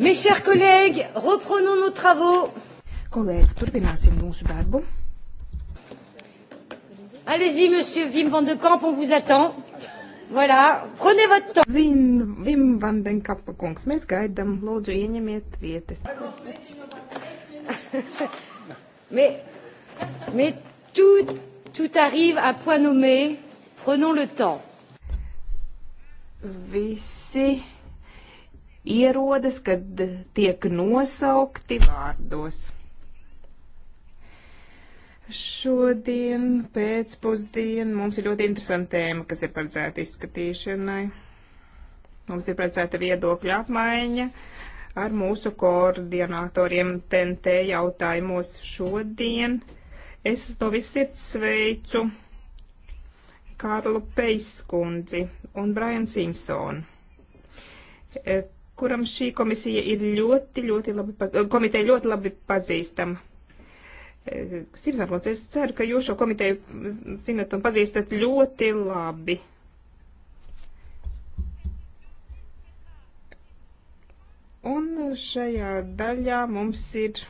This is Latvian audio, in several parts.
Mes chers collègues, reprenons nos travaux. Kolēģi, turpināsim mūsu darbu. Allez-y, monsieur Wim van de Kamp, on vous attend. Voilà, prenez votre temps. Vim, Vim van den Kamp, kungs, mēs gaidām, lūdzu, ieņemiet vietas. mais, mais tout, tout arrive à point nommé, prenons le temps. Visi ierodas, kad tiek nosaukti vārdos. Šodien pēcpusdien mums ir ļoti interesanta tēma, kas ir paredzēta izskatīšanai. Mums ir paredzēta viedokļa apmaiņa ar mūsu koordinatoriem TNT jautājumos šodien. Es to visiet sveicu Kārlu Peiskundzi un Brian Simpsonu kuram šī komisija ir ļoti, ļoti labi, komiteja ļoti labi pazīstama. E, Sirsnāklons, es ceru, ka jūs šo komiteju zinat un pazīstat ļoti labi. Un šajā daļā mums ir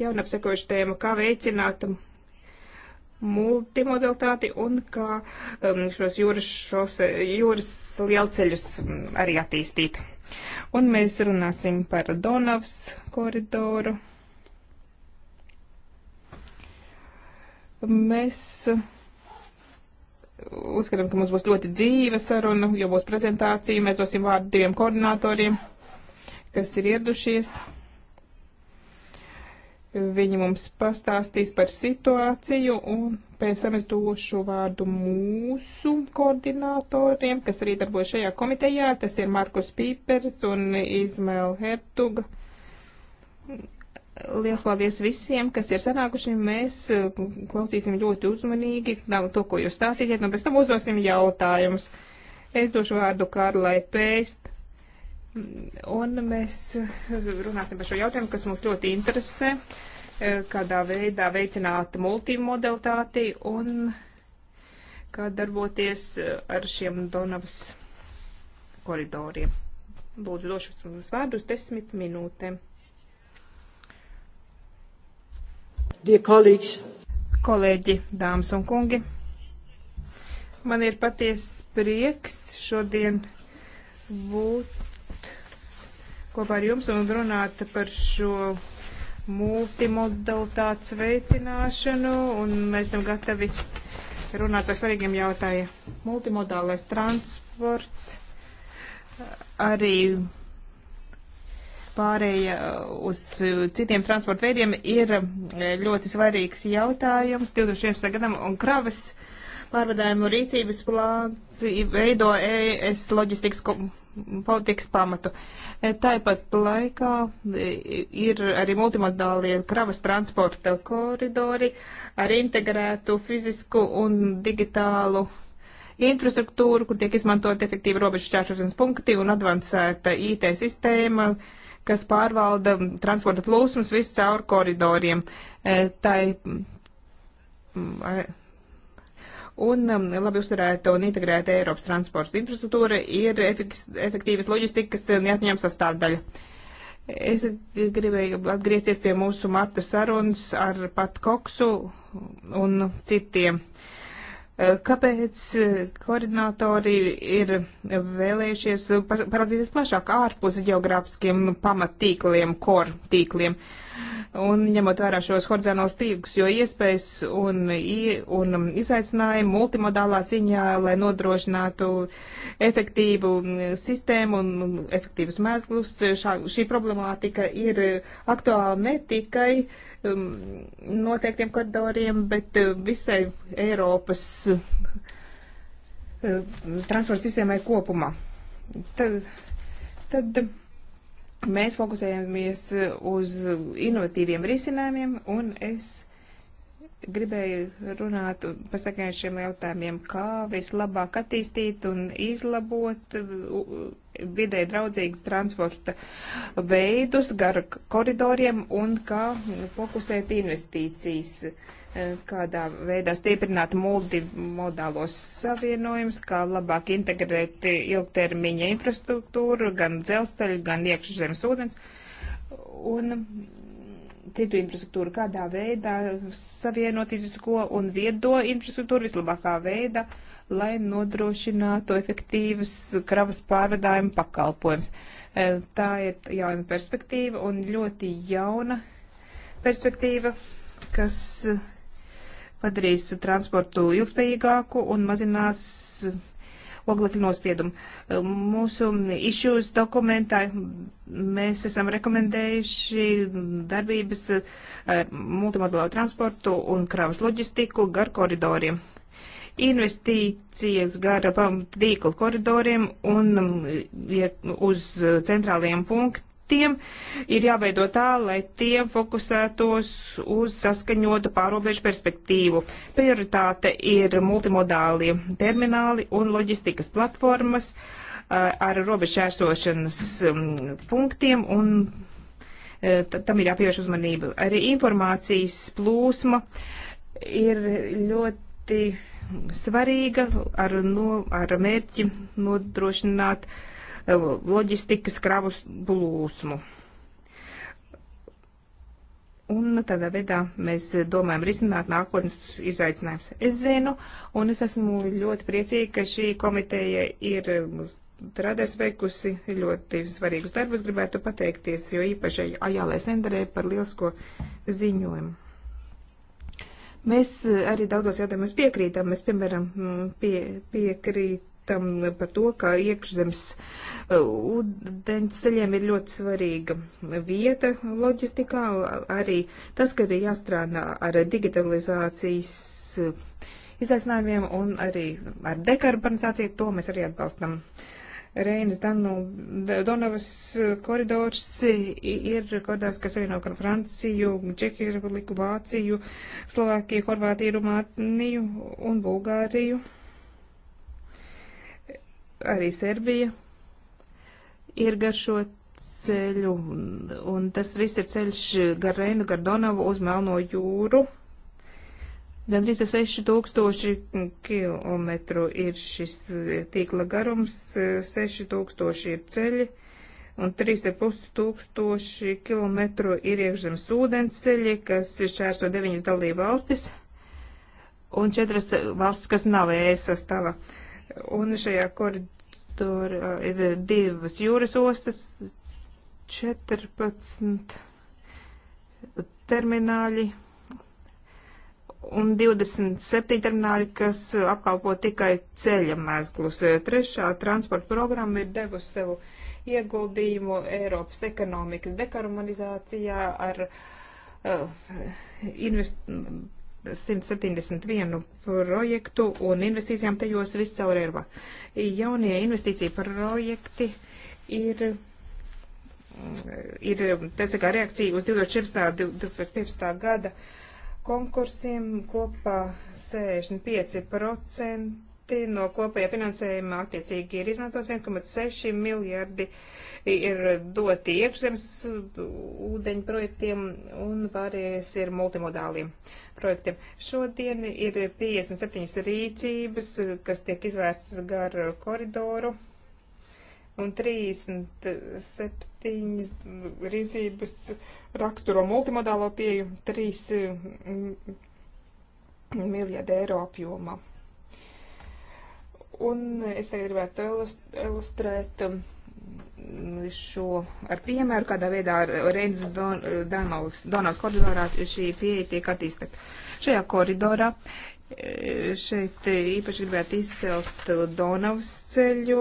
jaunapsekojuši tēma, kā veicināt multimodalitāti un kā um, šos jūras, šos jūras lielceļus um, arī attīstīt. Un mēs runāsim par Donavas koridoru. Mēs uzskatām, ka mums būs ļoti dzīva saruna, jo būs prezentācija. Mēs dosim vārdu diviem koordinatoriem, kas ir ieradušies. Viņi mums pastāstīs par situāciju un Pēc tam es došu vārdu mūsu koordinatoriem, kas arī darbojas šajā komitejā. Tas ir Markus Pīpers un Izmaila Hertuga. Lielas paldies visiem, kas ir sanākuši. Mēs uh, klausīsim ļoti uzmanīgi to, ko jūs stāstīsiet, un pēc tam uzdosim jautājumus. Es došu vārdu Karlai Pēst. Un mēs runāsim par šo jautājumu, kas mums ļoti interesē. Uh, Eh, kādā veidā veicināt multimodalitāti un kā darboties eh, ar šiem Donavas koridoriem. Lūdzu, došu jums vārdu uz desmit minūtēm. Dear colleagues, kolēģi, dāmas un kungi, man ir patiesa prieks šodien būt kopā ar jums un runāt par šo multimodalitātes veicināšanu, un mēs esam gatavi runāt par svarīgiem jautājumiem. Multimodālais transports arī pārēja uz citiem transporta veidiem ir ļoti svarīgs jautājums 2011. gadam un kravas pārvadājumu rīcības plāns veido ES loģistikas politikas pamatu. E, Tāpat laikā e, ir arī multimodālie kravas transporta koridori ar integrētu fizisku un digitālu infrastruktūru, kur tiek izmantot efektīvi robežu šķēršošanas punkti un advancēta IT sistēma, kas pārvalda transporta plūsmas viscaur koridoriem. E, Tā mm, Un um, labi uzturēta un integrēta Eiropas transporta infrastruktūra ir efektīvas loģistikas um, neatņem sastāvdaļa. Es gribēju atgriezties pie mūsu marta sarunas ar Pat Koksu un citiem. Uh, kāpēc uh, koordinatori ir vēlējušies uh, paraudzīties plašāk ārpus geogrāfiskiem pamatīkliem, kor tīkliem? Uh, un ņemot vērā šos horizontālos tīklus, jo iespējas un, un izaicinājumi multimodālā ziņā, lai nodrošinātu efektīvu sistēmu un efektīvus mēslus, šī problemātika ir aktuāla ne tikai um, noteiktiem koridoriem, bet uh, visai Eiropas uh, transporta sistēmai kopumā. Tad, tad mēs fokusējamies uz inovatīviem risinājumiem, un es gribēju runāt par sakām šiem jautājumiem, kā vislabāk attīstīt un izlabot vidē draudzīgas transporta veidus gar koridoriem un kā fokusēt investīcijas, eh, kādā veidā stiprināt multimodālos savienojumus, kā labāk integrēt ilgtermiņa infrastruktūru, gan dzelzceļu, gan iekšzemes ūdens. Un citu infrastruktūru, kādā veidā savienot fizisko un viedo infrastruktūru vislabākā veidā. Uh, lai nodrošinātu efektīvas kravas pārvedājuma pakalpojums. E, tā ir jauna perspektīva un ļoti jauna perspektīva, kas padarīs transportu ilgspējīgāku un mazinās oglekļu nospiedumu. E, mūsu issues dokumentā mēs esam rekomendējuši darbības ar multimodālo transportu un kravas loģistiku gar koridoriem investīcijas gara tīkla koridoriem un um, uz uh, centrāliem punktiem ir jāveido tā, lai tie fokusētos uz saskaņotu pārobežu perspektīvu. Prioritāte ir multimodālie termināli un loģistikas platformas uh, ar robežšķērsošanas um, punktiem un uh, tam ir jāpievērš uzmanība. Arī informācijas plūsma ir ļoti svarīga ar, no, ar mērķi nodrošināt eh, loģistikas kravus plūsmu. Un tādā veidā mēs domājam risināt nākotnes izaicinājums. Es zinu, un es esmu ļoti priecīga, ka šī komiteja ir strādājusi, veikusi ļoti svarīgus darbus. Gribētu pateikties, jo īpaši Ajālē Senderē par lielisko ziņojumu. Mēs eh, arī daudzos jautājumos piekrītam. Mēs, piemēram, mm, pie, piekrītam par to, ka iekšzemes eh, ūdensceļiem ir ļoti svarīga vieta loģistikā. Arī tas, ka ir jāstrādā ar digitalizācijas eh, izaicinājumiem un arī ar dekarbonizāciju, to mēs arī atbalstam. Uh, Reinas Danu, Donavas e, koridors e, ir koridors, kas savieno gan Franciju, Čehiju republiku, Vāciju, Slovākiju, Horvātiju, Rumāniju un Bulgāriju. Arī Serbija ir gar šo ceļu, un tas viss ir ceļš gar Reinu, gar Donavu uz Melno jūru Gandrīz 6000 km ir šis eh, tīkla garums, 6000 eh, ir ceļi un 3500 km ir iekšzemes ūdens ceļi, kas šķērso 9 dalību valstis un 4 valstis, kas nav ES sastāvā. Un šajā koridorā ir divas jūras ostas, 14 termināļi un 27 termināļi, kas apkalpo tikai ceļa mezglus. Trešā transporta programma ir devusi sevu ieguldījumu Eiropas ekonomikas dekarmonizācijā ar uh, invest 171 projektu un investīcijām tajos viscaur Eiropā. Jaunie investīcija projekti ir ir, tā sakā, reakcija uz 2014. 2015. gada uh, konkursiem kopā 65% procenti no kopējā finansējuma attiecīgi ir izmantos 1,6 miljardi ir doti iekšzemes ūdeņu projektiem un pārējais ir multimodāliem projektiem. Šodien ir 57 rīcības, kas tiek izvērsts gar koridoru un 37 rīcības raksturo multimodālo pieju 3 mm, miljardu eiro apjomā. Un es tagad gribētu ilustrēt mm, šo ar piemēru, kādā veidā Reins Donavas, Donavas koridorā šī pieeja tiek attīstīta. Šajā koridorā e, šeit īpaši gribētu izcelt Donavas ceļu,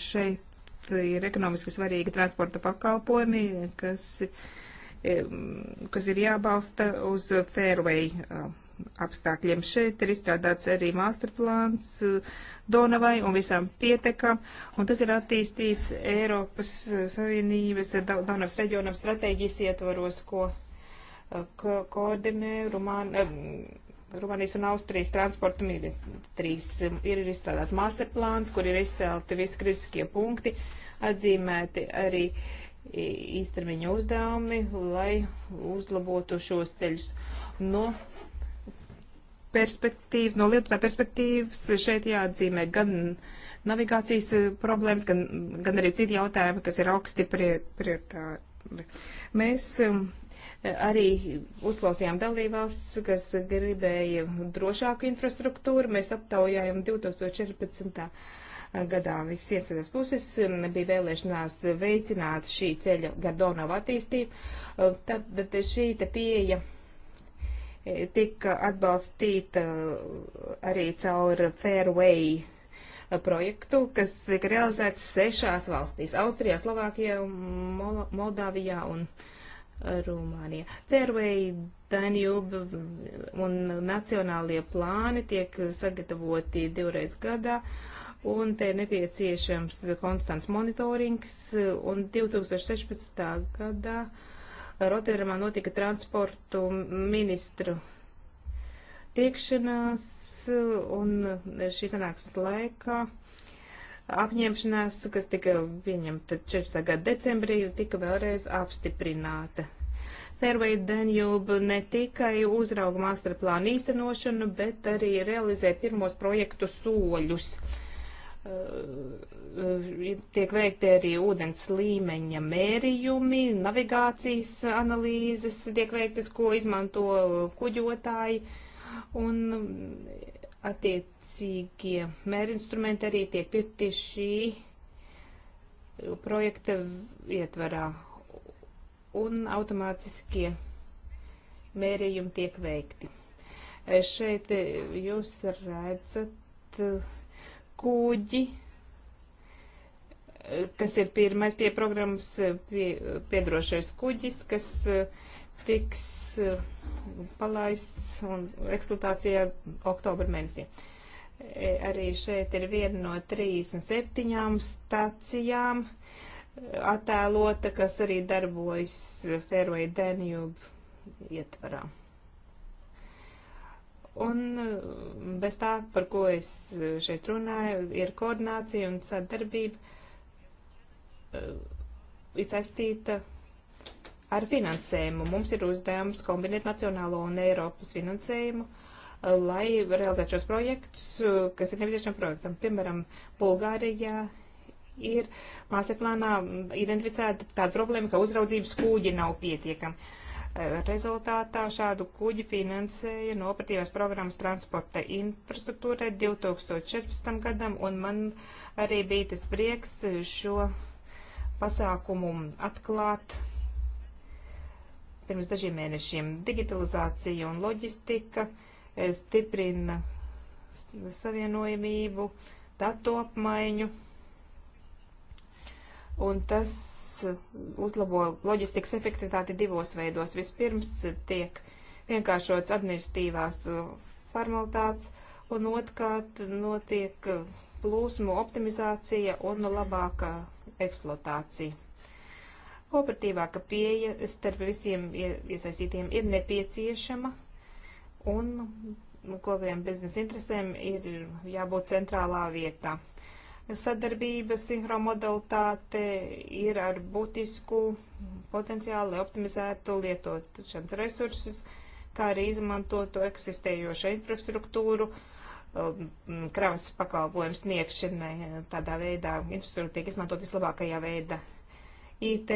šeit ir ekonomiski svarīgi transporta pakalpojumi, kas, kas ir jābalsta uz fairway apstākļiem. Šeit ir izstrādāts arī masterplāns eh, Donavai un visām pietekām, un tas ir attīstīts Eiropas Savienības Donavas reģionam stratēģijas ietvaros, ko eh, ko koordinē Rumāna, Rumānijas un Austrijas transporta ministrijas um, ir izstrādāts masterplāns, kur ir izcelti visi kritiskie punkti, atzīmēti arī īstermiņa uzdevumi, lai uzlabotu šos ceļus. No perspektīvas, no lietotāja perspektīvas šeit jāatzīmē gan navigācijas eh, problēmas, gan, gan arī citi jautājumi, kas ir augsti prioritāri. Mēs um, Arī uzklausījām dalībvalsts, kas gribēja drošāku infrastruktūru. Mēs aptaujājam 2014. gadā visas iesaistās puses, bija vēlēšanās veicināt šī ceļa Gardonavu attīstību. Tad, tad šī te pieeja e, tika atbalstīta e, arī caur Fairway e, projektu, kas tika realizēts sešās valstīs - Austrijā, Slovākijā, Moldāvijā un Moldāvijā Rumānija. Fairway, Danube un nacionālie plāni tiek sagatavoti divreiz gadā, un te ir nepieciešams konstants monitorings, un 2016. gadā Rotterdamā notika transportu ministru tikšanās, un šīs sanāksmes laikā apņemšanās, kas tika pieņemta 14. gada decembrī, tika vēlreiz apstiprināta. Fairway Danube ne tikai uzrauga masterplānu īstenošanu, bet arī realizē pirmos projektu soļus. Uh, uh, tiek veikti arī ūdens līmeņa mērījumi, navigācijas analīzes tiek veiktas, ko izmanto kuģotāji. Un um, attiec, attiecīgie mērinstrumenti arī tiek pirkti šī uh, projekta ietvarā un automātiskie mērījumi tiek veikti. Uh, šeit uh, jūs redzat kūģi, kas ir pirmais pie programmas pie, piedrošais kuģis, kas tiks palaists un eksploatācijā oktobra mēnesī. Uh, E, arī šeit ir viena no 37 stacijām e, attēlota, kas arī darbojas Fairway Danube ietvarā. Un e, bez tā, par ko es šeit runāju, ir koordinācija un sadarbība saistīta ar finansējumu. Mums ir uzdevums kombinēt nacionālo un Eiropas finansējumu. Uh, lai realizētu šos projektus, kas ir nepieciešami projektam. Piemēram, Bulgārijā ir māseplānā identificēta tāda problēma, ka uzraudzības kūģi nav pietiekami. Rezultātā šādu kuģi finansēja no operatīvās programmas transporta infrastruktūrai 2014. gadam, un man arī bija tas prieks šo pasākumu atklāt pirms dažiem mēnešiem. Digitalizācija un loģistika. Uh, stiprina savienojamību, datu apmaiņu, un tas uzlabo loģistikas efektivitāti divos veidos. Vispirms tiek vienkāršots administratīvās uh, formalitātes, un otrkārt notiek uh, plūsmu optimizācija un labāka eksploatācija. Kooperatīvāka pieeja starp visiem iesaistītiem ir nepieciešama, un nu, kopējiem biznesa interesēm ir jābūt centrālā vietā. Sadarbība, sinhromodalitāte ir ar būtisku potenciāli optimizētu lietot šādus resursus, kā arī izmantot to eksistējošo infrastruktūru, um, kravas pakalpojumu sniegšanai. Tādā veidā infrastruktūra tiek izmantot vislabākajā veidā. IT,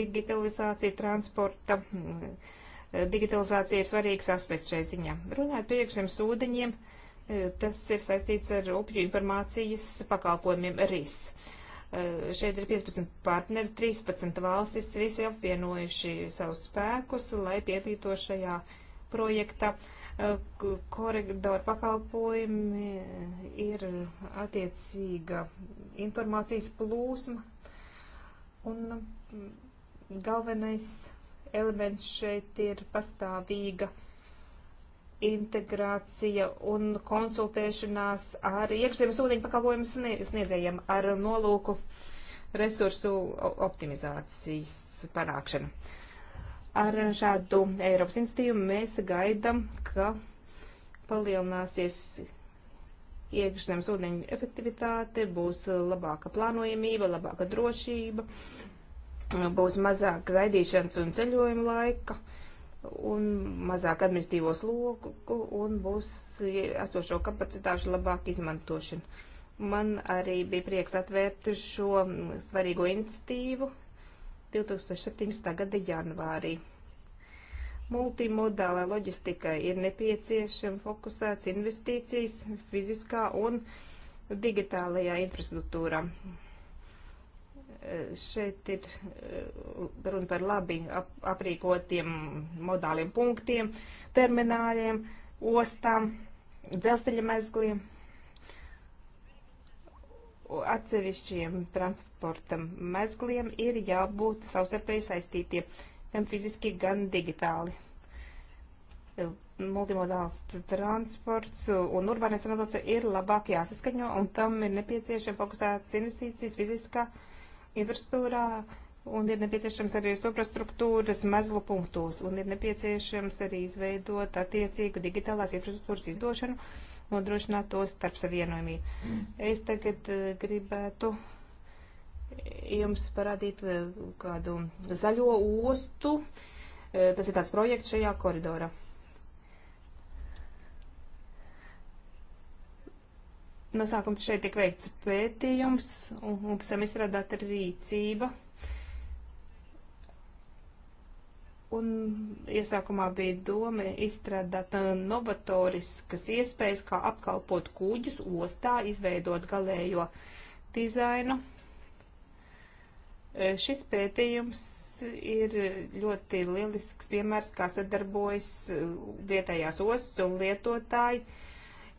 digitalizācija, transporta. Uh, digitalizācija ir svarīgs aspekts šai ziņā. Runājot par iekšējiem sūdeņiem, e, tas ir saistīts ar upju informācijas pakalpojumiem RIS. E, šeit ir 15 partneri, 13 valstis, visi apvienojuši savus spēkus, lai piedalītos šajā projektā. E, Korektoru pakalpojumi ir attiecīga informācijas plūsma. Un galvenais elements šeit ir pastāvīga integrācija un konsultēšanās ar iekšzemes ūdeņu pakalpojumu sniedzējiem ar nolūku resursu optimizācijas panākšanu. Ar šādu Eiropas institīvu mēs gaidam, ka palielināsies iekšzemes ūdeņu efektivitāte, būs labāka plānojamība, labāka drošība, būs mazāk gaidīšanas un ceļojuma laika un mazāk administrīvo sloku un būs esošo kapacitāšu labāk izmantošana. Man arī bija prieks atvērt šo svarīgo iniciatīvu 2017. gada janvārī. Multimodālai loģistikai ir nepieciešama fokusēts investīcijas fiziskā un digitālajā infrastruktūrā. Šeit ir eh, runa par labi aprīkotiem modāliem punktiem, termināļiem, ostām, dzelzceļa mezgliem, atsevišķiem transporta mezgliem ir jābūt savstarpēji saistītiem, gan fiziski, gan digitāli. Multimodāls transports un urbānais transports ir labāk jāsaskaņo, un tam ir nepieciešama fokusētas investīcijas fiziskā uh, infrastruktūrā, un ir nepieciešams arī suprastruktūras mezglu punktos, un ir nepieciešams arī izveidot attiecīgu digitālās infrastruktūras izdošanu, nodrošināt to starp savienojumību. Es tagad eh, gribētu jums parādīt eh, kādu zaļo ostu. Eh, tas ir tāds projekts šajā koridorā. no sākuma šeit tiek veikts pētījums un, un pēc tam izstrādāta rīcība. Un iesākumā bija doma izstrādāt uh, novatoriskas iespējas, kā apkalpot kuģus ostā, izveidot galējo dizainu. Uh, šis pētījums ir ļoti lielisks piemērs, kā sadarbojas uh, vietējās ostas un lietotāji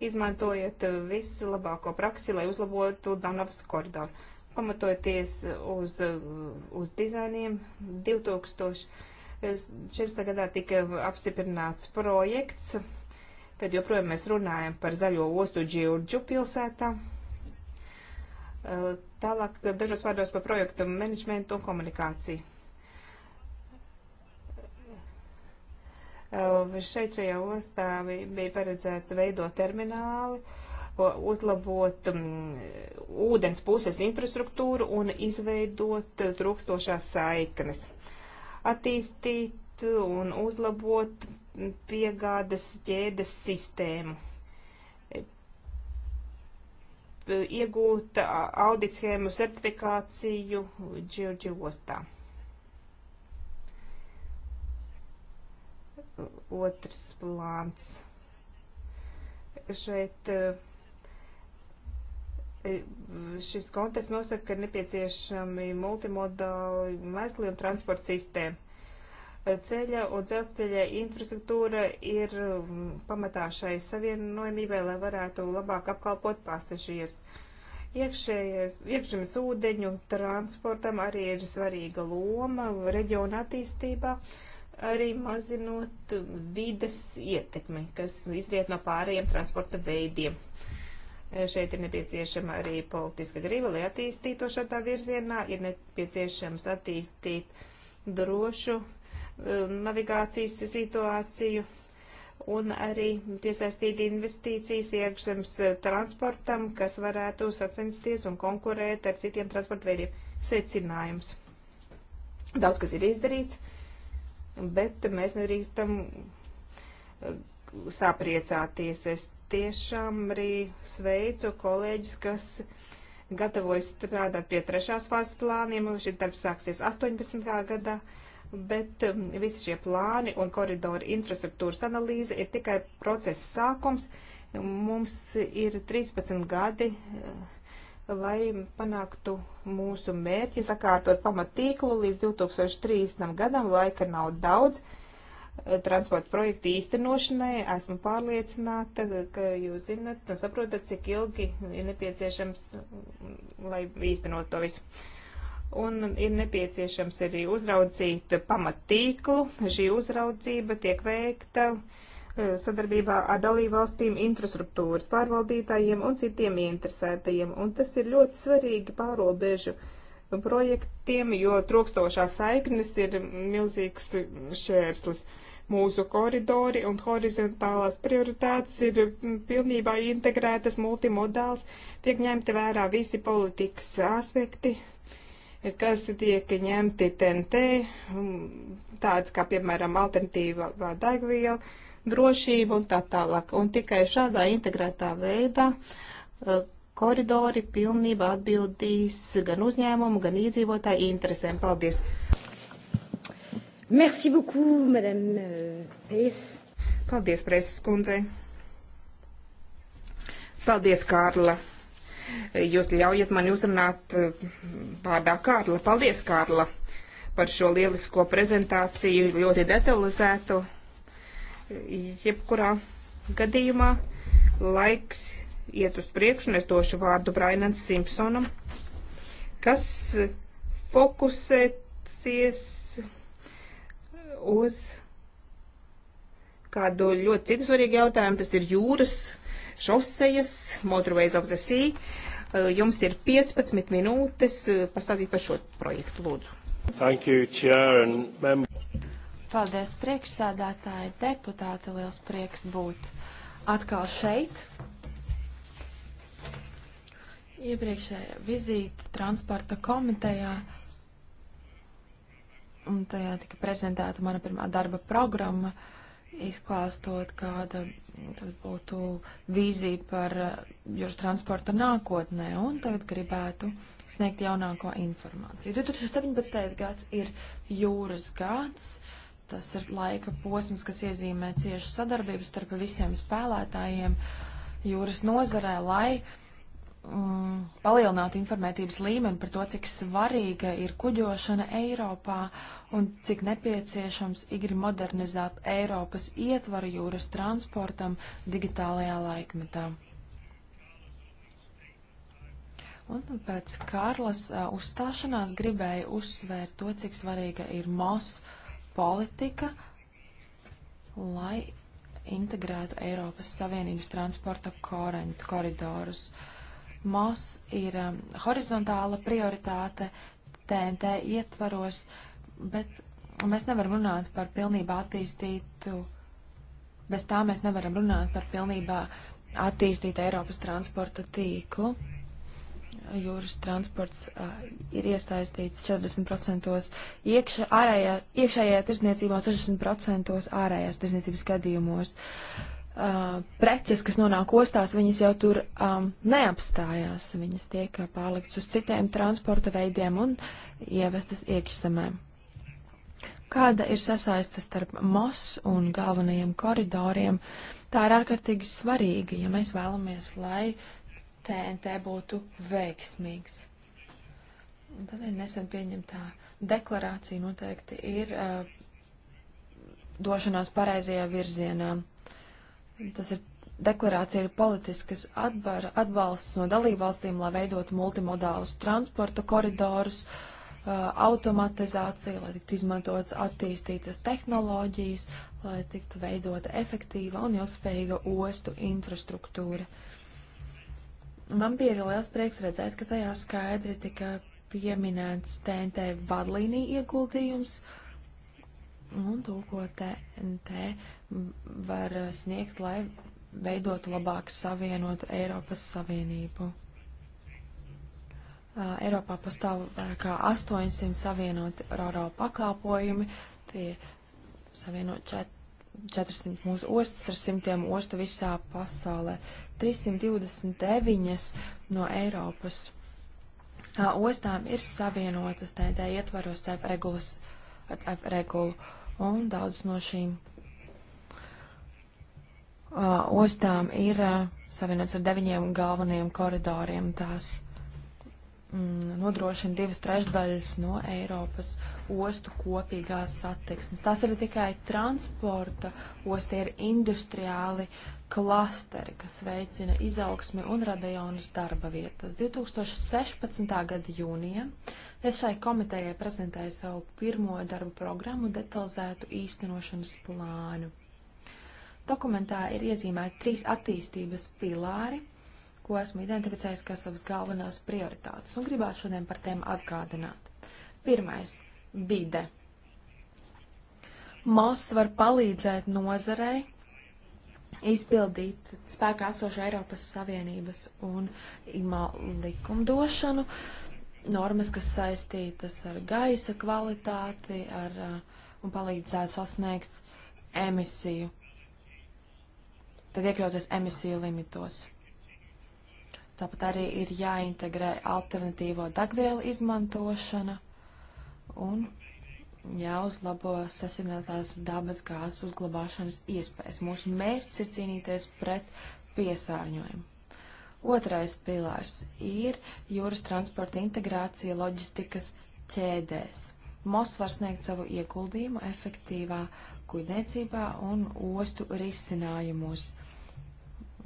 izmantojiet eh, vislabāko praksi, lai uzlabotu Danavas koridoru. Pamatojoties uz, eh, uz dizainiem, 2014. Eh, gadā tika apstiprināts projekts, tad joprojām mēs runājam par zaļo ostu Džiurdžu pilsētā. Tālāk dažos vārdos par projektu menedžmentu un komunikāciju Um, šeit šajā ostā bija paredzēts veidot termināli, uzlabot um, ūdens puses infrastruktūru un izveidot uh, trūkstošās saiknes, attīstīt un uzlabot piegādes ķēdes sistēmu iegūt auditschēmu certifikāciju Džordžu ostā. Dži otrs plāns. Šeit eh, eh, šis konteksts nosaka, ka ir nepieciešami multimodāli mēsli un transporta sistēma. Ceļa un dzelzceļa infrastruktūra ir mm, pamatā šai savienojumībai, lai varētu labāk apkalpot pasažierus. Iekšzemes ūdeņu transportam arī ir svarīga loma reģiona attīstībā. Uh, arī mazinot vides ietekmi, kas izriet no pārējiem transporta veidiem. E, šeit ir nepieciešama arī politiska grība, lai attīstītu šādā virzienā, ir nepieciešams attīstīt drošu e, navigācijas situāciju un arī piesaistīt investīcijas iekšzemes e, transportam, kas varētu sacensties un konkurēt ar citiem transporta veidiem. Secinājums. Daudz kas ir izdarīts bet mēs nedrīkstam uh, sapriecāties. Es tiešām arī sveicu kolēģis, kas gatavojas strādāt pie trešās fāzes plāniem. Šis darbs sāksies 18. gadā, bet um, visi šie plāni un koridori infrastruktūras analīze ir tikai procesa sākums. Mums ir 13 gadi. Uh, lai panāktu mūsu mērķi, sakārtot pamatīklu līdz 2030. gadam, laika nav daudz eh, transporta projektu īstenošanai. Esmu pārliecināta, ka jūs zinat un saprotat, cik ilgi ir nepieciešams, mm, lai īstenot to visu. Un ir nepieciešams arī uzraudzīt pamatīklu. Šī uzraudzība tiek veikta. Uh, E, sadarbībā ar dalībvalstīm, infrastruktūras pārvaldītājiem un citiem ieinteresētajiem. Un tas ir ļoti svarīgi pārobežu projektiem, jo trokstošās saiknes ir milzīgs šķērslis. Mūsu koridori un horizontālās prioritātes ir pilnībā integrētas, multimodāls, tiek ņemti vērā visi politikas aspekti, kas tiek ņemti TNT, tāds kā, piemēram, alternatīva degviela drošību un tā tālāk. Un tikai šādā integrētā veidā eh, koridori pilnībā atbildīs gan uzņēmumu, gan iedzīvotāju interesēm. Paldies! Merci beaucoup, madame euh, Pēs. Paldies, Pēs skundzei. Paldies, Kārla. Jūs ļaujat man uzrunāt eh, vārdā Kārla. Paldies, Kārla, par šo lielisko prezentāciju, ļoti detalizētu. Jebkurā gadījumā laiks iet uz priekšu, un es došu vārdu Brainam Simpsonam, kas fokusēsies uz kādu ļoti citu svarīgu jautājumu. Tas ir jūras šosejas, Motorways of the Sea. Jums ir 15 minūtes eh, pastāstīt par šo projektu, lūdzu. Thank you, Chair and member. Paldies priekšsēdētāji, deputāti, liels prieks būt atkal šeit. Iepriekšējā vizīte transporta komitejā un tajā tika prezentēta mana pirmā darba programma, izklāstot, kāda būtu vīzija par eh, jūras transportu nākotnē, un tagad gribētu sniegt jaunāko informāciju. 2017. gads ir jūras gads, Tas ir laika posms, kas iezīmē ciešu sadarbību starp visiem spēlētājiem jūras nozarē, lai mm, palielinātu informētības līmeni par to, cik svarīga ir kuģošana Eiropā un cik nepieciešams ir modernizēt Eiropas ietvaru jūras transportam digitālajā laikmetā. Un pēc Kārlas uh, uzstāšanās gribēju uzsvērt to, cik svarīga ir MOS politika, lai integrētu Eiropas Savienības transporta koridorus. MOS ir um, horizontāla prioritāte TNT ietvaros, bet mēs nevaram runāt par pilnībā attīstītu, bez tā mēs nevaram runāt par pilnībā attīstītu Eiropas transporta tīklu jūras transports uh, ir iesaistīts 40% iekša, ārējā, iekšējā tirzniecībā, 60% ārējās tirzniecības gadījumos. Uh, preces, kas nonāk ostās, viņas jau tur um, neapstājās. Viņas tiek uh, pārliktas uz citiem transporta veidiem un ievestas iekšzemē. Kāda ir sasaiste starp MOS un galvenajiem koridoriem? Tā ir ārkārtīgi svarīga, ja mēs vēlamies, lai uh, TNT būtu veiksmīgs. Tādēļ nesen pieņemtā deklarācija noteikti ir uh, došanās pareizajā virzienā. Tas ir deklarācija ir politiskas atbara, atbalsts no dalībvalstīm, lai veidotu multimodālus transporta koridorus, uh, automatizāciju, lai tiktu izmantotas attīstītas tehnoloģijas, lai tiktu veidota efektīva un ilgspējīga ostu infrastruktūra. Uh, Man bija arī liels prieks redzēt, ka tajā skaidri tika pieminēts TNT vadlīnija ieguldījums, un to, ko TNT var sniegt, lai veidotu labāk savienotu Eiropas Savienību. Uh, Eiropā pastāv vairāk kā 800 savienoti RORO pakāpojumi, tie savienot 400 mūsu ostas ar simtiem ostu visā pasaulē. 329 no Eiropas a, ostām ir savienotas TNT ietvaros CEF regulas, CEF regulu, un daudz no šīm a, ostām ir a, savienotas ar deviņiem galvenajiem koridoriem. Tās mm, nodrošina divas trešdaļas no Eiropas ostu kopīgās satiksmes. Tas ir tikai transporta osti, ir industriāli klasteri, kas veicina izaugsmi un rada jaunas darba vietas. 2016. gada jūnija es šai komitejai prezentēju savu pirmo darbu programmu detalizētu īstenošanas plānu. Dokumentā ir iezīmēti trīs attīstības pilāri, ko esmu identificējis kā savas galvenās prioritātes un gribētu šodien par tiem atgādināt. Pirmais - vide. MOS var palīdzēt nozarei izpildīt spēkā esošu Eiropas Savienības un IMA likumdošanu, normas, kas saistītas ar gaisa kvalitāti ar, uh, un palīdzētu sasniegt emisiju, tad iekļauties emisiju limitos. Tāpat arī ir jāintegrē alternatīvo degvielu izmantošana un jāuzlabo sasinātās dabas gāzes uzglabāšanas iespējas. Mūsu mērķis ir cīnīties pret piesārņojumu. Otrais pilārs ir jūras transporta integrācija loģistikas ķēdēs. MOS var sniegt savu ieguldījumu efektīvā kuģniecībā un ostu risinājumos.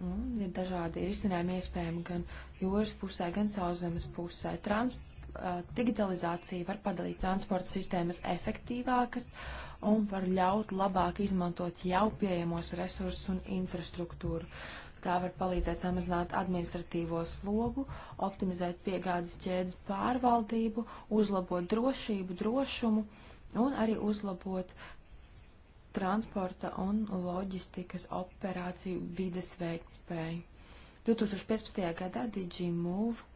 Un ir dažādi risinājumi iespējami gan jūras pusē, gan sauszemes pusē. Transporta Uh, digitalizācija var padarīt transporta sistēmas efektīvākas un var ļaut labāk izmantot jau pieejamos resursus un infrastruktūru. Tā var palīdzēt samazināt administratīvo slogu, optimizēt piegādes ķēdes pārvaldību, uzlabot drošību, drošumu un arī uzlabot transporta un loģistikas operāciju vides veiktspēju. 2015. gadā DigiMove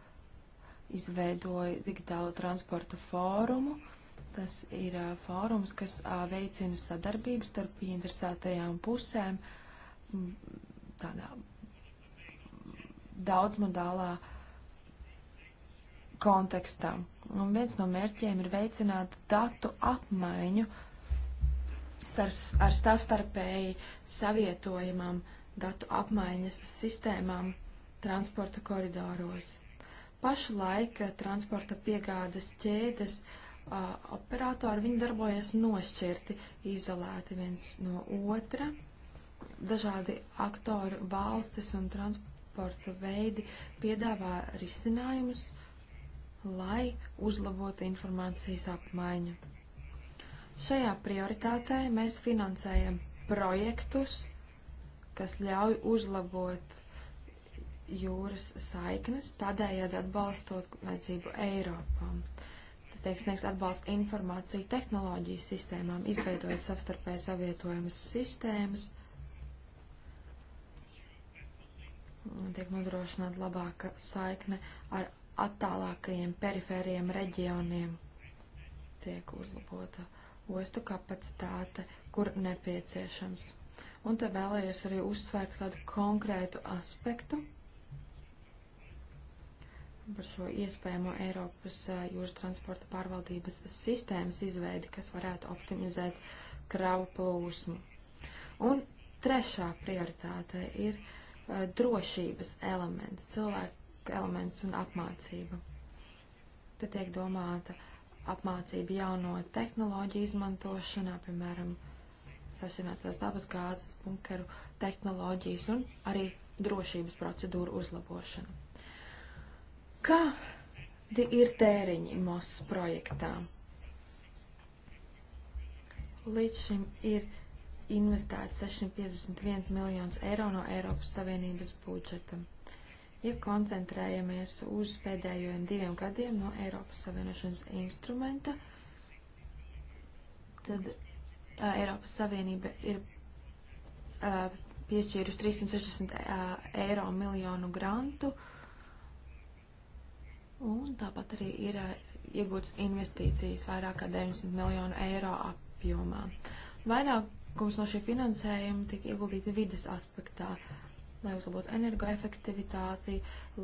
izveidoja digitālo transportu fórumu. Tas ir uh, fórums, kas uh, veicina sadarbību starp interesētajām pusēm tādā daudzmodālā kontekstā. Un viens no mērķiem ir veicināt datu apmaiņu starp, ar savstarpēji savietojamām datu apmaiņas sistēmām transporta koridoros. Pašlaik eh, transporta piegādes ķēdes uh, operatori, viņi darbojas nošķirti, izolēti viens no otra. Dažādi aktori, valstis un transporta veidi piedāvā risinājumus, lai uzlabotu informācijas apmaiņu. Šajā prioritātē mēs finansējam projektus, kas ļauj uzlabot jūras saiknes, tādējādi atbalstot vajadzību Eiropām. Tad tiek sniegs atbalsts informāciju tehnoloģiju sistēmām, izveidojot savstarpēji savietojamas sistēmas. Tiek nodrošināta labāka saikne ar attālākajiem perifēriem reģioniem. Tiek uzlabota ostu kapacitāte, kur nepieciešams. Un te vēlējos arī uzsvērt kādu konkrētu aspektu par šo iespējamo Eiropas jūras transporta pārvaldības sistēmas izveidi, kas varētu optimizēt kravu plūsmu. Un trešā prioritāte ir uh, drošības elements, cilvēku elements un apmācība. Te tiek domāta apmācība jauno tehnoloģiju izmantošanā, piemēram, sašķinātās dabas gāzes bunkeru tehnoloģijas un arī drošības procedūru uzlabošanu. Kādi ir tēriņi mūsu projektā? Līdz šim ir investēts 651 miljonus eiro no Eiropas Savienības budžeta. Ja koncentrējamies uz pēdējiem diviem gadiem no Eiropas Savienošanas instrumenta, tad uh, Eiropas Savienība ir uh, piešķīrusi 360 uh, eiro miljonu grantu uh, Un tāpat arī ir eh, iegūts investīcijas vairāk kā 90 miljonu eiro apjomā. Vairākums no šī finansējuma tika ieguldīti vides aspektā, lai uzlabotu energoefektivitāti,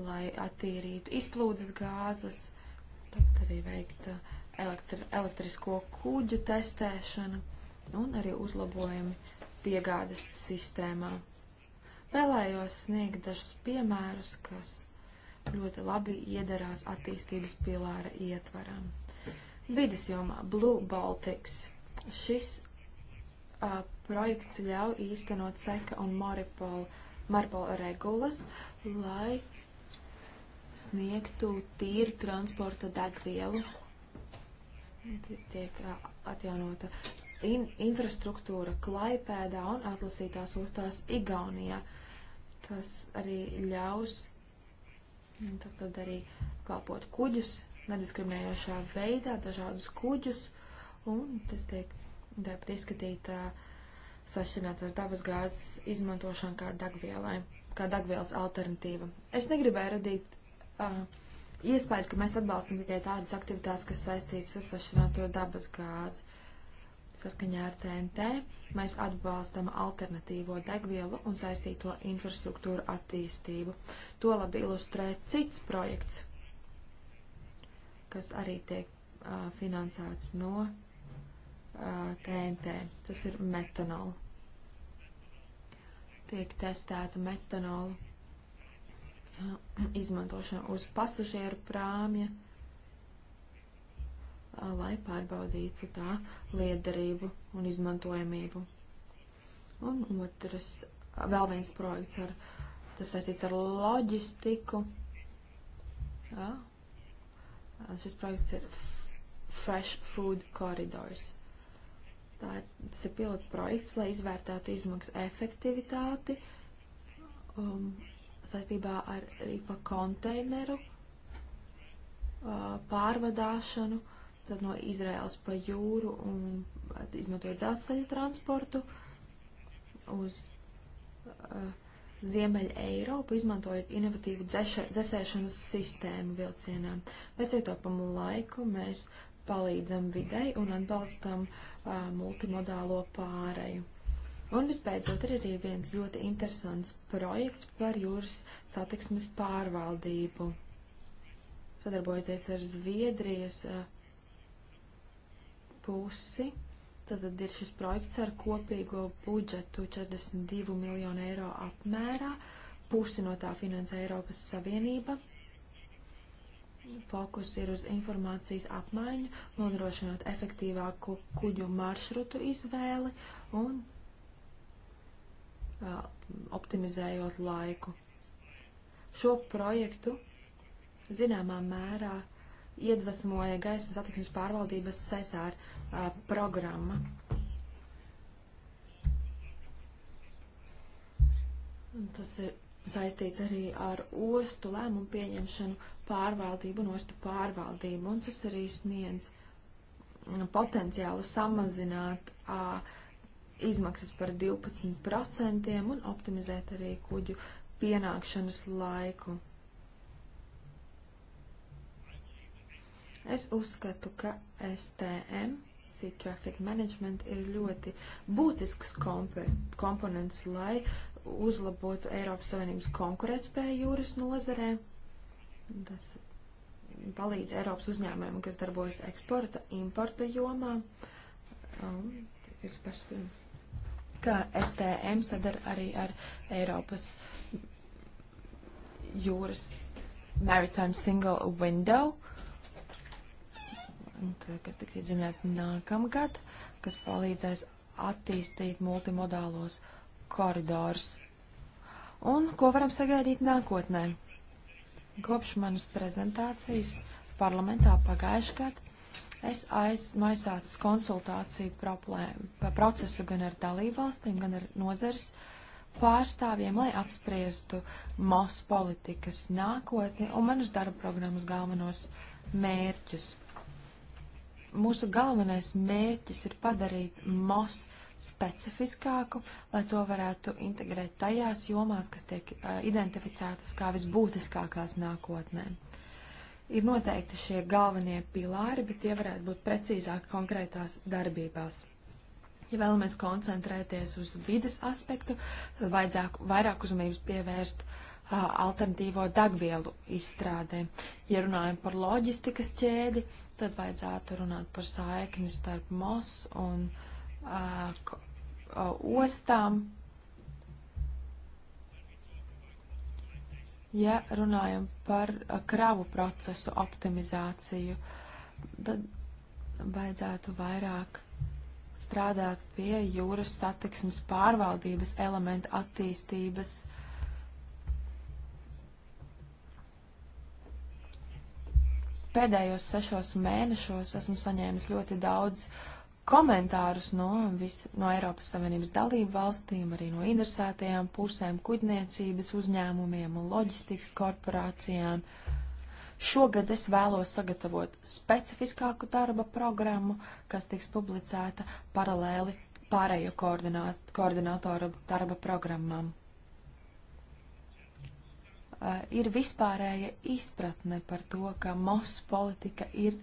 lai attīrītu izplūdes gāzes, tāpat arī veikta eh, elektri, elektrisko kuģu testēšana un arī uzlabojumi piegādes sistēmā. Vēlējos sniegt dažus piemērus, kas ļoti labi iedarās attīstības pilāra ietvarām. Vides jomā Blue Baltics. Šis uh, projekts ļauj īstenot seka un maripola, maripola regulas, lai sniegtu tīru transporta degvielu. Tiek uh, atjaunota in, infrastruktūra Klaipēdā un atlasītās ostās Igaunijā. Tas arī ļaus Tad, tad arī kalpot kuģus, nediskriminējošā veidā, dažādus kuģus, un tas tiek tāpat izskatīta sašķinātās dabas gāzes izmantošana kā dagvielai, kā dagvielas alternatīva. Es negribēju radīt uh, iespēju, ka mēs atbalstam tikai tādas aktivitātes, kas saistītas ar sašķināto dabas gāzi. Uh, Saskaņā ar TNT mēs atbalstam alternatīvo degvielu un saistīto infrastruktūru attīstību. To labi ilustrē cits projekts, kas arī tiek uh, finansēts no uh, TNT. Tas ir metanola. Tiek testēta metanola uh, izmantošana uz pasažieru prāmja. Uh, lai pārbaudītu tā liederību un izmantojamību. Un otrs, vēl viens projekts ar, tas saistīts ar loģistiku. Jā. Šis projekts ir Fresh Food Corridors. Tā ir, tas ir pilota projekts, lai izvērtētu izmaksu efektivitāti um, saistībā ar ripa konteineru uh, pārvadāšanu. Uh, tad no Izraēlas pa jūru un izmantojot dzelzceļa transportu uz uh, eh, Ziemeļa Eiropu, izmantojot inovatīvu dzesē, dzesēšanas sistēmu vilcienām. Mēs ietaupam laiku, mēs palīdzam videi un atbalstam uh, multimodālo pāreju. Un visbeidzot ir arī viens ļoti interesants projekts par jūras satiksmes pārvaldību. Sadarbojoties ar Zviedrijas uh, pusi. Tad ir šis projekts ar kopīgo budžetu 42 miljonu eiro apmērā. Pusi no tā finansē Eiropas Savienība. Fokus ir uz informācijas apmaiņu, nodrošinot efektīvāku kuģu maršrutu izvēli un uh, optimizējot laiku. Šo projektu zināmā mērā uh, iedvesmoja gaisa satiksmes pārvaldības sesār uh, programma. Un tas ir saistīts arī ar ostu lēmumu pieņemšanu, pārvaldību un ostu pārvaldību, un tas arī sniedz potenciālu samazināt uh, izmaksas par 12% un optimizēt arī kuģu pienākšanas laiku. Es uzskatu, ka STM, Sea Traffic Management, ir ļoti būtisks komp komponents, lai uzlabotu Eiropas Savienības konkurētspēju jūras nozarē. Tas palīdz Eiropas uzņēmējiem, kas darbojas eksporta, importa jomā. Um, um ka STM sadar arī ar Eiropas jūras Maritime Single Window kas tiks iedzīvināti nākamgad, kas palīdzēs attīstīt multimodālos koridors. Un ko varam sagaidīt nākotnē? Kopš manas prezentācijas parlamentā pagājušajā gadā es aizmaisātas konsultāciju problēmu, procesu gan ar dalībvalstīm, gan ar nozares pārstāvjiem, lai apspriestu MOS politikas nākotni un manas darba programmas galvenos mērķus mūsu galvenais mērķis ir padarīt MOS specifiskāku, lai to varētu integrēt tajās jomās, kas tiek uh, identificētas kā visbūtiskākās nākotnē. Ir noteikti šie galvenie pilāri, bet tie varētu būt precīzāk konkrētās darbībās. Ja vēlamies koncentrēties uz vides aspektu, tad vajadzētu vairāk uzmanības pievērst uh, alternatīvo dagvielu izstrādē. Ja runājam par loģistikas ķēdi, uh, tad vajadzētu runāt par saikni starp MOS un uh, ostām. Ja runājam par uh, kravu procesu optimizāciju, tad vajadzētu vairāk strādāt pie jūras satiksmes pārvaldības elementa attīstības uh, pēdējos sešos mēnešos esmu saņēmis ļoti daudz komentārus no, vis, no Eiropas Savienības dalību valstīm, arī no interesētajām pusēm, kuģniecības uzņēmumiem un loģistikas korporācijām. Šogad es vēlos sagatavot specifiskāku darba programmu, kas tiks publicēta paralēli pārējo koordināt, koordinātoru darba programmām. Eh, ir vispārēja izpratne par to, ka MOS politika ir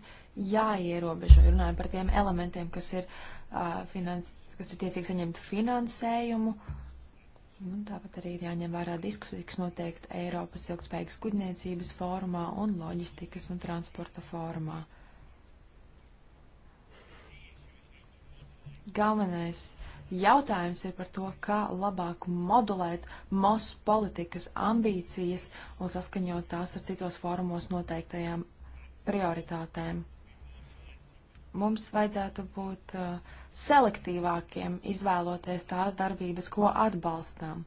jāierobežo. Runājam par tiem elementiem, kas ir, uh, eh, finans, kas ir tiesīgi saņemt finansējumu. Nu, tāpat arī ir jāņem vērā diskusija, kas notiek Eiropas ilgspējīgas kuģniecības fórumā un loģistikas un transporta fórumā. Galvenais uh, Jautājums ir par to, kā labāk modulēt MOS politikas ambīcijas un saskaņot tās ar citos fórumos noteiktajām prioritātēm. Mums vajadzētu būt uh, selektīvākiem, izvēloties tās darbības, ko atbalstām.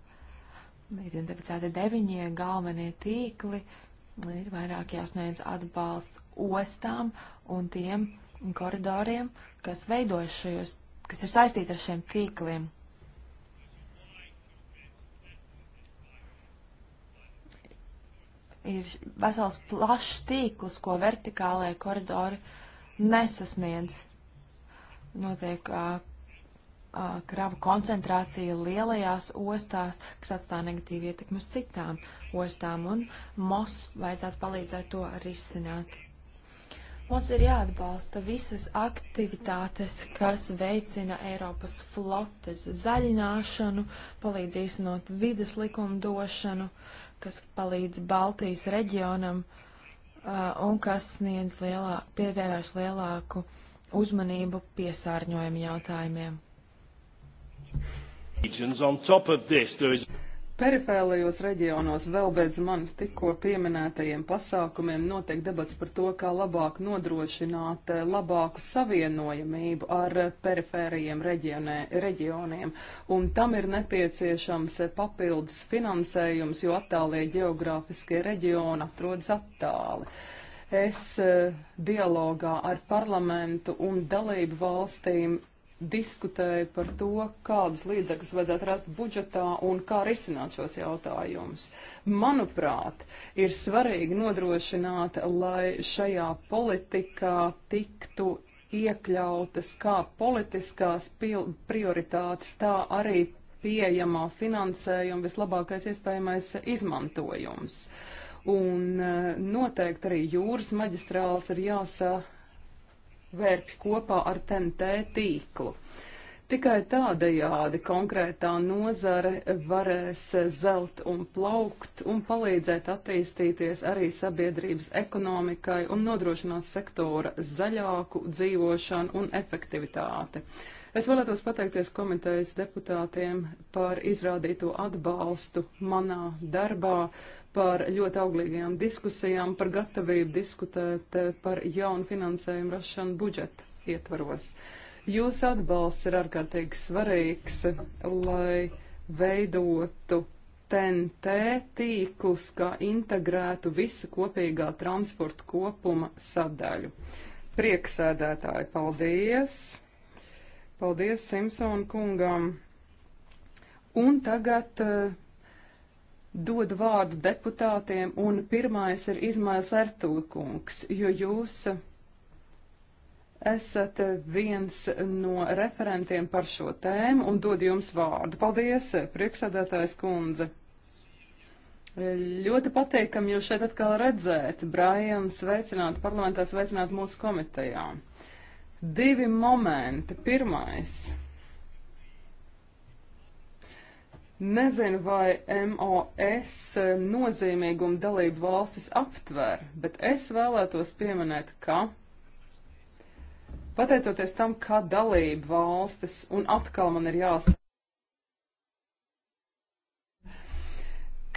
Identificēti deviņie galvenie tīkli, ir vairāk jāsniedz atbalsts ostām un tiem koridoriem, kas veidojas šajos kas ir saistīti ar šiem tīkliem. Ir vesels plašs tīkls, ko vertikālajie koridori nesasniedz. Notiek uh, uh, kravu koncentrācija lielajās ostās, kas atstāja negatīvu ietekmi uz citām ostām, un MOS vajadzētu palīdzēt to risināt. Mums ir jāatbalsta visas aktivitātes, kas veicina Eiropas flotes zaļināšanu, palīdz īstenot vidas likumdošanu, kas palīdz Baltijas reģionam uh, un kas sniedz lielā, pievērš lielāku uzmanību piesārņojumu jautājumiem. Regions on top of this, there is... Perifēlajos reģionos vēl bez manis tikko pieminētajiem pasākumiem notiek debats par to, kā labāk nodrošināt eh, labāku savienojamību ar perifērajiem reģionē, reģioniem. Un tam ir nepieciešams eh, papildus finansējums, jo attālie geogrāfiskie reģioni atrodas attāli. Es eh, dialogā ar parlamentu un dalību valstīm diskutēja par to, kādus līdzekļus vajadzētu rast budžetā un kā risināt šos jautājumus. Manuprāt, ir svarīgi nodrošināt, lai šajā politikā tiktu iekļautas kā politiskās prioritātes, tā arī pieejamā finansējuma vislabākais iespējamais izmantojums. Un eh, noteikti arī jūras maģistrāls ir jāsa vērpj kopā ar TNT tīklu. Tikai tādējādi konkrētā nozare varēs zelt un plaukt un palīdzēt attīstīties arī sabiedrības ekonomikai un nodrošinās sektora zaļāku dzīvošanu un efektivitāti. Es vēlētos pateikties komitejas deputātiem par izrādīto atbalstu manā darbā, par ļoti auglīgajām diskusijām, par gatavību diskutēt par jaunu finansējumu rašanu budžeta ietvaros. Jūsu atbalsts ir ārkārtīgi svarīgs, lai veidotu TNT tīklus, kā integrētu visu kopīgā transporta kopuma sadaļu. Prieksēdētāji, paldies! Paldies Simpsona kungam. Un tagad uh, dod vārdu deputātiem, un pirmais ir Izmais Ertulkungs, jo jūs esat viens no referentiem par šo tēmu un dod jums vārdu. Paldies, prieksēdētājs kundze. Ļoti pateikam jūs šeit atkal redzēt. Brian, sveicināt parlamentā, sveicināt mūsu komitejām. Divi momenti. Pirmais. Nezinu, vai MOS eh, nozīmīgumu dalību valstis aptver, bet es vēlētos pieminēt, ka pateicoties tam, ka dalību valstis, un atkal man ir jās,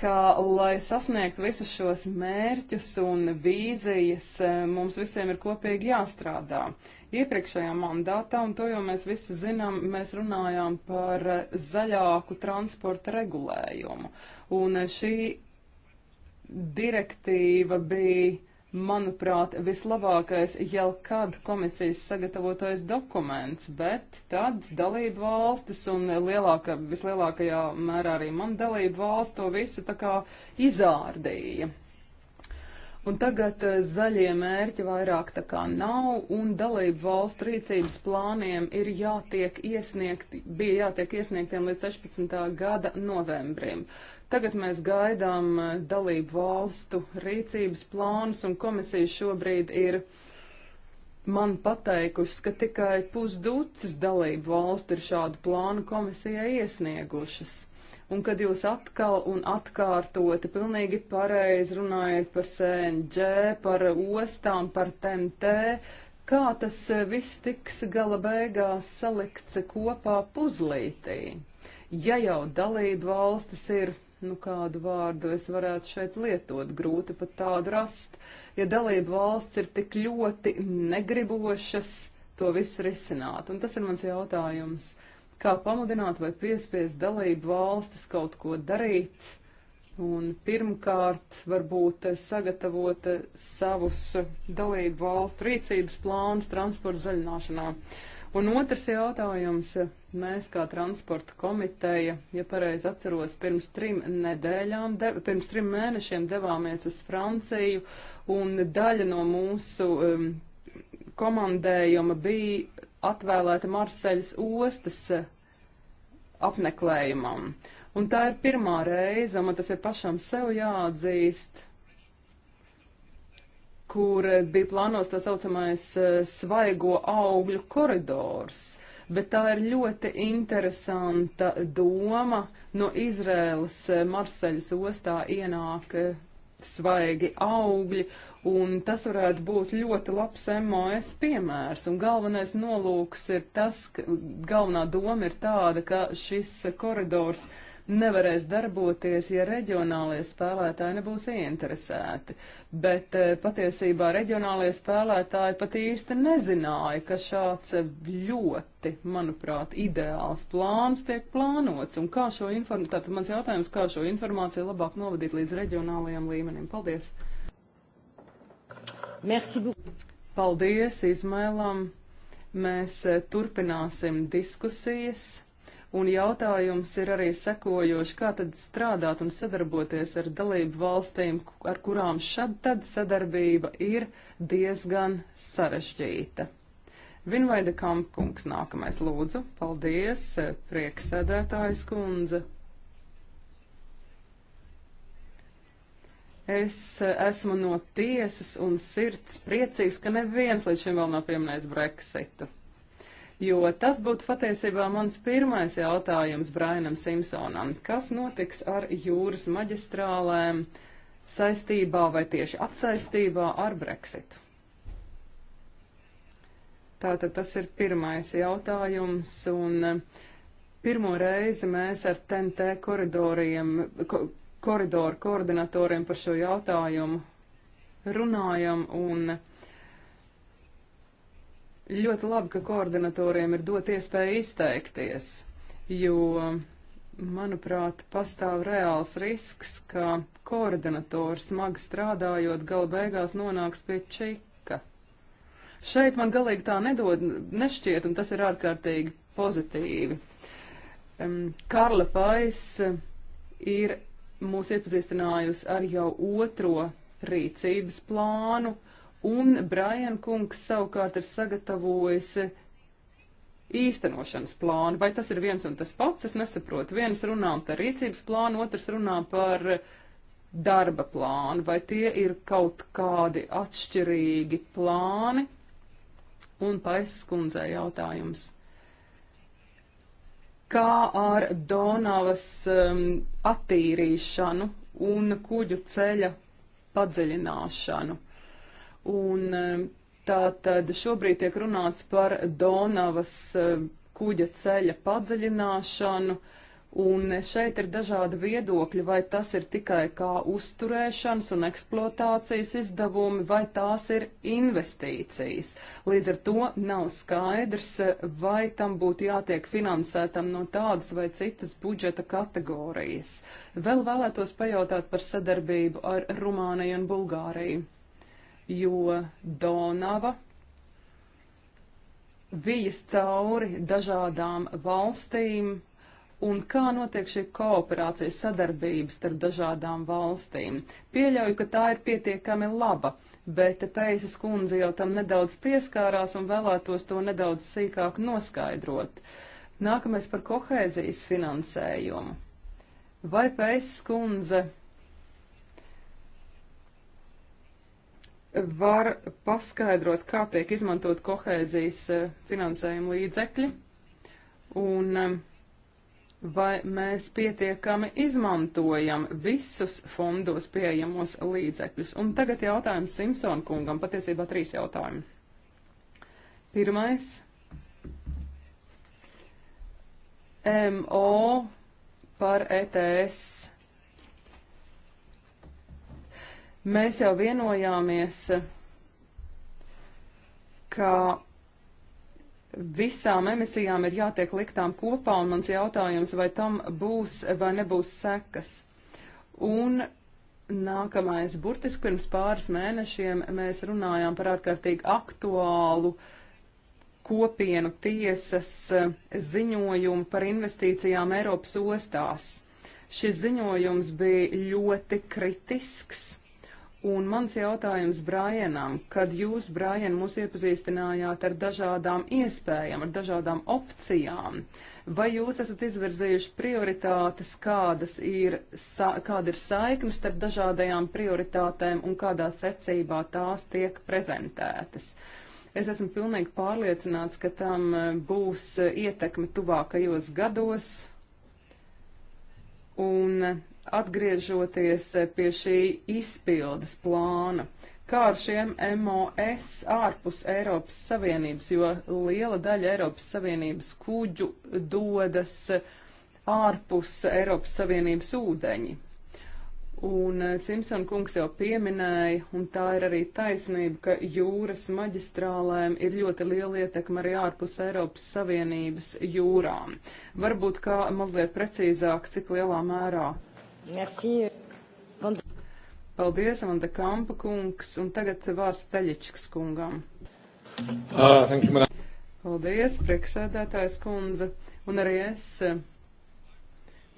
ka, lai sasniegtu visus šos mērķus un vīzijas, eh, mums visiem ir kopīgi jāstrādā. Iepriekšējā mandātā, un to jau mēs visi zinām, mēs runājām par eh, zaļāku transporta regulējumu. Un eh, šī direktīva bija manuprāt, vislabākais jau kad komisijas sagatavotais dokuments, bet tad dalību valstis un lielāka, vislielākajā mērā arī man dalību valsts to visu tā kā izārdīja. Un tagad eh, zaļie mērķi vairāk tā kā nav, un dalību valstu rīcības plāniem ir jātiek iesniegti, bija jātiek iesniegtiem līdz 16. gada novembrim. Tagad mēs gaidām eh, dalību valstu rīcības plānus, un komisija šobrīd ir man pateikusi, ka tikai pusducis dalību valstu ir šādu plānu komisijai iesniegušas. Un kad jūs atkal un atkārtoti pilnīgi pareizi runājat par CNG, par ostām, par TMT, kā tas viss tiks gala beigās salikts kopā puzlītī? Ja jau dalību valstis ir nu, kādu vārdu es varētu šeit lietot, grūti pat tādu rast. Ja dalība valsts ir tik ļoti negribošas to visu risināt, un tas ir mans jautājums kā pamudināt vai piespiest dalību valstis kaut ko darīt. Un pirmkārt, varbūt eh, sagatavot eh, savus eh, dalību valstu rīcības plānus transporta zaļināšanā. Un otrs jautājums. Mēs kā transporta komiteja, ja pareizi atceros, pirms trim nedēļām, de, pirms trim mēnešiem devāmies uz Franciju, un daļa no mūsu um, komandējuma bija atvēlēta Marseļas ostas eh, apmeklējumam. Un tā ir pirmā reize, un man tas ir pašam sev jāatzīst, kur eh, bija plānos tā saucamais eh, svaigo augļu koridors. Bet tā ir ļoti interesanta doma. No Izrēlas Marseļas ostā ienāk svaigi augļi, Un tas varētu būt ļoti labs MOS piemērs. Un galvenais nolūks ir tas, ka galvenā doma ir tāda, ka šis koridors nevarēs darboties, ja reģionālie spēlētāji nebūs ieinteresēti. Bet eh, patiesībā reģionālie spēlētāji pat īsti nezināja, ka šāds eh, ļoti, manuprāt, ideāls plāns tiek plānots. Un kā šo informāciju, tātad mans jautājums, kā šo informāciju labāk novadīt līdz reģionālajiem līmenim? Paldies! Merci beaucoup. Paldies Izmailam. Mēs eh, turpināsim diskusijas. Un jautājums ir arī sekojoši, kā tad strādāt un sadarboties ar dalību valstīm, ar kurām šad tad sadarbība ir diezgan sarežģīta. Vinvaida Kampkungs nākamais lūdzu. Paldies, eh, prieksēdētājs kundze. Es esmu no tiesas un sirds priecīgs, ka neviens līdz šim vēl nav pieminējis Brexitu. Jo tas būtu patiesībā mans pirmais jautājums Brainam Simpsonam. Kas notiks ar jūras maģistrālēm saistībā vai tieši atsaistībā ar Brexitu? Tātad tas ir pirmais jautājums. Un pirmo reizi mēs ar TNT koridoriem, ko, koridoru koordinatoriem par šo jautājumu runājam un ļoti labi, ka koordinatoriem ir dot iespēja izteikties, jo, manuprāt, pastāv reāls risks, ka koordinatori smagi strādājot gal beigās nonāks pie čika. Šeit man galīgi tā nedod, nešķiet, un tas ir ārkārtīgi pozitīvi. Um, Karla Pais ir mūs iepazīstinājusi ar jau otro rīcības plānu, un Brian Kungs savukārt ir sagatavojis īstenošanas plānu. Vai tas ir viens un tas pats? Es nesaprotu. Viens runā par rīcības plānu, otrs runā par darba plānu. Vai tie ir kaut kādi atšķirīgi plāni? Un paisas kundzei jautājums kā ar Donavas um, attīrīšanu un kuģu ceļa padziļināšanu. Un um, tā tad šobrīd tiek runāts par Donavas um, kuģa ceļa padziļināšanu, uh, Un šeit ir dažādi viedokļi, vai tas ir tikai kā uzturēšanas un eksploatācijas izdevumi, vai tās ir investīcijas. Līdz ar to nav skaidrs, vai tam būtu jātiek finansētam no tādas vai citas budžeta kategorijas. Vēl vēlētos pajautāt par sadarbību ar Rumāniju un Bulgāriju, jo Donava vijas cauri dažādām valstīm un kā notiek šī kooperācija sadarbības starp dažādām valstīm. Pieļauju, ka tā ir pietiekami laba, bet Teisas kundze jau tam nedaudz pieskārās un vēlētos to nedaudz sīkāk noskaidrot. Nākamais par kohēzijas finansējumu. Vai Teisas kundze var paskaidrot, kā tiek izmantot kohēzijas eh, finansējuma līdzekļi? Un um, vai mēs pietiekami izmantojam visus fondos pieejamos līdzekļus. Un tagad jautājums Simpson kungam, patiesībā trīs jautājumi. Pirmais. MO par ETS. Mēs jau vienojāmies, ka visām emisijām ir jātiek liktām kopā, un mans jautājums, vai tam būs vai nebūs sekas. Un nākamais, burtiski pirms pāris mēnešiem mēs runājām par ārkārtīgi aktuālu kopienu tiesas eh, ziņojumu par investīcijām Eiropas ostās. Šis ziņojums bija ļoti kritisks Un mans jautājums Brānam, kad jūs, Brān, mūs iepazīstinājāt ar dažādām iespējām, ar dažādām opcijām, vai jūs esat izvirzījuši prioritātes, kādas ir, sa, kāda ir saikne starp dažādajām prioritātēm un kādā secībā tās tiek prezentētas? Es esmu pilnīgi pārliecināts, ka tam e, būs ietekme tuvākajos gados. Un e, atgriežoties eh, pie šī izpildes plāna, kā ar šiem MOS ārpus Eiropas Savienības, jo liela daļa Eiropas Savienības kuģu dodas eh, ārpus Eiropas Savienības ūdeņi. Un eh, Simpson kungs jau pieminēja, un tā ir arī taisnība, ka jūras maģistrālēm ir ļoti liela ietekma arī ārpus Eiropas Savienības jūrām. Varbūt kā mazliet precīzāk, cik lielā mērā Merci. Paldies, Vanda Kampa kungs, un tagad vārds Teļičs kungam. Uh, thank you, madam. Paldies, priekšsēdētājs kundze, un arī es eh,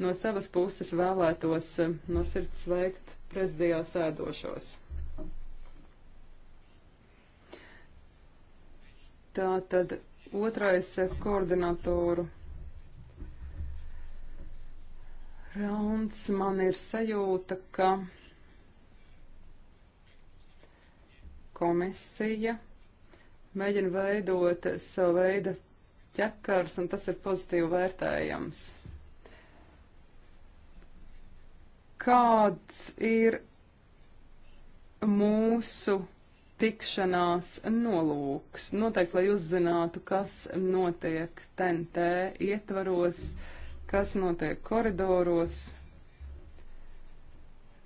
no savas puses vēlētos eh, no sirds sveikt prezidijā sēdošos. Tā tad otrais eh, koordinatoru rauns, man ir sajūta, ka komisija mēģina veidot savu veidu ķekars, un tas ir pozitīvi vērtējams. Kāds ir mūsu tikšanās nolūks. Noteikti, lai uzzinātu, kas notiek TNT ietvaros, mm kas notiek koridoros.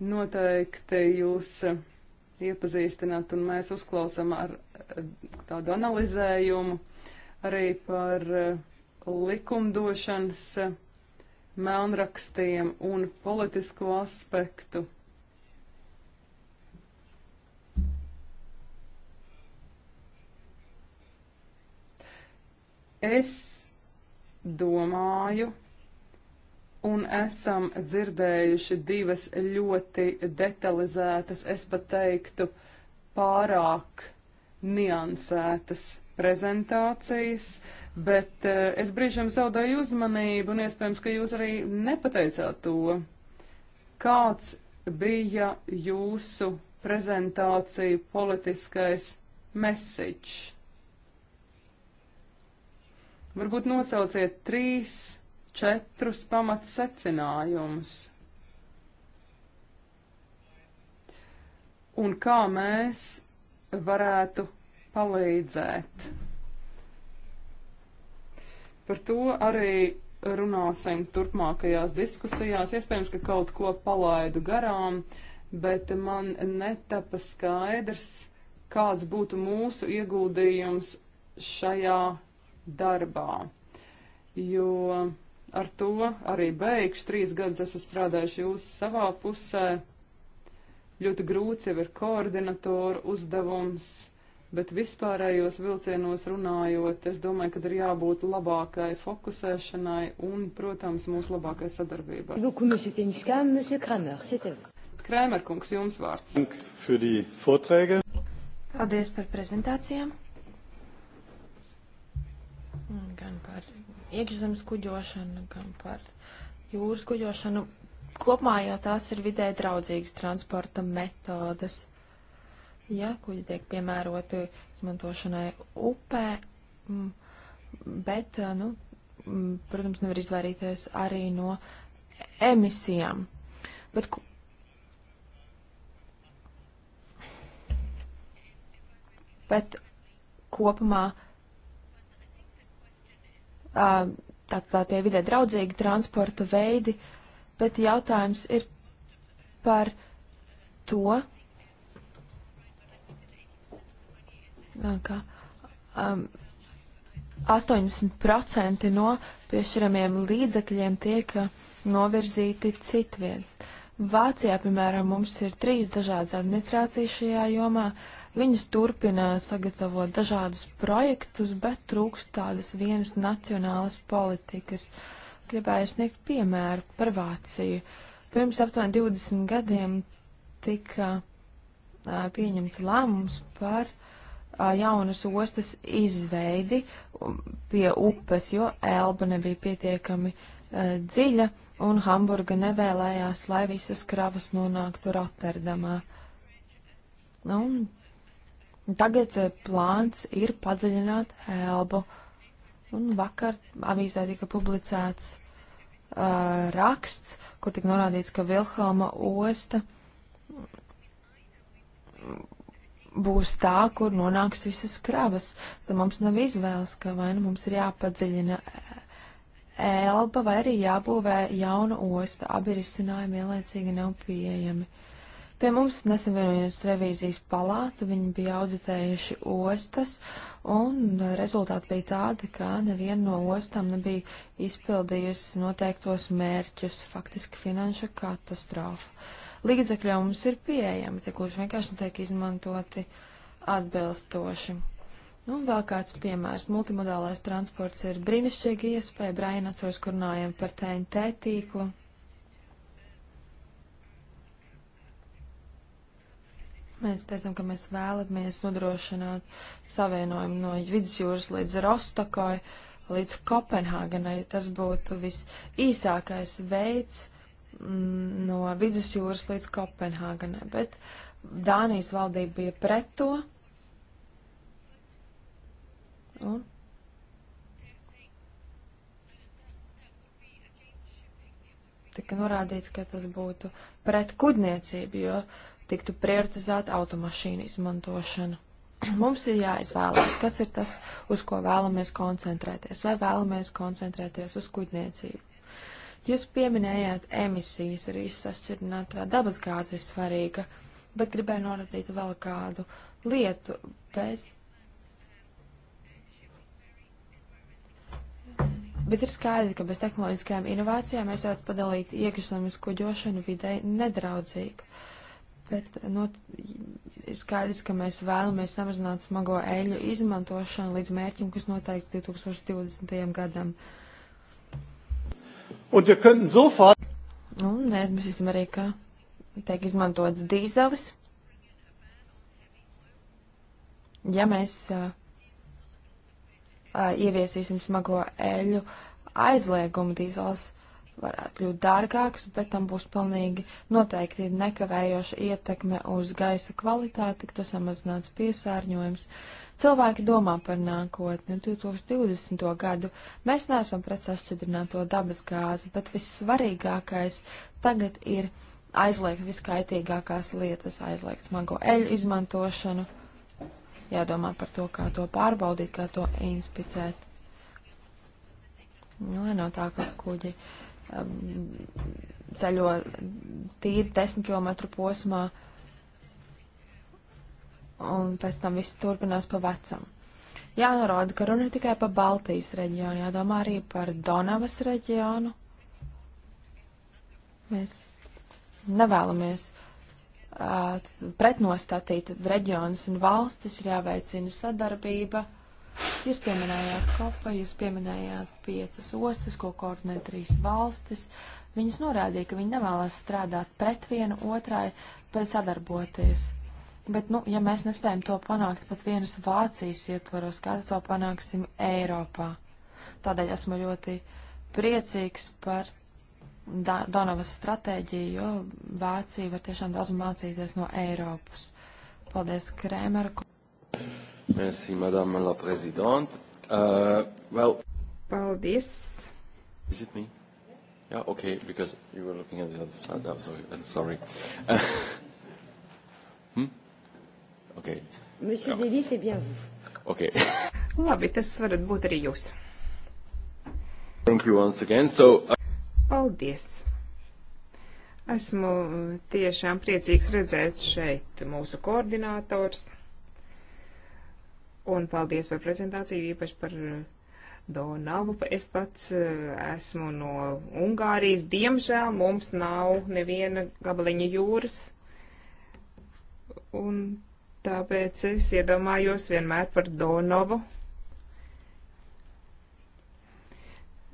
Noteikti jūs iepazīstināt un mēs uzklausām ar tādu analizējumu arī par eh, likumdošanas eh, melnrakstiem un politisko aspektu. Es domāju, un esam dzirdējuši divas ļoti detalizētas, es pat teiktu, pārāk niansētas prezentācijas, bet eh, es brīžiem zaudēju uzmanību un iespējams, ka jūs arī nepateicāt to, kāds bija jūsu prezentāciju politiskais mesiķis. Varbūt nosauciet trīs četrus pamats secinājumus. Un kā mēs varētu palīdzēt. Par to arī runāsim turpmākajās diskusijās. Iespējams, ka kaut ko palaidu garām, bet man netapa skaidrs, kāds būtu mūsu ieguldījums šajā darbā. Jo Ar to arī beigšu. Trīs gadus esmu strādājuši jūs savā pusē. Ļoti grūts jau ir koordinatoru uzdevums, bet vispārējos vilcienos runājot, es domāju, ka ir jābūt labākai fokusēšanai un, protams, mūsu labākai sadarbībai. Krēmerkungs, jums vārds. Paldies par prezentācijām. Gan par iekšzemes kuģošanu, gan par jūras kuģošanu. Kopumā jau tās ir vidē draudzīgas transporta metodas. Ja kuģi tiek piemēroti izmantošanai upē, bet, eh, nu, protams, nevar izvairīties arī no emisijām. Bet, bet kopumā uh, Um, tā, tā tie vidē draudzīgi transporta veidi, bet jautājums ir par to, kā um, 80% no piešķiramiem līdzekļiem tiek novirzīti citvien. Vācijā, piemēram, mums ir trīs dažādas administrācijas šajā jomā. Uh, Viņas turpina sagatavot dažādus projektus, bet trūkst tādas vienas nacionālas politikas. Gribēju sniegt piemēru par Vāciju. Pirms aptuveni 20 gadiem tika a, pieņemts lēmums par a, jaunas ostas izveidi pie upes, jo Elba nebija pietiekami a, dziļa un Hamburga nevēlējās, lai visas kravas nonāktu Rotterdamā. Nu, un Tagad eh, plāns ir padziļināt elbu. Un vakar avīzē tika publicēts uh, raksts, kur tika norādīts, ka Vilhelma osta būs tā, kur nonāks visas kravas. Tad mums nav izvēles, ka vai nu mums ir jāpadziļina eh, elba, vai arī jābūvē jauna osta. Abi risinājumi vienlaicīgi nav pieejami. Uh, Pie mums nesen vienojas revīzijas palāta, viņi bija auditējuši ostas, un rezultāti bija tādi, ka neviena no ostām nebija izpildījusi noteiktos mērķus, faktiski finanšu katastrofa. Līdzekļi jau mums ir pieejami, tie gluži vienkārši tiek izmantoti atbilstoši. Nu, un vēl kāds piemērs. Multimodālais transports ir brīnišķīga iespēja. Braina atceros, kur runājam par TNT tīklu. Mēs teicam, ka mēs vēlamies nodrošināt savienojumu no vidusjūras līdz Rostokai, līdz Kopenhāganai. Tas būtu visīsākais veids mm, no vidusjūras līdz Kopenhāganai. Bet Dānijas valdība bija pret to. Un? Tika norādīts, ka tas būtu pret kudniecību, jo tiktu prioritizēta automašīnu izmantošana. Mums ir jāizvēlās, kas ir tas, uz ko vēlamies koncentrēties, vai vēlamies koncentrēties uz kuģniecību. Jūs pieminējāt emisijas, arī sašķirinātā dabas gāze ir svarīga, bet gribēju norādīt vēl kādu lietu bez. Bet ir skaidri, ka bez tehnoloģiskajām inovācijām mēs varētu padalīt iekšzemes kuģošanu videi nedraudzīgu. Uh, Bet not, nu, ir skaidrs, ka mēs vēlamies samazināt smago eļļu izmantošanu līdz mērķim, kas noteikts 2020. gadam. Un, ja sofort... Un nu, neaizmirsīsim arī, ka tiek izmantots dīzelis. Ja mēs uh, uh, ieviesīsim smago eļļu aizliegumu dīzels, varētu kļūt dārgāks, bet tam būs pilnīgi noteikti nekavējoša ietekme uz gaisa kvalitāti, ka tas samazināts piesārņojums. Cilvēki domā par nākotni, 2020. Nu, gadu. Mēs neesam pret sašķidrināto dabas gāzi, bet vissvarīgākais tagad ir aizliegt viskaitīgākās lietas, aizliegt smago eļu izmantošanu, jādomā par to, kā to pārbaudīt, kā to inspicēt. Nu, no tā kā kuģi ceļo um, tīri 10 km posmā, un pēc tam viss turpinās pa vecam. Jānorāda, ka runa ir tikai par Baltijas reģionu, jādomā arī par Donavas reģionu. Mēs nevēlamies uh, pretnostatīt reģionus un valstis, ir jāveicina sadarbība Jūs pieminējāt kopu, jūs pieminējāt piecas ostas, ko koordinē trīs valstis. Viņas norādīja, ka viņi nevēlas strādāt pret vienu otrai, bet sadarboties. Bet, nu, ja mēs nespējam to panākt pat vienas Vācijas ietvaros, kā to panāksim Eiropā? Tādēļ esmu ļoti priecīgs par da Donovas stratēģiju, jo Vācija var tiešām daudz mācīties no Eiropas. Paldies, Krēmera. Merci, Madame la Présidente. Uh, well... Paldies. Is it me? Yeah, okay, because you were looking at the other side. I'm oh, sorry. I'm uh, sorry. hmm? Okay. Monsieur yeah. Deli, c'est bien vous. Okay. Labi, tas varat būt arī jūs. Thank you once again. So, uh... Paldies. Esmu tiešām priecīgs redzēt šeit mūsu koordinātors. Un paldies par prezentāciju, īpaši par eh, Donavu. Es pats eh, esmu no Ungārijas. Diemžēl mums nav neviena gabaliņa jūras. Un tāpēc es iedomājos vienmēr par Donavu.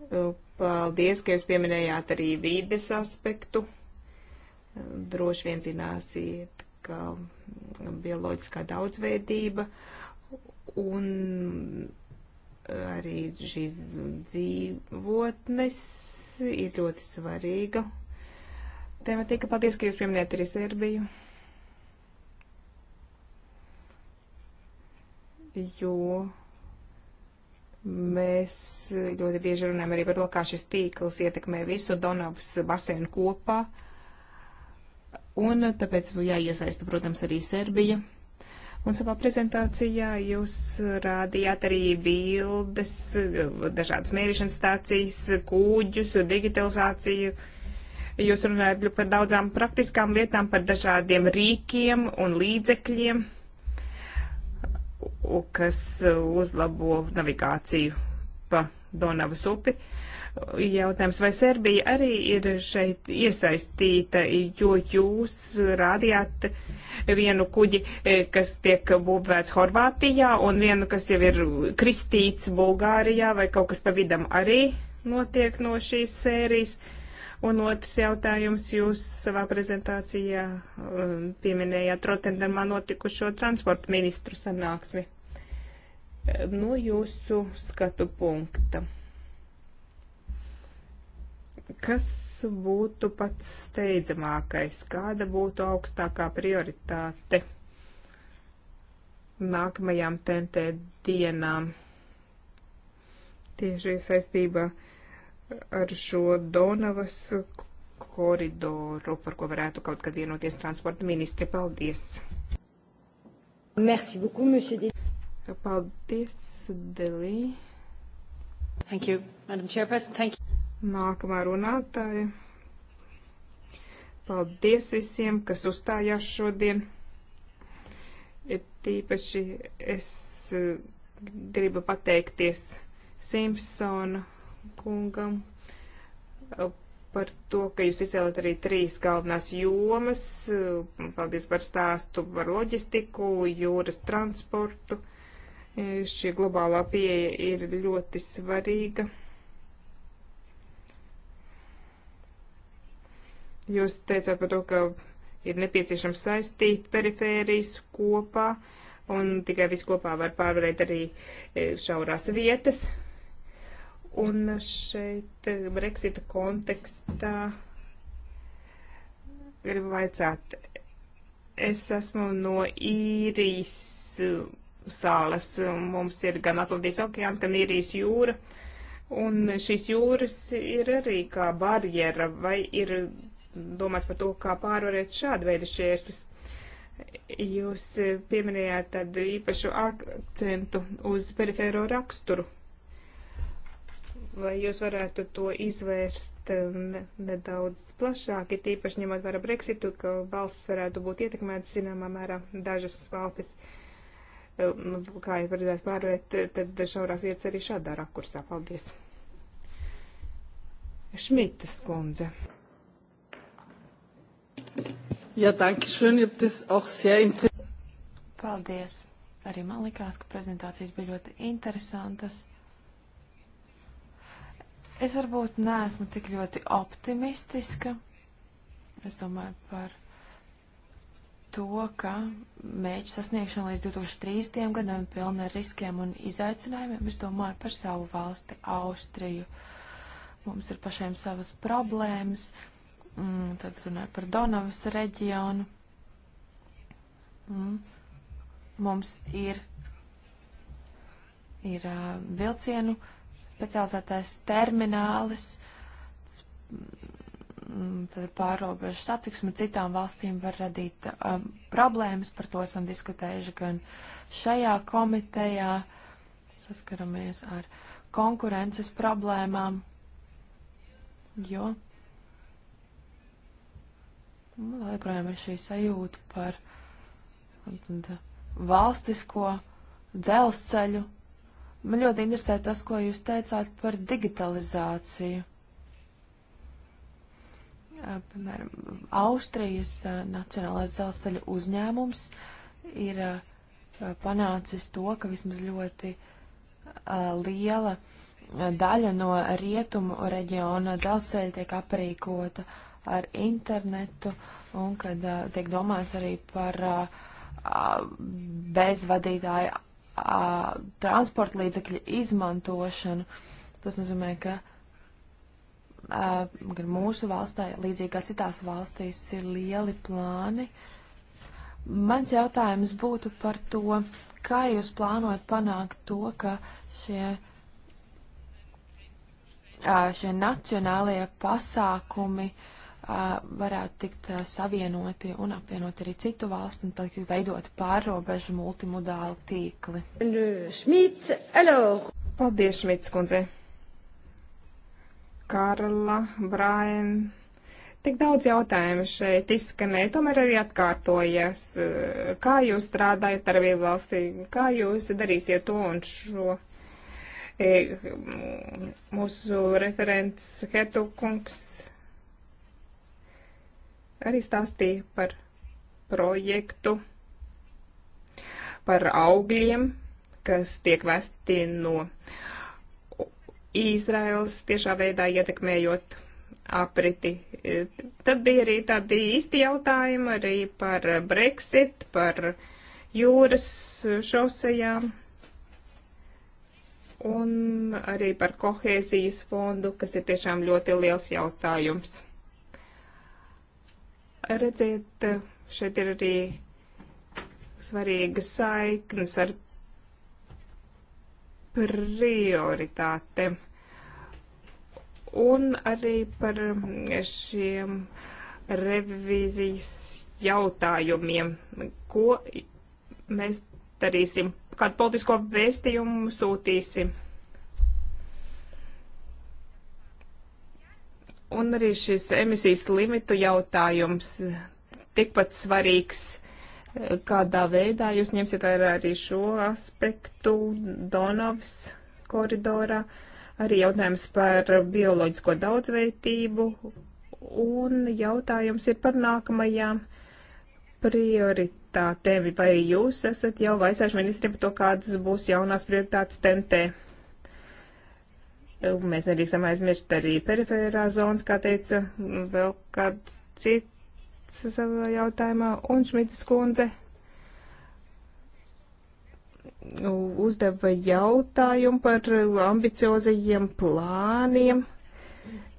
Eh, paldies, ka jūs pieminējāt arī vīdes aspektu. Droši vien zināsiet, ka bioloģiskā daudzveidība uh, Un eh, arī šīs dzīvotnes ir ļoti svarīga tematika. Paldies, ka jūs pieminējat arī Serbiju. Jo mēs ļoti bieži runājam arī par to, kā šis tīkls ietekmē visu Donavas basēnu kopā. Un tāpēc jāiesaista, protams, arī Serbija. Mm. Un savā prezentācijā jūs rādījāt arī bildes, dažādas mērīšanas stācijas, kūģus, digitalizāciju. Jūs runājat par daudzām praktiskām lietām, par dažādiem rīkiem un līdzekļiem, kas uzlabo navigāciju pa Donavas upi. Uh, jautājums, vai Serbija arī ir šeit iesaistīta, jo jūs rādījāt vienu kuģi, eh, kas tiek būvēts Horvātijā, un vienu, kas jau ir kristīts Bulgārijā, vai kaut kas pa vidam arī notiek no šīs sērijas. Un otrs jautājums, jūs savā prezentācijā um, pieminējāt Rotendamā notikušo transporta ministru sanāksmi. Eh, no jūsu skatu punkta. Kas būtu pats steidzamākais? Kāda būtu augstākā prioritāte nākamajām tentē dienām? Tieši saistībā ar šo Donavas koridoru, par ko varētu kaut kad vienoties transporta ministri. Paldies! Merci beaucoup, monsieur Delī. Paldies, Delī. Thank you, Madam Chairperson. Thank you. Nākamā runātāja. Paldies visiem, kas uzstājās šodien. Ir tīpaši es eh, gribu pateikties Simpsona kungam eh, par to, ka jūs izcēlat arī trīs galvenās jomas. Eh, paldies par stāstu par loģistiku, jūras transportu. Šī globālā pieeja ir ļoti svarīga. Jūs teicāt par to, ka ir nepieciešams saistīt perifērijas kopā, un tikai viss kopā var pārvarēt arī e, šaurās vietas. Un šeit e, Brexita kontekstā gribu vaicāt, es esmu no īrijas e, salas, mums ir gan Atlantijas okeāns, gan īrijas jūra. Un šīs jūras ir arī kā barjera, vai ir domās par to, kā pārvarēt šādu veidu šķēršļus. Jūs eh, pieminējāt tādu īpašu akcentu uz perifēro raksturu. Vai jūs varētu to izvērst eh, nedaudz plašāk, ir tīpaši ņemot vērā Brexitu, ka valsts varētu būt ietekmētas zināmā mērā dažas valstis, eh, kā jau paredzētu pārvērt, tad šaurās vietas arī šādā rakursā. Paldies! Šmitas kundze. Ja, danke schön. Ich das auch sehr interessant. Paldies. Arī man likās, ka prezentācijas bija ļoti interesantas. Es varbūt neesmu tik ļoti optimistiska. Es domāju par to, ka mērķu sasniegšana līdz 2030. gadam ir pilna ar riskiem un izaicinājumiem. Es domāju par savu valsti, Austriju. Mums ir pašiem savas problēmas. Uh, Mm, tad runāja par Donavas reģionu. Mm. Mums ir, ir uh, vilcienu specializētais terminālis, tad mm, pārobežu satiksmi citām valstīm var radīt um, problēmas, par to esam diskutējuši gan šajā komitejā, saskaramies ar konkurences problēmām, jo Man nu, joprojām ir šī sajūta par tad, valstisko dzelzceļu. Man ļoti interesē tas, ko jūs teicāt par digitalizāciju. Piemēram, Austrijas Nacionālais dzelzceļa uzņēmums ir panācis to, ka vismaz ļoti liela daļa no rietumu reģiona dzelzceļa tiek aprīkota uh, ar internetu un kad uh, tiek domāts arī par uh, bezvadītāju uh, transporta līdzekļu izmantošanu. Tas nozīmē, ka uh, gan mūsu valstī, līdzīgi kā citās valstīs, ir lieli plāni. Mans jautājums būtu par to, kā jūs plānojat panākt to, ka šie uh, šie nacionālie pasākumi varētu tikt savienoti un apvienot arī citu valstu un tad veidot pārrobežu multimodālu tīkli. Šmīts, Paldies, Šmīts kundze. Karla, Brian. Tik daudz jautājumu šeit izskanēja, tomēr arī atkārtojas. Kā jūs strādājat ar vienu valstī? Kā jūs darīsiet to un šo? Mūsu referents Hetu kungs arī stāstīja par projektu, par augļiem, kas tiek vesti no Izraels tiešā veidā ietekmējot apriti. Tad bija arī tādi īsti jautājumi arī par Brexit, par jūras šosejām un arī par kohēzijas fondu, kas ir tiešām ļoti liels jautājums redziet, šeit ir arī svarīgas saiknes ar prioritātēm. Un arī par šiem revīzijas jautājumiem, ko mēs darīsim, kādu politisko vēstījumu sūtīsim. Un arī šis emisijas limitu jautājums tikpat svarīgs, eh, kādā veidā jūs ņemsiet vērā arī šo aspektu Donavas koridorā, arī jautājums par bioloģisko daudzveidību, un jautājums ir par nākamajām prioritātēm. Vai jūs esat jau vaicājuši ministriem par to, kādas būs jaunās prioritātes TNT? Mēs nedrīkstam aizmirst arī perifērā zonas, kā teica vēl kāds cits savā jautājumā, un Šmitas kundze uzdeva jautājumu par ambiciozajiem plāniem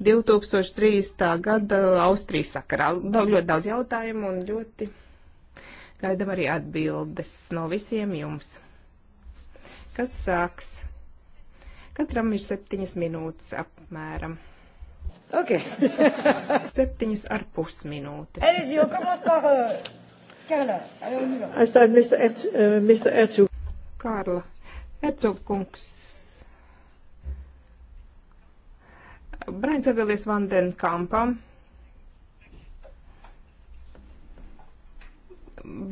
2030. gada Austrijas sakarā. Daudz, ļoti daudz jautājumu un ļoti gaidam arī atbildes no visiem jums. Kas sāks? Katram ir septiņas minūtes apmēram. Ok. septiņas ar pus minūtes. Allez-y, on commence par uh, Karla. Allez, on y va. I start Mr. Erz, uh, Mr. Erzog. Karla. Erzog kungs. Brains Evelies Vandenkampam.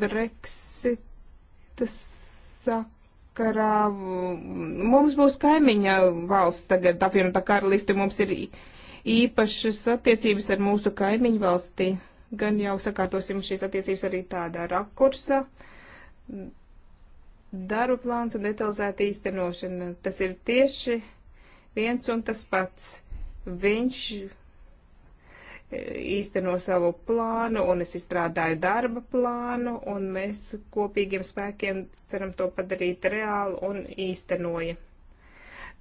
Brexit saka sakarā. Mums būs kaimiņa valsts tagad, apvienotā karalisti, mums ir īpašas attiecības ar mūsu kaimiņu valsti. Gan jau sakārtosim šīs attiecības arī tādā rakursa. Daru plāns un detalizēta īstenošana. Tas ir tieši viens un tas pats. Viņš īsteno savu plānu, un es izstrādāju darba plānu, un mēs kopīgiem spēkiem ceram to padarīt reāli un īstenoja.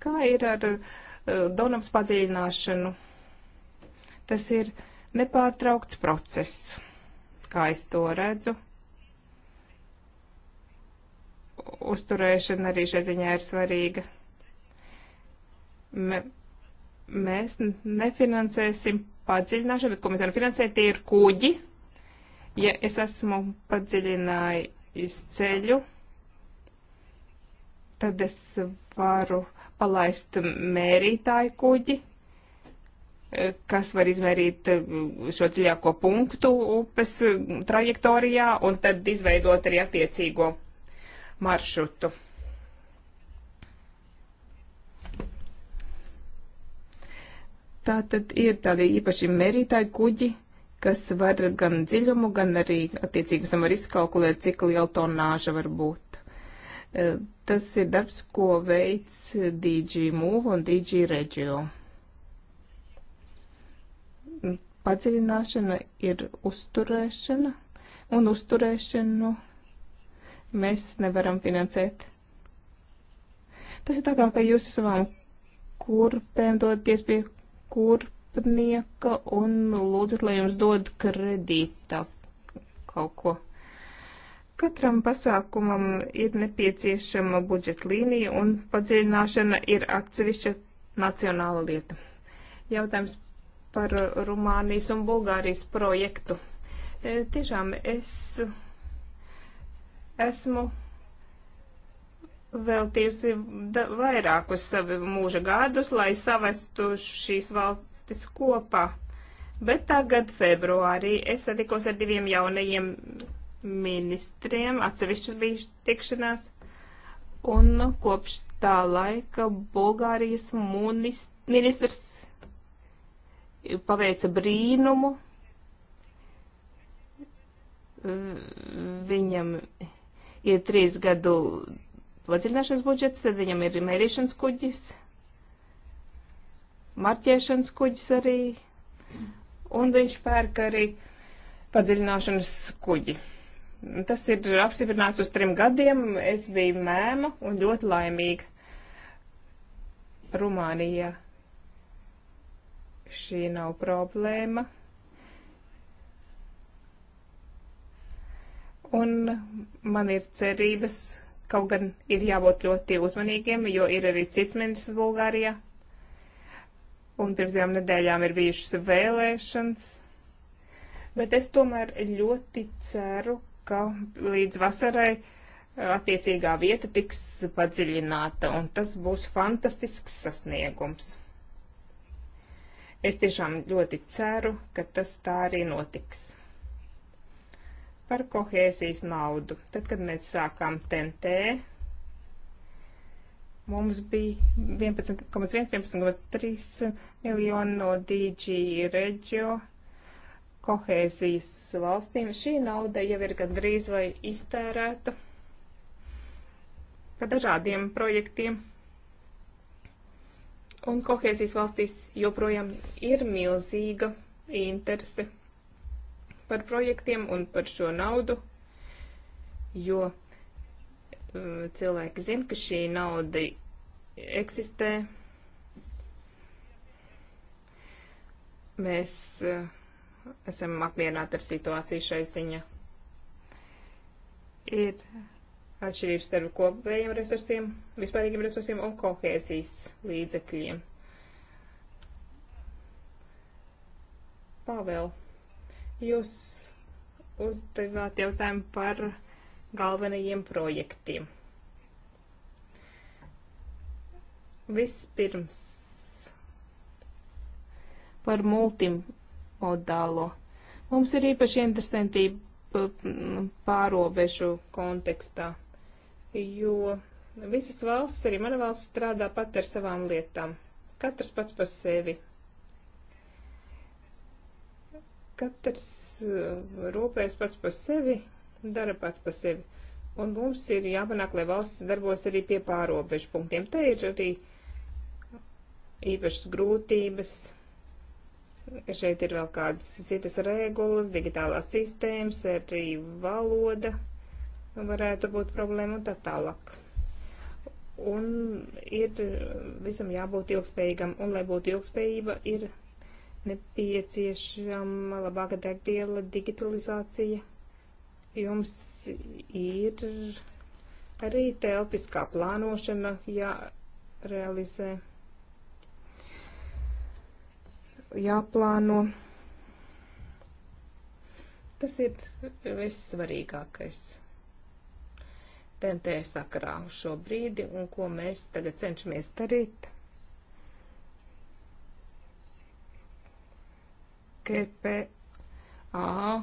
Kā ir ar uh, Donavas padziļināšanu? Tas ir nepārtraukts process, kā es to redzu. Uzturēšana arī šai ziņā ir svarīga. Me, mēs nefinansēsim padziļināšana, bet ko mēs varam finansēt, tie ir kuģi. Ja es esmu padziļinājis ceļu, tad es varu palaist mērītāju kuģi, kas var izmērīt šo dziļāko punktu upes trajektorijā un tad izveidot arī attiecīgo maršrutu. Tā tad ir tādi īpaši mērītāji kuģi, kas var gan dziļumu, gan arī attiecīgi esam var izkalkulēt, cik liela tonāža var būt. E, tas ir darbs, ko veids DG Move un DG Regio. Padziļināšana ir uzturēšana, un uzturēšanu mēs nevaram finansēt. Tas ir tā kā, ka jūs savām kurpēm doties pie kurpnieka un lūdzat, lai jums dod kredītā kaut ko. Katram pasākumam ir nepieciešama budžeta līnija un padziļināšana ir atsevišķa nacionāla lieta. Jautājums par Rumānijas un Bulgārijas projektu. E, tiešām es esmu veltījusi vairākus savu mūža gadus, lai savestu šīs valstis kopā. Bet tagad februārī es satikos ar diviem jaunajiem ministriem, atsevišķas bija tikšanās, un kopš tā laika Bulgārijas ministrs paveica brīnumu. Viņam ir trīs gadu Vadziļināšanas budžets, tad viņam ir mērīšanas kuģis, marķēšanas kuģis arī, un viņš pērk arī padziļināšanas kuģi. Tas ir apstiprināts uz trim gadiem. Es biju mēma un ļoti laimīga. Rumānijā šī nav problēma. Un man ir cerības Kaut gan ir jābūt ļoti uzmanīgiem, jo ir arī cits ministrs Bulgārijā. Un pirms divām nedēļām ir bijušas vēlēšanas. Bet es tomēr ļoti ceru, ka līdz vasarai eh, attiecīgā vieta tiks padziļināta, un tas būs fantastisks sasniegums. Es tiešām ļoti ceru, ka tas tā arī notiks par kohēzijas naudu. Tad, kad mēs sākām TNT, mums bija 11,1, 11,3 miljoni no DG reģio kohēzijas valstīm. Šī nauda jau ir gandrīz vai iztērēta par dažādiem projektiem. Un kohēzijas valstīs joprojām ir milzīga interese par projektiem un par šo naudu, jo uh, cilvēki zina, ka šī nauda eksistē. Mēs uh, esam apmierināti ar situāciju šai ziņā. Ir atšķirības starp kopējiem resursiem, vispārīgiem resursiem un kohēzijas līdzekļiem. Pāvēl, Jūs uzdevāt jautājumu par galvenajiem projektiem. Vispirms par multimodālo. Mums ir īpaši interesanti pārobežu kontekstā, jo visas valsts, arī mana valsts, strādā pat ar savām lietām. Katrs pats par sevi Katrs eh, rūpēs pats par sevi, dara pats par sevi. Un mums ir jāpanāk, lai valsts darbos arī pie pārobežu punktiem. Te ir arī īpašas grūtības. Šeit ir vēl kādas citas regulas, digitālās sistēmas, arī valoda varētu būt problēma un tā tālāk. Un ir visam jābūt ilgspējīgam, un lai būtu ilgspējība, ir nepieciešama labāka degviela, digitalizācija. Jums ir arī telpiskā plānošana jārealizē, jāplāno. Tas ir vissvarīgākais. TNT sakarā uz šo brīdi un ko mēs tagad cenšamies darīt GPA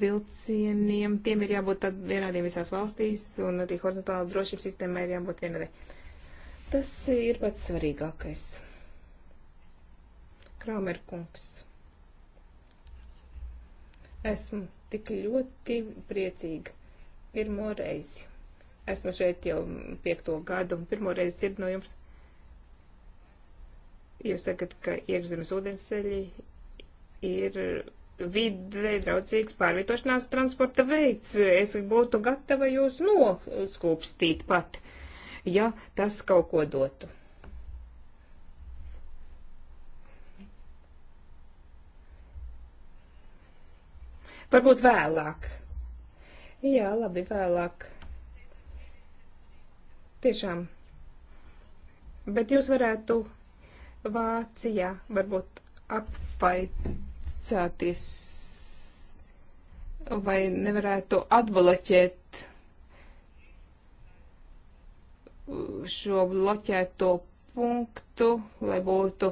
vilcieniem, tiem ir jābūt tad vienādiem visās valstīs, un arī horizontāla drošības sistēmai ir jābūt vienādai. Tas ir pats svarīgākais. Krāmer kungs. Esmu tik ļoti priecīga pirmo reizi. Esmu šeit jau piekto gadu un pirmo reizi dzirdu no jums. Jūs sakat, ka iekšzemes ūdensceļi ir vidē draudzīgs pārvietošanās transporta veids. Es būtu gatava jūs noskūpstīt pat, ja tas kaut ko dotu. Varbūt vēlāk. Jā, labi, vēlāk. Tiešām. Bet jūs varētu Vācijā varbūt apvaidīt uzticāties vai nevarētu atbloķēt šo bloķēto punktu, lai būtu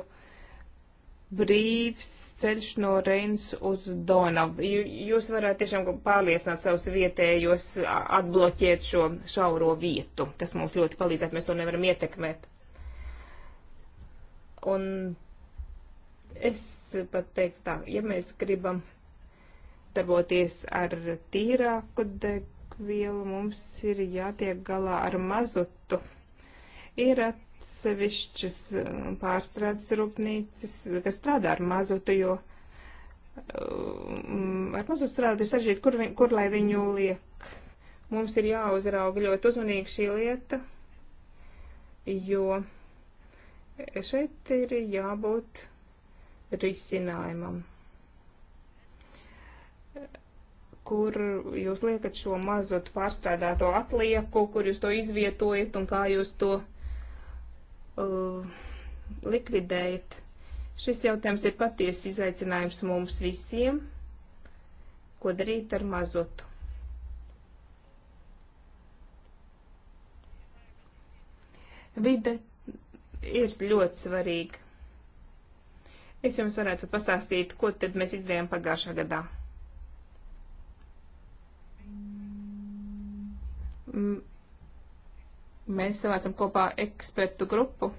brīvs ceļš no Reins uz Donavu. Jūs varētu tiešām pārliecināt savus vietējos, atbloķēt šo šauro vietu. Tas mums ļoti palīdzētu, mēs to nevaram ietekmēt. Un Es pat teiktu tā, ja mēs gribam darboties ar tīrāku degvielu, mums ir jātiek galā ar mazutu. Ir atsevišķas uh, pārstrādes rūpnīcas, kas strādā ar mazutu, jo uh, mm, ar mazutu strādāt ir sažģīti, kur, viņ, kur lai viņu liek. Mums ir jāuzrauga ļoti uzmanīgi šī lieta, jo šeit ir jābūt risinājumam, kur jūs liekat šo mazo pārstrādāto atlieku, kur jūs to izvietojat un kā jūs to uh, likvidējat. Šis jautājums ir patiesi izaicinājums mums visiem, ko darīt ar mazotu. Vide ir ļoti svarīga Es jums varētu pastāstīt, ko tad mēs izdarījām pagājušā gadā. Mēs savācam kopā ekspertu grupu.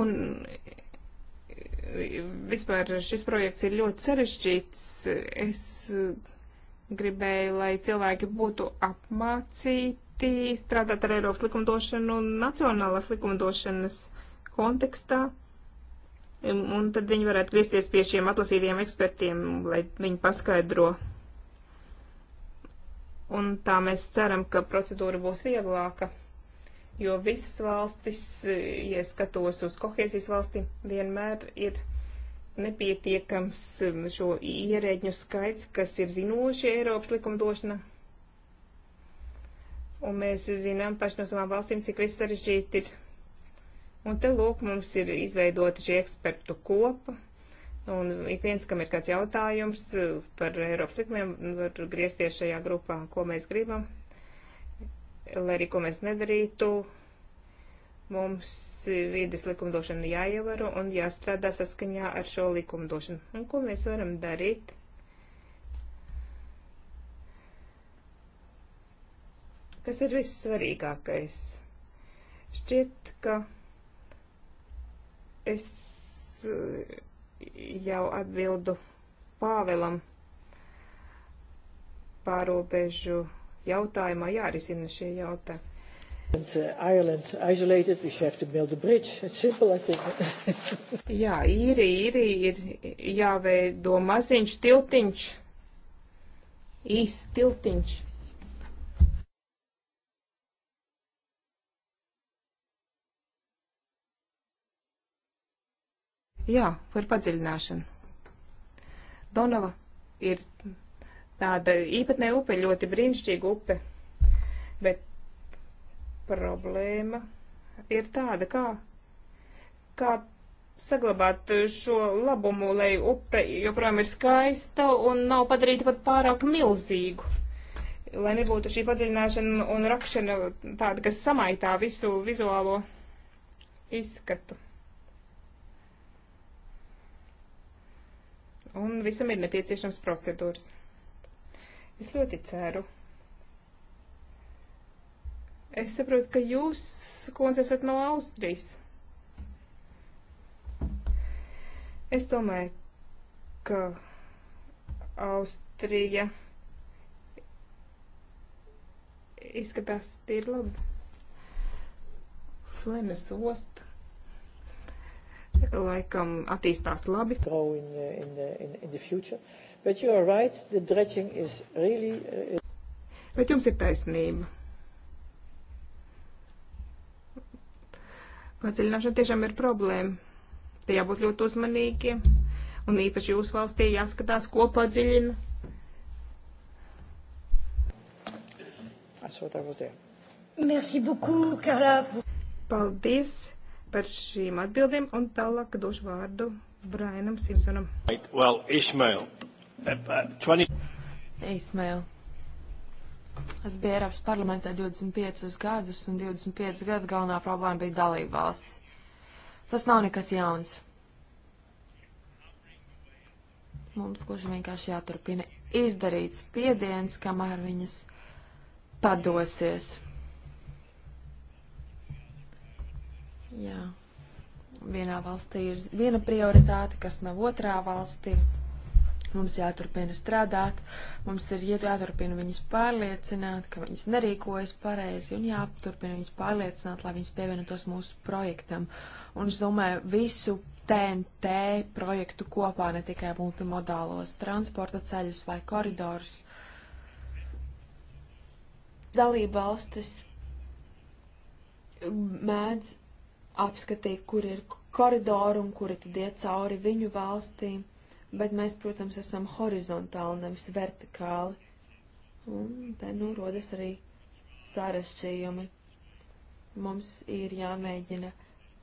Un vispār šis projekts ir ļoti sarežģīts. Es gribēju, lai cilvēki būtu apmācīti ļoti strādāt ar Eiropas likumdošanu un nacionālās likumdošanas kontekstā. Un tad viņi varētu griezties pie šiem atlasītiem ekspertiem, lai viņi paskaidro. Un tā mēs ceram, ka procedūra būs vieglāka, jo visas valstis, ja skatos uz kohēzijas valstīm, vienmēr ir nepietiekams šo ierēģņu skaits, kas ir zinoši Eiropas likumdošana Un mēs zinām paši no savām valstīm, cik viss sarežģīti ir. Un te lūk, mums ir izveidota šī ekspertu kopa. Un ik viens, kam ir kāds jautājums eh, par Eiropas likumiem, var griezties šajā grupā, ko mēs gribam, lai arī ko mēs nedarītu. Mums vīdes likumdošana jāievaro un jāstrādā saskaņā ar šo likumdošanu. Un ko mēs varam darīt? kas ir vissvarīgākais. Šķiet, ka es eh, jau atbildu Pāvelam pārobežu jautājumā jārisina šie jautājumi. And, uh, Ireland isolated, we have to build a bridge. It's simple, I think. Jā, īri, īri ir jāveido maziņš tiltiņš, īs tiltiņš. Jā, par padziļināšanu. Donava ir tāda īpatnē upe, ļoti brīnišķīga upe, bet problēma ir tāda, kā, kā saglabāt šo labumu, lai upe joprojām ir skaista un nav padarīta pat pārāk milzīgu. Lai nebūtu šī padziļināšana un rakšana tāda, kas samaitā visu vizuālo izskatu. un visam ir nepieciešams procedūras. Es ļoti ceru. Es saprotu, ka jūs, kundze, esat no Austrijas. Es domāju, ka Austrija izskatās ir labi. Flemes osta laikam attīstās labi. Grow in, in, in, in the future. But you are right, the dredging is really... Uh, Bet jums ir taisnība. Paceļināšana tiešām ir problēma. Te jābūt ļoti uzmanīgiem. Un īpaši jūsu valstī jāskatās, ko padziļina. Merci beaucoup, Carla. Paldies par šīm atbildēm, un tālāk došu vārdu Brainam Simpsonam. Well, Ismail. Uh, 20... Uh, Ismail. Es biju Eiropas parlamentā 25 gadus, un 25 gadus galvenā problēma bija dalība valsts. Tas nav nekas jauns. Mums gluži vienkārši jāturpina izdarīt spiediens, kamēr viņas padosies. Jā. Vienā valstī ir viena prioritāte, kas nav otrā valstī. Mums jāturpina strādāt, mums ir jāturpina viņus pārliecināt, ka viņas nerīkojas pareizi un jāturpina viņus pārliecināt, lai viņas pievienotos mūsu projektam. Un es domāju, visu TNT projektu kopā, ne tikai multimodālos transporta ceļus vai koridorus. Dalība valstis mēdz apskatīja, kur ir koridori un kuri tad iet cauri viņu valstīm, bet mēs, protams, esam horizontāli, nevis vertikāli. Un te nu rodas arī sarešķījumi. Mums ir jāmēģina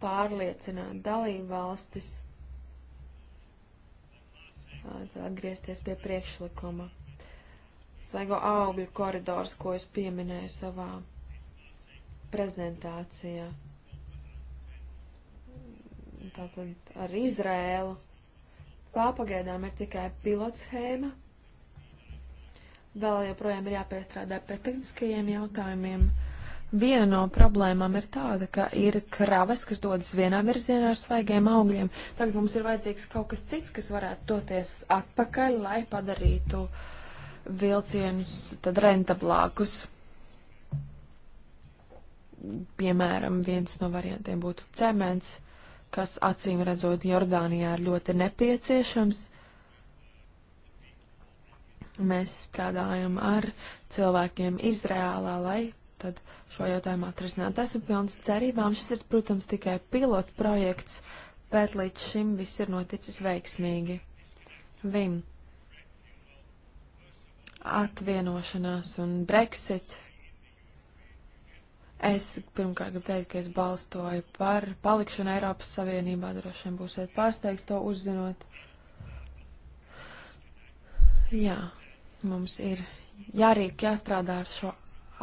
pārliecināt dalību valstis, atgriezties pie priekšlikuma. Svaigo augļu koridors, ko es pieminēju savā prezentācijā tātad ar Izrēlu. Tā pagaidām ir tikai pilotschēma. Vēl joprojām ir jāpiestrādā pie tehniskajiem jautājumiem. Viena no problēmām ir tāda, ka ir kravas, kas dodas vienā virzienā ar svaigiem augļiem. Tagad mums ir vajadzīgs kaut kas cits, kas varētu doties atpakaļ, lai padarītu vilcienus tad rentablākus. Piemēram, viens no variantiem būtu cements kas acīm redzot Jordānijā ir ļoti nepieciešams. Mēs strādājam ar cilvēkiem Izrēlā, lai tad šo jautājumu atrisinātu. Esmu pilns cerībām. Šis ir, protams, tikai pilotu projekts, bet līdz šim viss ir noticis veiksmīgi. Vim. Atvienošanās un Brexit Es pirmkārt gribu teikt, ka es balstoju par palikšanu Eiropas Savienībā. Droši vien būsiet pārsteigts to uzzinot. Jā, mums ir jārīk, jāstrādā ar šo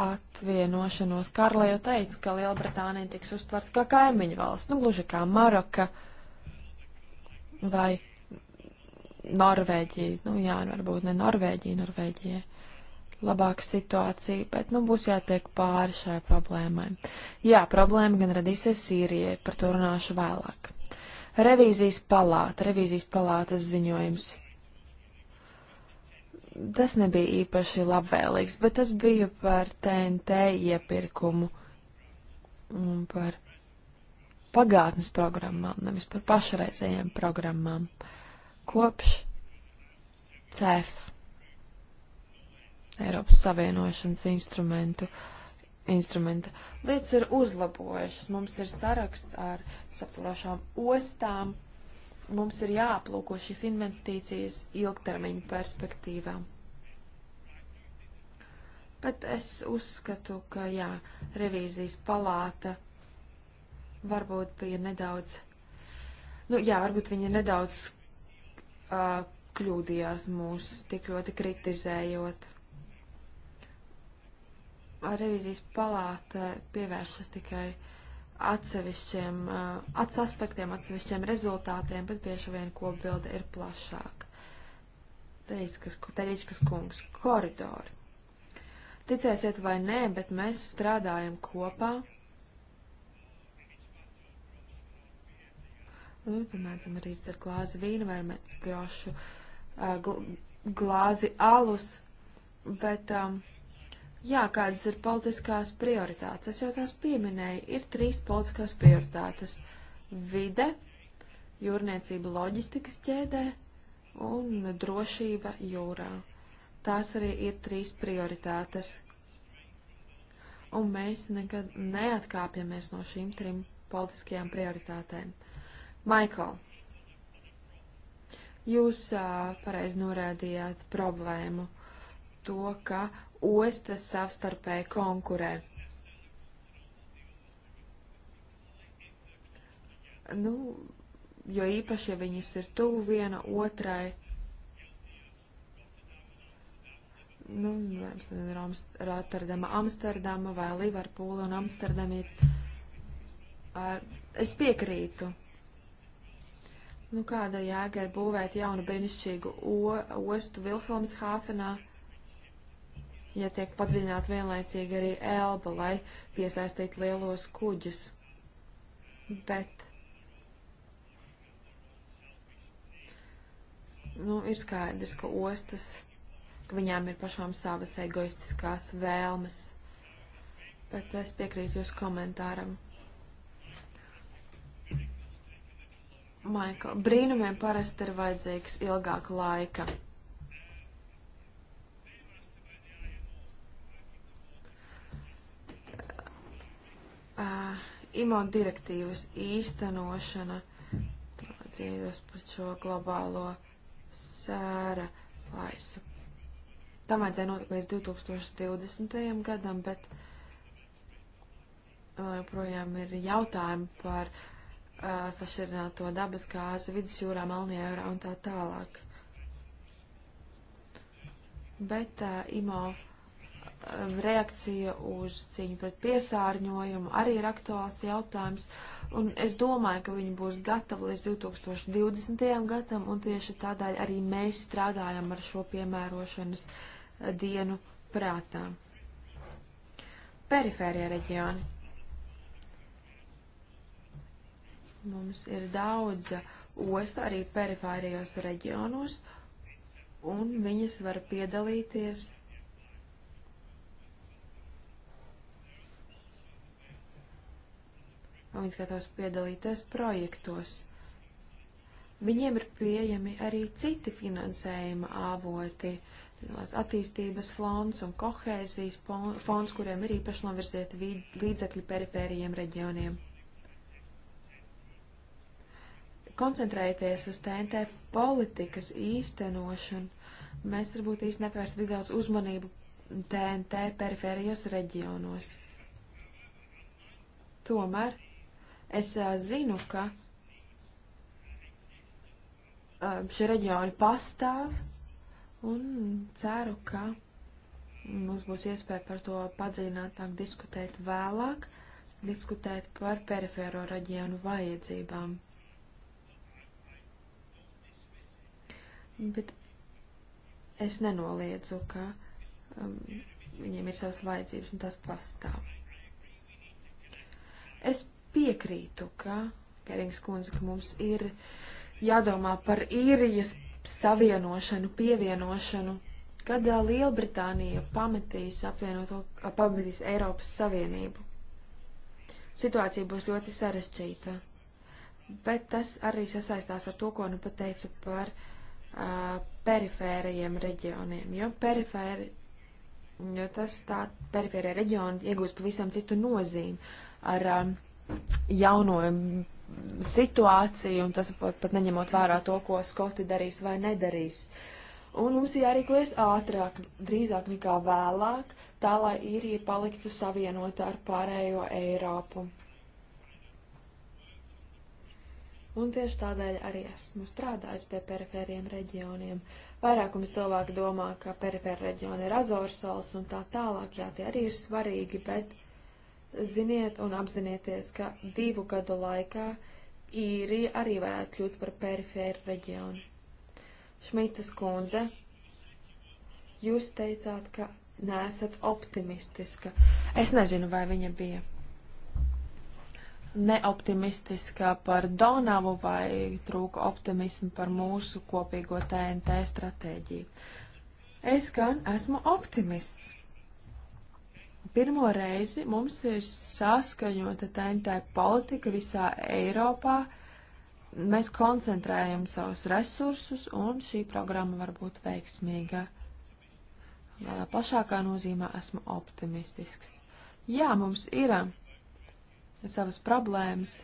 atvienošanos. Karla jau teica, ka Lielbritānija tiks uztverta kā kaimiņu valsts, nu gluži kā Maroka vai Norvēģija. Nu jā, varbūt ne Norvēģija, Norvēģija labāka situācija, bet nu, būs jātiek pāri šai problēmai. Jā, problēma gan radīsies Sīrijai, par to runāšu vēlāk. Revīzijas palāta, revīzijas palātas ziņojums. Tas nebija īpaši labvēlīgs, bet tas bija par TNT iepirkumu un par pagātnes programmām, nevis par pašreizējām programmām. Kopš CEF Eiropas Savienošanas instrumentu. Instrumenta. Lietas ir uzlabojušas, mums ir saraksts ar saprotošām ostām, mums ir jāaplūko šīs investīcijas ilgtermiņa perspektīvā. Bet es uzskatu, ka jā, revīzijas palāta varbūt bija nedaudz, nu jā, varbūt viņa nedaudz uh, kļūdījās mūs tik ļoti kritizējot revizijas palāta pievēršas tikai atsevišķiem eh, ats aspektiem, atsevišķiem rezultātiem, bet bieži vien kopbilde ir plašāka. Teļičkas kungs, koridori. Ticēsiet vai nē, bet mēs strādājam kopā. Nu, piemēram, arī dzer glāzi vīnu vai grošu, eh, glāzi alus, bet um, Jā, kādas ir politiskās prioritātes? Es jau tās pieminēju. Ir trīs politiskās prioritātes - vide, jūrniecība loģistikas ķēdē un drošība jūrā. Tās arī ir trīs prioritātes. Un mēs nekad neatkāpjamies no šīm trim politiskajām prioritātēm. Maikl, jūs pareizi norādījāt problēmu to, ka ostas savstarpēji konkurē. Nu, jo īpaši, ja viņas ir tuvu viena otrai, nu, piemēram, Rotterdama, Amsterdama vai Liverpūla un Amsterdama ir. Ar, es piekrītu. Nu, kāda jēga ir būvēt jaunu brīnišķīgu ostu Vilhelmshāfenā? ja tiek padziļināt vienlaicīgi arī elba, lai piesaistītu lielos kuģus. Bet nu, ir skaidrs, ka ostas, ka viņām ir pašām savas egoistiskās vēlmes. Bet es piekrītu jūsu komentāram. Maikl, brīnumiem parasti ir vajadzīgs ilgāka laika. uh, IMO direktīvas īstenošana, cīnītos par šo globālo sēra plaisu. Tam vajadzēja notikt līdz 2020. gadam, bet vēl joprojām ir jautājumi par uh, sašķirināto dabas gāzi vidusjūrā, Melnajā jūrā un tā tālāk. Bet uh, IMO Um, reakcija uz cīņu pret piesārņojumu arī ir aktuāls jautājums, un es domāju, ka viņi būs gatavi līdz 2020. gadam, un tieši tādēļ arī mēs strādājam ar šo piemērošanas uh, dienu prātā. Perifērie reģioni. Mums ir daudz ostu arī perifērijos reģionos, un viņas var piedalīties un viņas gatavs piedalīties projektos. Viņiem ir pieejami arī citi finansējuma avoti, attīstības fonds un kohēzijas fonds, kuriem ir īpaši novirzieti līdzekļi perifērijiem reģioniem. Koncentrēties uz TNT politikas īstenošanu, mēs varbūt īsti nepērst tik daudz uzmanību TNT perifērijos reģionos. Tomēr Es uh, zinu, ka uh, šie reģioni pastāv un ceru, ka mums būs iespēja par to padziļinātāk diskutēt vēlāk, diskutēt par perifēro reģionu vajadzībām. Bet es nenoliedzu, ka um, viņiem ir savas vajadzības un tās pastāv. Es piekrītu, ka Gerings kundze, ka mums ir jādomā par īrijas savienošanu, pievienošanu, kad Lielbritānija pametīs apvienoto, pametīs Eiropas Savienību. Situācija būs ļoti sarežģīta, bet tas arī sasaistās ar to, ko nu pateicu par uh, perifērajiem reģioniem, jo perifēri, jo tas tā perifērija reģiona iegūst pavisam citu nozīmi ar um, jauno situāciju, un tas pat, pat neņemot vērā to, ko Skoti darīs vai nedarīs. Un mums jārīkojas ātrāk, drīzāk nekā vēlāk, tā lai īrija paliktu savienota ar pārējo Eiropu. Un tieši tādēļ arī esmu strādājis pie perifēriem reģioniem. Vairākums cilvēku domā, ka perifēra reģiona ir Azorsols un tā tālāk, jā, tie arī ir svarīgi, bet ziniet un apzinieties, ka divu gadu laikā īrija arī varētu kļūt par perifēru reģionu. Šmitas kundze, jūs teicāt, ka neesat optimistiska. Es nezinu, vai viņa bija neoptimistiska par Donavu vai trūka optimismu par mūsu kopīgo TNT stratēģiju. Es gan esmu optimists. Pirmo reizi mums ir saskaņota TNT politika visā Eiropā. Mēs koncentrējam savus resursus, un šī programma var būt veiksmīga. Plašākā nozīmē esmu optimistisks. Jā, mums ir eh, savas problēmas.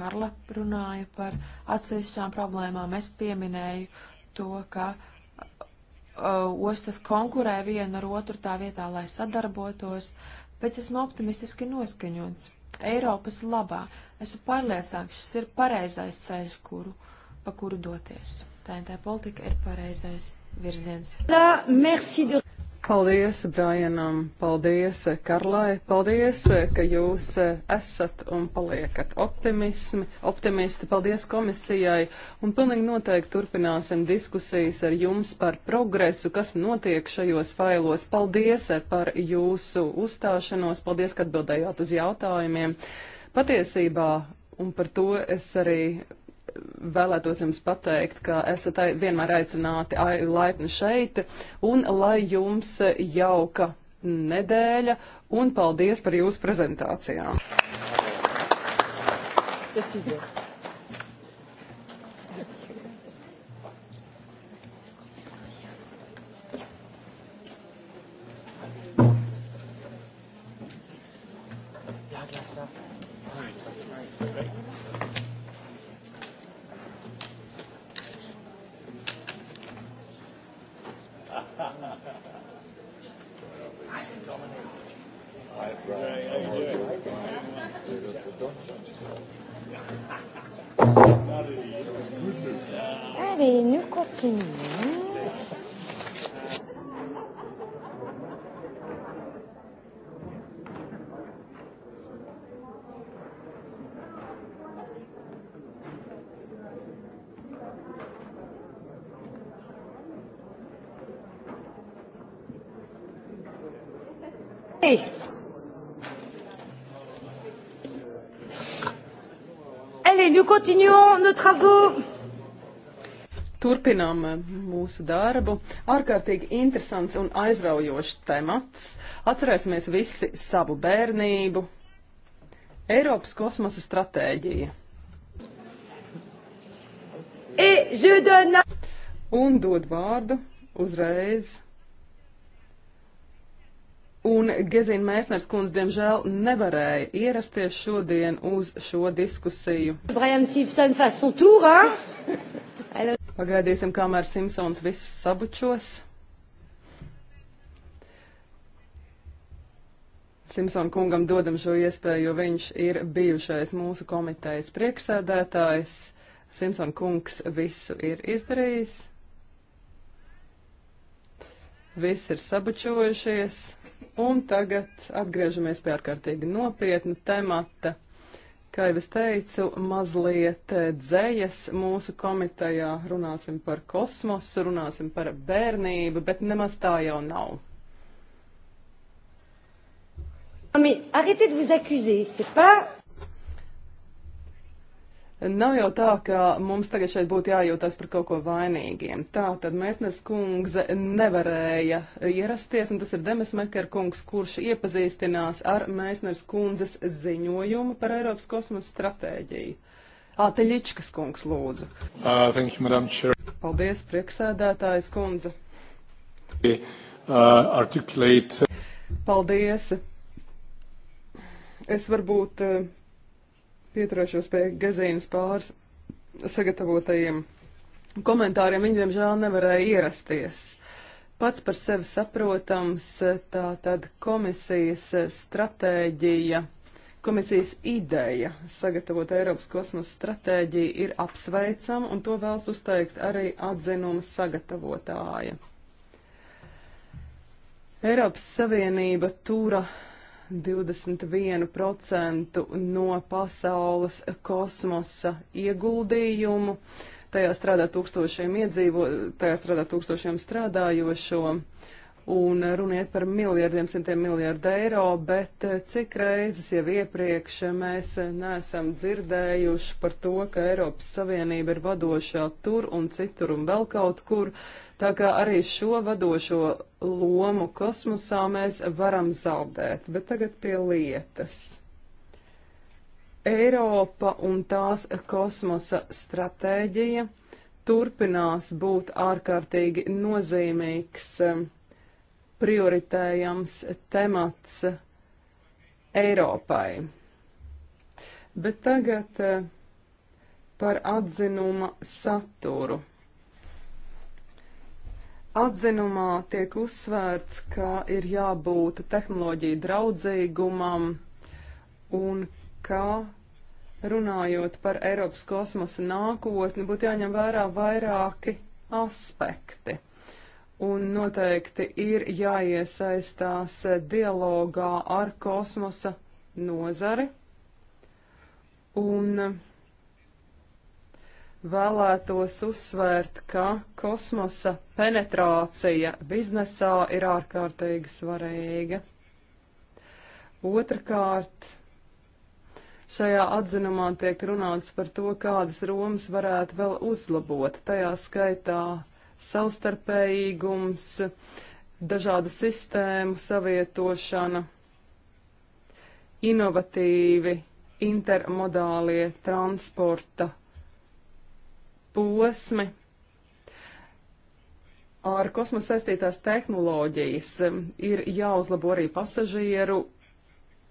Karla runāja par atsevišķām problēmām. Es pieminēju to, ka uh, Uh, ostas konkurē viena ar otru tā vietā, lai sadarbotos, bet esmu optimistiski noskaņots. Eiropas labā. Esmu pārliecināts, šis ir pareizais ceļš, kuru, pa kuru doties. TNT politika ir pareizais virziens. La, merci de... Paldies Brianam, paldies Karlai, paldies, ka jūs eh, esat un paliekat optimismi, optimisti, paldies komisijai un pilnīgi noteikti turpināsim diskusijas ar jums par progresu, kas notiek šajos failos. Paldies eh, par jūsu uzstāšanos, paldies, ka atbildējāt uz jautājumiem. Patiesībā, un par to es arī vēlētos jums pateikt, ka esat vienmēr aicināti laipni šeit un lai jums jauka nedēļa un paldies par jūsu prezentācijām. Yes, Hi, Brian. How are you? Don't judge. Allez, nous continuons. continuons nos travaux. Turpinām eh, mūsu darbu. Ārkārtīgi interesants un aizraujošs temats. Atcerēsimies visi savu bērnību. Eiropas kosmosa stratēģija. E, donne... Un dod vārdu uzreiz Un Gezina Mēsners kundze, diemžēl, nevarēja ierasties šodien uz šo diskusiju. Brian Simpson façon tour, hein? Pagaidīsim, kamēr Simpsons visus sabučos. Simpson kungam dodam šo iespēju, jo viņš ir bijušais mūsu komitejas priekšsēdētājs. Simpson kungs visu ir izdarījis. Viss ir sabučojušies un tagad atgriežamies pie ārkārtīgi nopietna temata. Kā jau es teicu, mazliet dzējas mūsu komitejā, runāsim par kosmosu, runāsim par bērnību, bet nemaz tā jau nav. Mais arrêtez de vous accuser, c'est pas Nav jau tā, ka mums tagad šeit būtu jājūtas par kaut ko vainīgiem. Tā tad Mēsnes kungs nevarēja ierasties, un tas ir Demesmeker kungs, kurš iepazīstinās ar Mēsnes kundzes ziņojumu par Eiropas kosmosa stratēģiju. Āteļičkas kungs lūdzu. Uh, thank you, madam chair. Paldies, prieksēdētājs kundze. Uh, articulate. Paldies. Es varbūt. Uh, pieturēšos pie Gezīnas pāris sagatavotajiem komentāriem. Viņi, diemžēl, nevarēja ierasties. Pats par sevi saprotams, tā tad komisijas stratēģija, komisijas ideja sagatavot Eiropas kosmosa stratēģiju ir apsveicama, un to vēlas uzteikt arī atzinuma sagatavotāja. Eiropas Savienība tura 21% no pasaules kosmosa ieguldījumu. Tajā strādā tūkstošiem iedzīvo, tajā strādā tūkstošiem strādājošo. Uh, un runiet par miljardiem, simtiem miljardu eiro, bet eh, cik reizes jau iepriekš mēs neesam dzirdējuši par to, ka Eiropas Savienība ir vadošā tur un citur un vēl kaut kur. Tā kā arī šo vadošo lomu kosmosā mēs varam zaudēt, bet tagad pie lietas. Eiropa un tās kosmosa stratēģija turpinās būt ārkārtīgi nozīmīgs um, prioritējams temats Eiropai. Bet tagad eh, par atzinuma saturu. Atzinumā tiek uzsvērts, ka ir jābūt tehnoloģiju draudzīgumam un ka runājot par Eiropas kosmosa nākotni, būtu jāņem vērā vairāki aspekti un noteikti ir jāiesaistās dialogā ar kosmosa nozari. Un vēlētos uzsvērt, ka kosmosa penetrācija biznesā ir ārkārtīgi svarīga. Otrakārt, šajā atzinumā tiek runāts par to, kādas Romas varētu vēl uzlabot, tajā skaitā savstarpējīgums, dažādu sistēmu savietošana, inovatīvi intermodālie transporta posmi. Ar kosmosa saistītās tehnoloģijas um, ir jāuzlabo arī pasažieru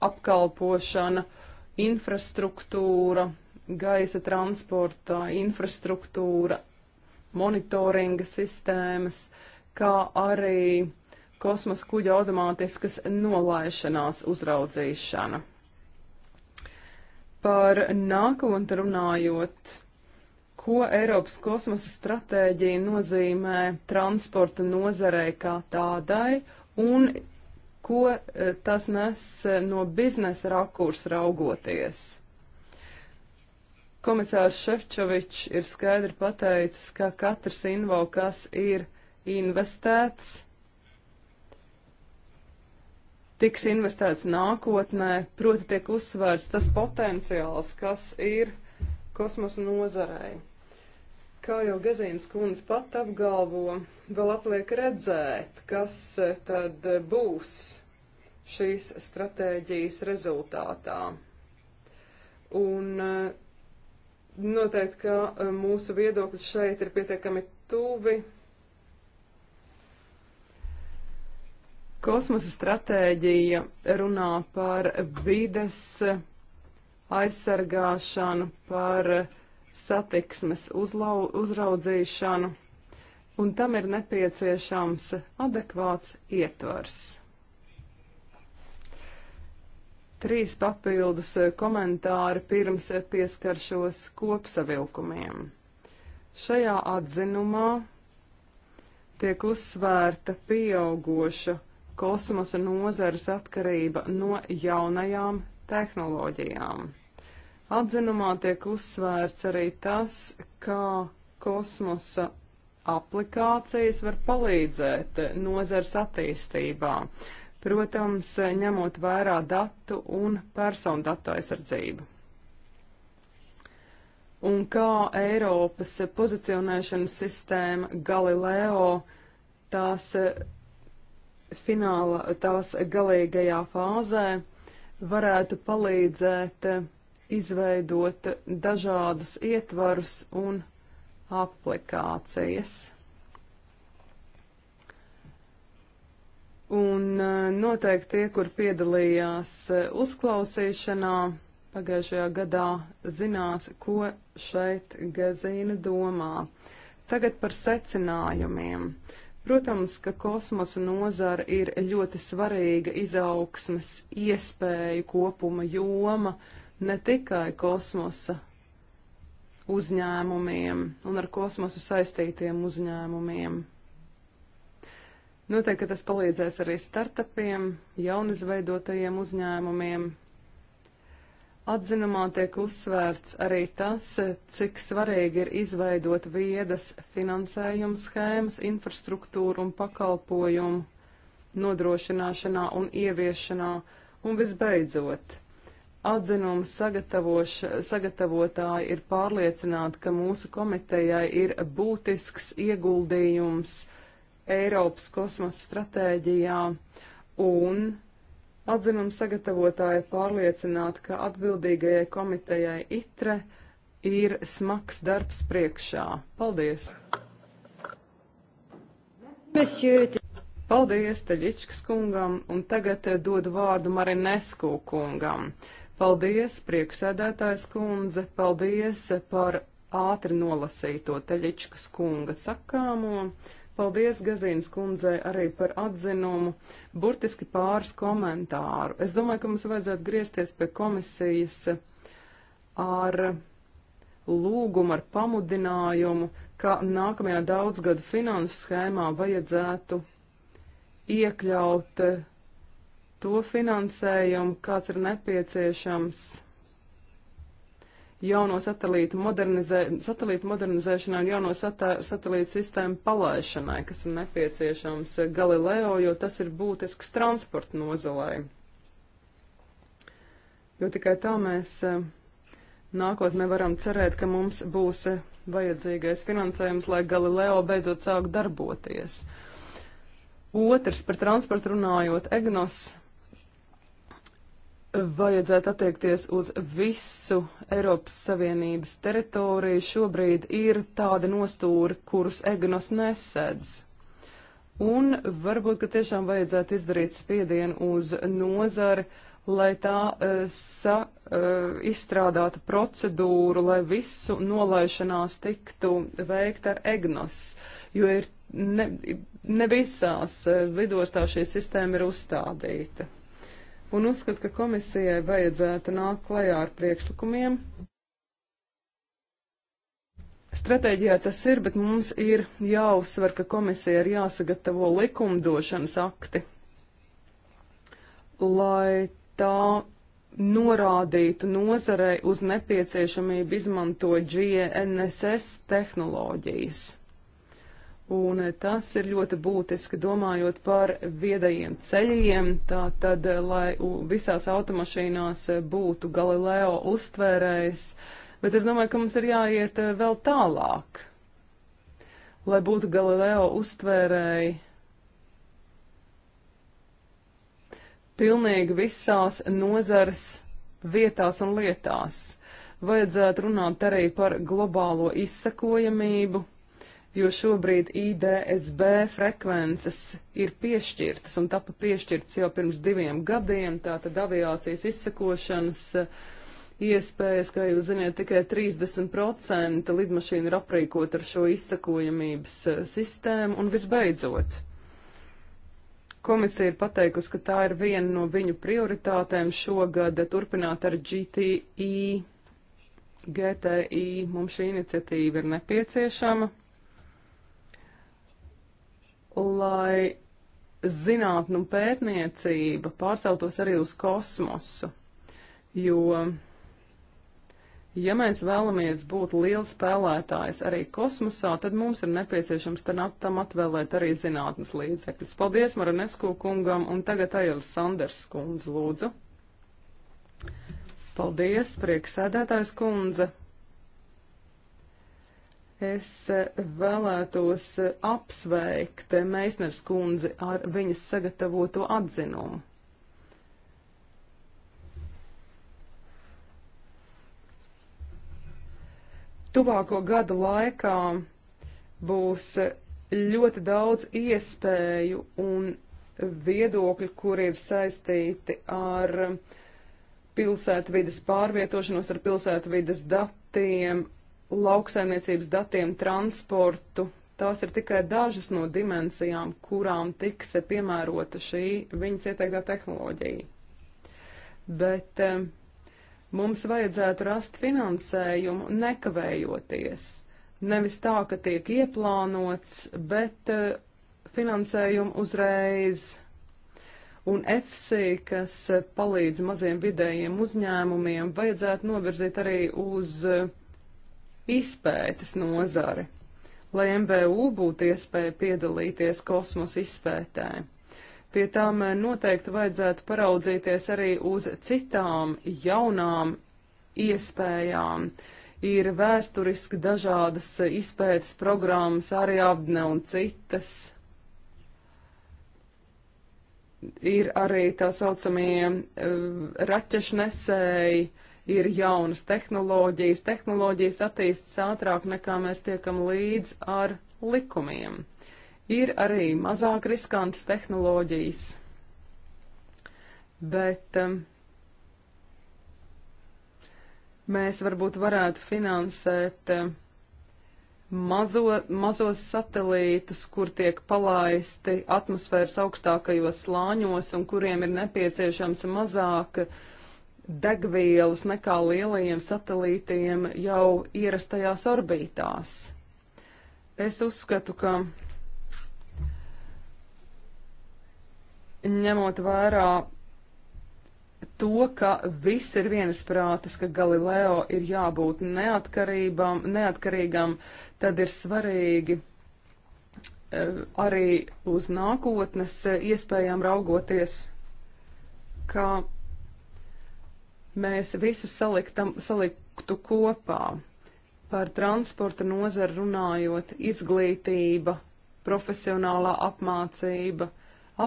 apkalpošana, infrastruktūra, gaisa transporta infrastruktūra, monitoringa sistēmas, kā arī kosmosa kuģa automātiskas nolaišanās uzraudzīšana. Par nākotni runājot, ko Eiropas kosmosa stratēģija nozīmē transporta nozarei kā tādai un ko eh, tas nes no biznesa rakurs raugoties. Komisārs Šefčovičs ir skaidri pateicis, ka katrs invo, kas ir investēts, tiks investēts nākotnē, proti tiek uzsvērts tas potenciāls, kas ir kosmosa nozarei. Kā jau Gazīnas kundze pat apgalvo, vēl atliek redzēt, kas tad būs šīs stratēģijas rezultātā. Un Noteikti, ka e, mūsu viedokļi šeit ir pietiekami tuvi. Kosmosa stratēģija runā par vides aizsargāšanu, par satiksmes uzlau, uzraudzīšanu, un tam ir nepieciešams adekvāts ietvars trīs papildus eh, komentāri pirms eh, pieskaršos kopsavilkumiem. Šajā atzinumā tiek uzsvērta pieaugoša kosmosa nozares atkarība no jaunajām tehnoloģijām. Atzinumā tiek uzsvērts arī tas, kā kosmosa aplikācijas var palīdzēt eh, nozars attīstībā. Uh, protams, ņemot vērā datu un personu datu aizsardzību. Un kā Eiropas pozicionēšanas sistēma Galileo tās fināla, tās galīgajā fāzē varētu palīdzēt izveidot dažādus ietvarus un aplikācijas. Un e, noteikti tie, kur piedalījās e, uzklausīšanā pagājušajā gadā, zinās, ko šeit Gazīna domā. Tagad par secinājumiem. Protams, ka kosmosa nozara ir ļoti svarīga izaugsmes iespēju kopuma joma ne tikai kosmosa uzņēmumiem un ar kosmosu saistītiem uzņēmumiem. Noteikti tas palīdzēs arī startupiem, jaunizveidotajiem uzņēmumiem. Atzinumā tiek uzsvērts arī tas, cik svarīgi ir izveidot viedas finansējuma schēmas, infrastruktūru un pakalpojumu nodrošināšanā un ieviešanā. Un visbeidzot, atzinuma sagatavotāji ir pārliecināti, ka mūsu komitejai ir būtisks ieguldījums – Eiropas kosmosa stratēģijā, un atzinuma sagatavotāja pārliecināta, ka atbildīgajai komitejai ITRE ir smags darbs priekšā. Paldies! Paldies Teļičkas kungam, un tagad dodu vārdu Marinesku kungam. Paldies, priekšsēdētājs kundze, paldies par ātri nolasīto Teļičkas kunga sakāmo. Paldies Gazīnas kundzei arī par atzinumu. Burtiski pāris komentāru. Es domāju, ka mums vajadzētu griezties pie komisijas ar lūgumu, ar pamudinājumu, ka nākamajā daudzgadu finanšu schēmā vajadzētu iekļaut to finansējumu, kāds ir nepieciešams jauno satelītu, modernizē, satelītu modernizēšanai un jauno satā, satelītu sistēmu palaišanai, kas ir nepieciešams Galileo, jo tas ir būtisks transporta nozalai. Jo tikai tā mēs eh, nākotnē varam cerēt, ka mums būs eh, vajadzīgais finansējums, lai Galileo beidzot sāk darboties. Otrs par transportu runājot, EGNOS vajadzētu attiekties uz visu Eiropas Savienības teritoriju, šobrīd ir tādi nostūri, kurus Egnos nesedz. Un varbūt, ka tiešām vajadzētu izdarīt spiedienu uz nozari, lai tā uh, sa, uh, izstrādātu procedūru, lai visu nolaišanās tiktu veikt ar Egnos, jo ir ne, ne visās e, lidostā šī sistēma ir uzstādīta un uzskatu, ka komisijai vajadzētu nākt klajā ar priekšlikumiem. Stratēģijā tas ir, bet mums ir jāuzsver, ka komisija ir jāsagatavo likumdošanas akti, lai tā norādītu nozarei uz nepieciešamību izmantot GNSS tehnoloģijas. Un tas ir ļoti būtiski domājot par viedajiem ceļiem. Tā tad, lai visās automašīnās būtu Galileo uztvērējs, bet es domāju, ka mums ir jāiet eh, vēl tālāk. Lai būtu Galileo uztvērēji pilnīgi visās nozares vietās un lietās, vajadzētu runāt arī par globālo izsakojamību jo šobrīd IDSB frekvences ir piešķirtas un tapa piešķirtas jau pirms diviem gadiem, tātad aviācijas izsakošanas eh, iespējas, kā jūs ziniet, tikai 30% lidmašīna ir aprīkot ar šo izsakojamības eh, sistēmu un visbeidzot. Komisija ir pateikusi, ka tā ir viena no viņu prioritātēm šogad turpināt ar GTI, GTI. Mums šī iniciatīva ir nepieciešama lai zinātnē un pētniecība pārceltos arī uz kosmosu. Jo, ja mēs vēlamies būt liels spēlētājs arī kosmosā, tad mums ir nepieciešams tam atvēlēt arī zinātnes līdzekļus. Paldies Maranesku kungam un tagad Aila Sanders kundze lūdzu. Paldies, prieksēdētājs kundze. Es eh, vēlētos eh, apsveikt eh, Meisners kundzi ar viņas sagatavoto atzinumu. Tuvāko gadu laikā būs ļoti daudz iespēju un viedokļu, kur ir saistīti ar pilsētvidas pārvietošanos, ar pilsētvidas datiem lauksaimniecības datiem, transportu. Tās ir tikai dažas no dimensijām, kurām tiks piemērota šī viņas ieteiktā tehnoloģija. Bet eh, mums vajadzētu rast finansējumu nekavējoties. Nevis tā, ka tiek ieplānots, bet eh, finansējumu uzreiz. Un EFSI, kas palīdz maziem vidējiem uzņēmumiem, vajadzētu novirzīt arī uz uh, izpētes nozari, lai MBU būtu iespēja piedalīties kosmosa izpētē. Pie tām eh, noteikti vajadzētu paraudzīties arī uz citām jaunām iespējām. Ir vēsturiski dažādas eh, izpētes programmas, arī apne un citas. Ir arī tā saucamie eh, raķešnesēji, uh, ir jaunas tehnoloģijas, tehnoloģijas attīstas ātrāk nekā mēs tiekam līdz ar likumiem. Ir arī mazāk riskantas tehnoloģijas, bet um, mēs varbūt varētu finansēt um, mazo, mazos satelītus, kur tiek palaisti atmosfēras augstākajos slāņos un kuriem ir nepieciešams mazāk uh, degvielas nekā lielajiem satelītiem jau ierastajās orbītās. Es uzskatu, ka ņemot vērā to, ka viss ir viensprātis, ka Galileo ir jābūt neatkarīgam, tad ir svarīgi eh, arī uz nākotnes eh, iespējām raugoties, ka mēs visu saliktam, saliktu kopā. Par transporta nozaru runājot, izglītība, profesionālā apmācība,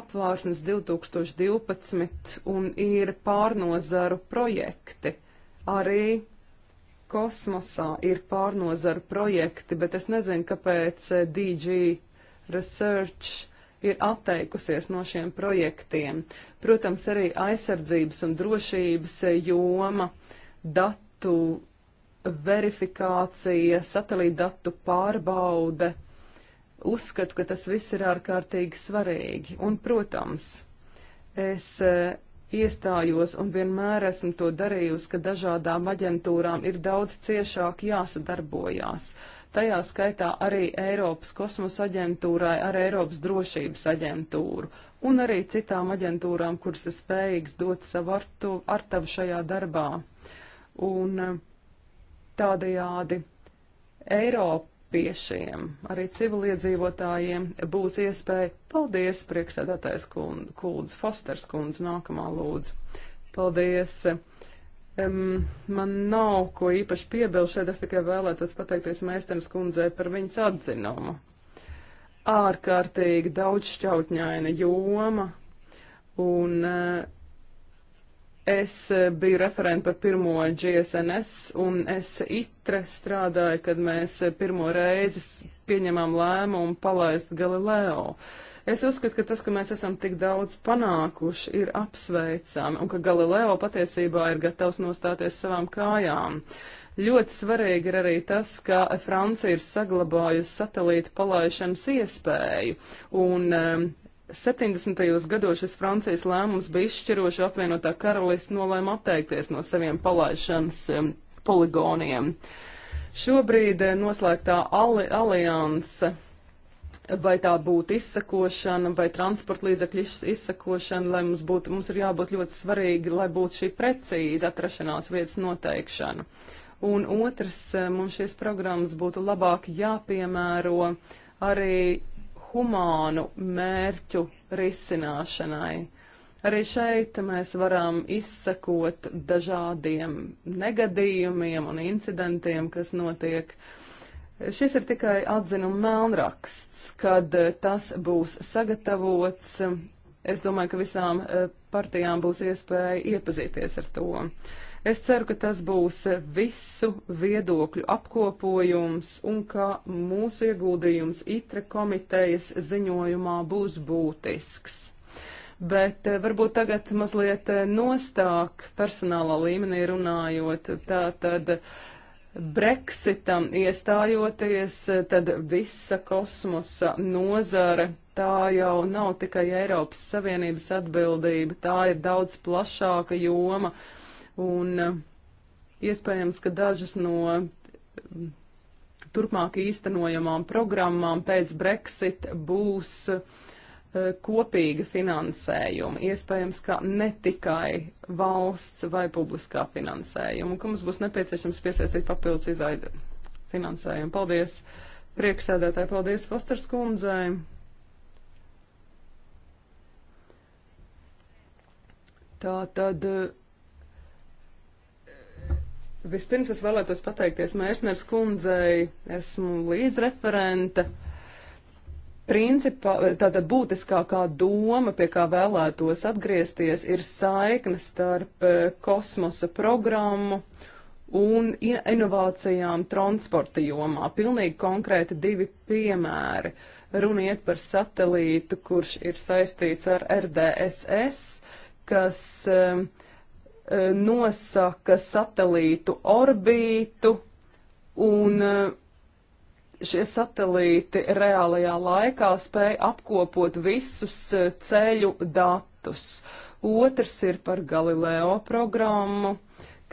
apvārsnes 2012 un ir pārnozaru projekti. Arī kosmosā ir pārnozaru projekti, bet es nezinu, kāpēc eh, DG Research ir atteikusies no šiem projektiem. Protams, arī aizsardzības un drošības joma, datu verifikācija, satelītdatu pārbaude. Uzskatu, ka tas viss ir ārkārtīgi svarīgi. Un, protams, es e, iestājos un vienmēr esmu to darījusi, ka dažādām aģentūrām ir daudz ciešāk jāsadarbojās tajā skaitā arī Eiropas kosmosa aģentūrai, ar Eiropas drošības aģentūru un arī citām aģentūrām, kuras ir spējīgas dot savu artu, artavu šajā darbā. Un eh, tādajādi Eiropiešiem, arī civiliedzīvotājiem būs iespēja, paldies, priekšsēdētājs kundze, Fosters kundze, nākamā lūdzu. Paldies! Um, man nav ko īpaši piebilst šeit, es tikai vēlētos pateikties meistars kundzei par viņas atzinumu. Ārkārtīgi daudzšķautņaina joma, un uh, es eh, biju referenta par pirmo GSNS, un es itre strādāju, kad mēs eh, pirmo reizi pieņemām lēmumu palaist Galileo. Uh, Es uzskatu, ka tas, ka mēs esam tik daudz panākuši, ir apsveicami un ka Galileo patiesībā ir gatavs nostāties savām kājām. Ļoti svarīgi ir arī tas, ka Francija ir saglabājusi satelīta palaišanas iespēju un um, 70. gados šis Francijas lēmums bija izšķiroši apvienotā karalists nolēma atteikties no saviem palaišanas um, poligoniem. Šobrīd uh, noslēgtā ali alianse vai tā būtu izsakošana vai transporta līdzekļu izsakošana, lai mums būtu, mums ir jābūt ļoti svarīgi, lai būtu šī precīza atrašanās vietas noteikšana. Un otrs, e, mums šīs programmas būtu labāk jāpiemēro arī humānu mērķu risināšanai. Arī šeit mēs varam izsekot dažādiem negadījumiem un incidentiem, kas notiek uh, Šis ir tikai atzinuma melnraksts, kad eh, tas būs sagatavots. Eh, es domāju, ka visām eh, partijām būs iespēja iepazīties ar to. Es ceru, ka tas būs visu viedokļu apkopojums un ka mūsu ieguldījums ITRE komitejas ziņojumā būs būtisks. Bet varbūt tagad mazliet nostāk personālā līmenī runājot. Tā tad Brexitam iestājoties, tad visa kosmosa nozare tā jau nav tikai Eiropas Savienības atbildība, tā ir daudz plašāka joma. Un eh, iespējams, ka dažas no mm, turpmāk īstenojamām programmām pēc Brexit būs uh, E, kopīga finansējuma, iespējams, ka ne tikai valsts vai publiskā finansējuma, un ka mums būs nepieciešams piesaistīt papildus izaidu finansējumu. Paldies, priekšsēdētāji, paldies Fosters kundzei. Tā tad. E, vispirms es vēlētos pateikties Mēsners kundzei, esmu līdzreferente. referente principā, tātad būtiskākā doma, pie kā vēlētos atgriezties, ir saikne starp eh, kosmosa programmu un inovācijām transporta jomā. Pilnīgi konkrēti divi piemēri. Runiet par satelītu, kurš ir saistīts ar RDSS, kas um, nosaka satelītu orbītu un um, šie satelīti reālajā laikā spēja apkopot visus e, ceļu datus. Otrs ir par Galileo programmu,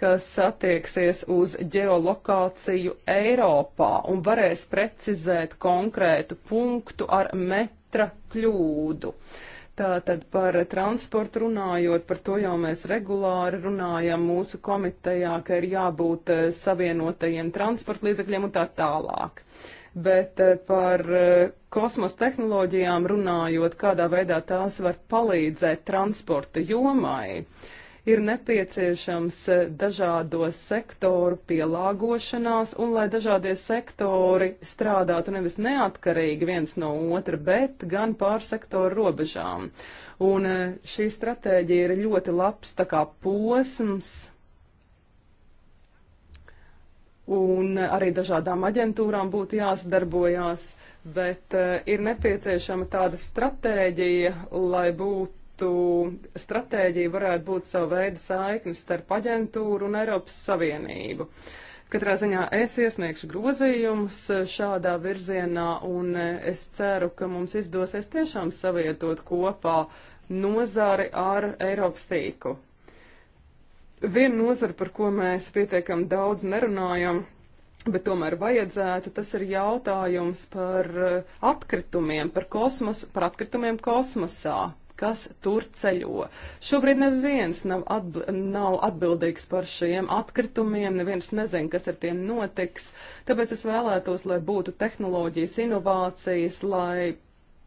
kas attieksies uz geolokāciju Eiropā un varēs precizēt konkrētu punktu ar metra kļūdu. Uh, Tātad par transportu runājot, par to jau mēs regulāri runājam mūsu komitejā, ka ir jābūt eh, savienotajiem transporta līdzekļiem un tā tālāk. Bet eh, par eh, kosmos tehnoloģijām runājot, kādā veidā tās var palīdzēt transporta jomai. Uh, ir nepieciešams e, dažādo sektoru pielāgošanās, un lai dažādie sektori strādātu nevis neatkarīgi viens no otra, bet gan pār sektoru robežām. Un e, šī stratēģija ir ļoti labs tā kā posms. Un e, arī dažādām aģentūrām būtu jāsadarbojās, bet uh, ir nepieciešama tāda stratēģija, lai būtu projektu stratēģija varētu būt savu veidu saiknes starp aģentūru un Eiropas Savienību. Katrā ziņā es iesniegšu grozījumus šādā virzienā, un es ceru, ka mums izdosies tiešām savietot kopā nozari ar Eiropas tīklu. Viena nozara, par ko mēs pietiekam daudz nerunājam, bet tomēr vajadzētu, tas ir jautājums par atkritumiem, par, kosmos, par atkritumiem kosmosā kas tur ceļo. Šobrīd neviens nav, atb nav atbildīgs par šiem atkritumiem, neviens nezin, kas ar tiem notiks, tāpēc es vēlētos, lai būtu tehnoloģijas inovācijas, lai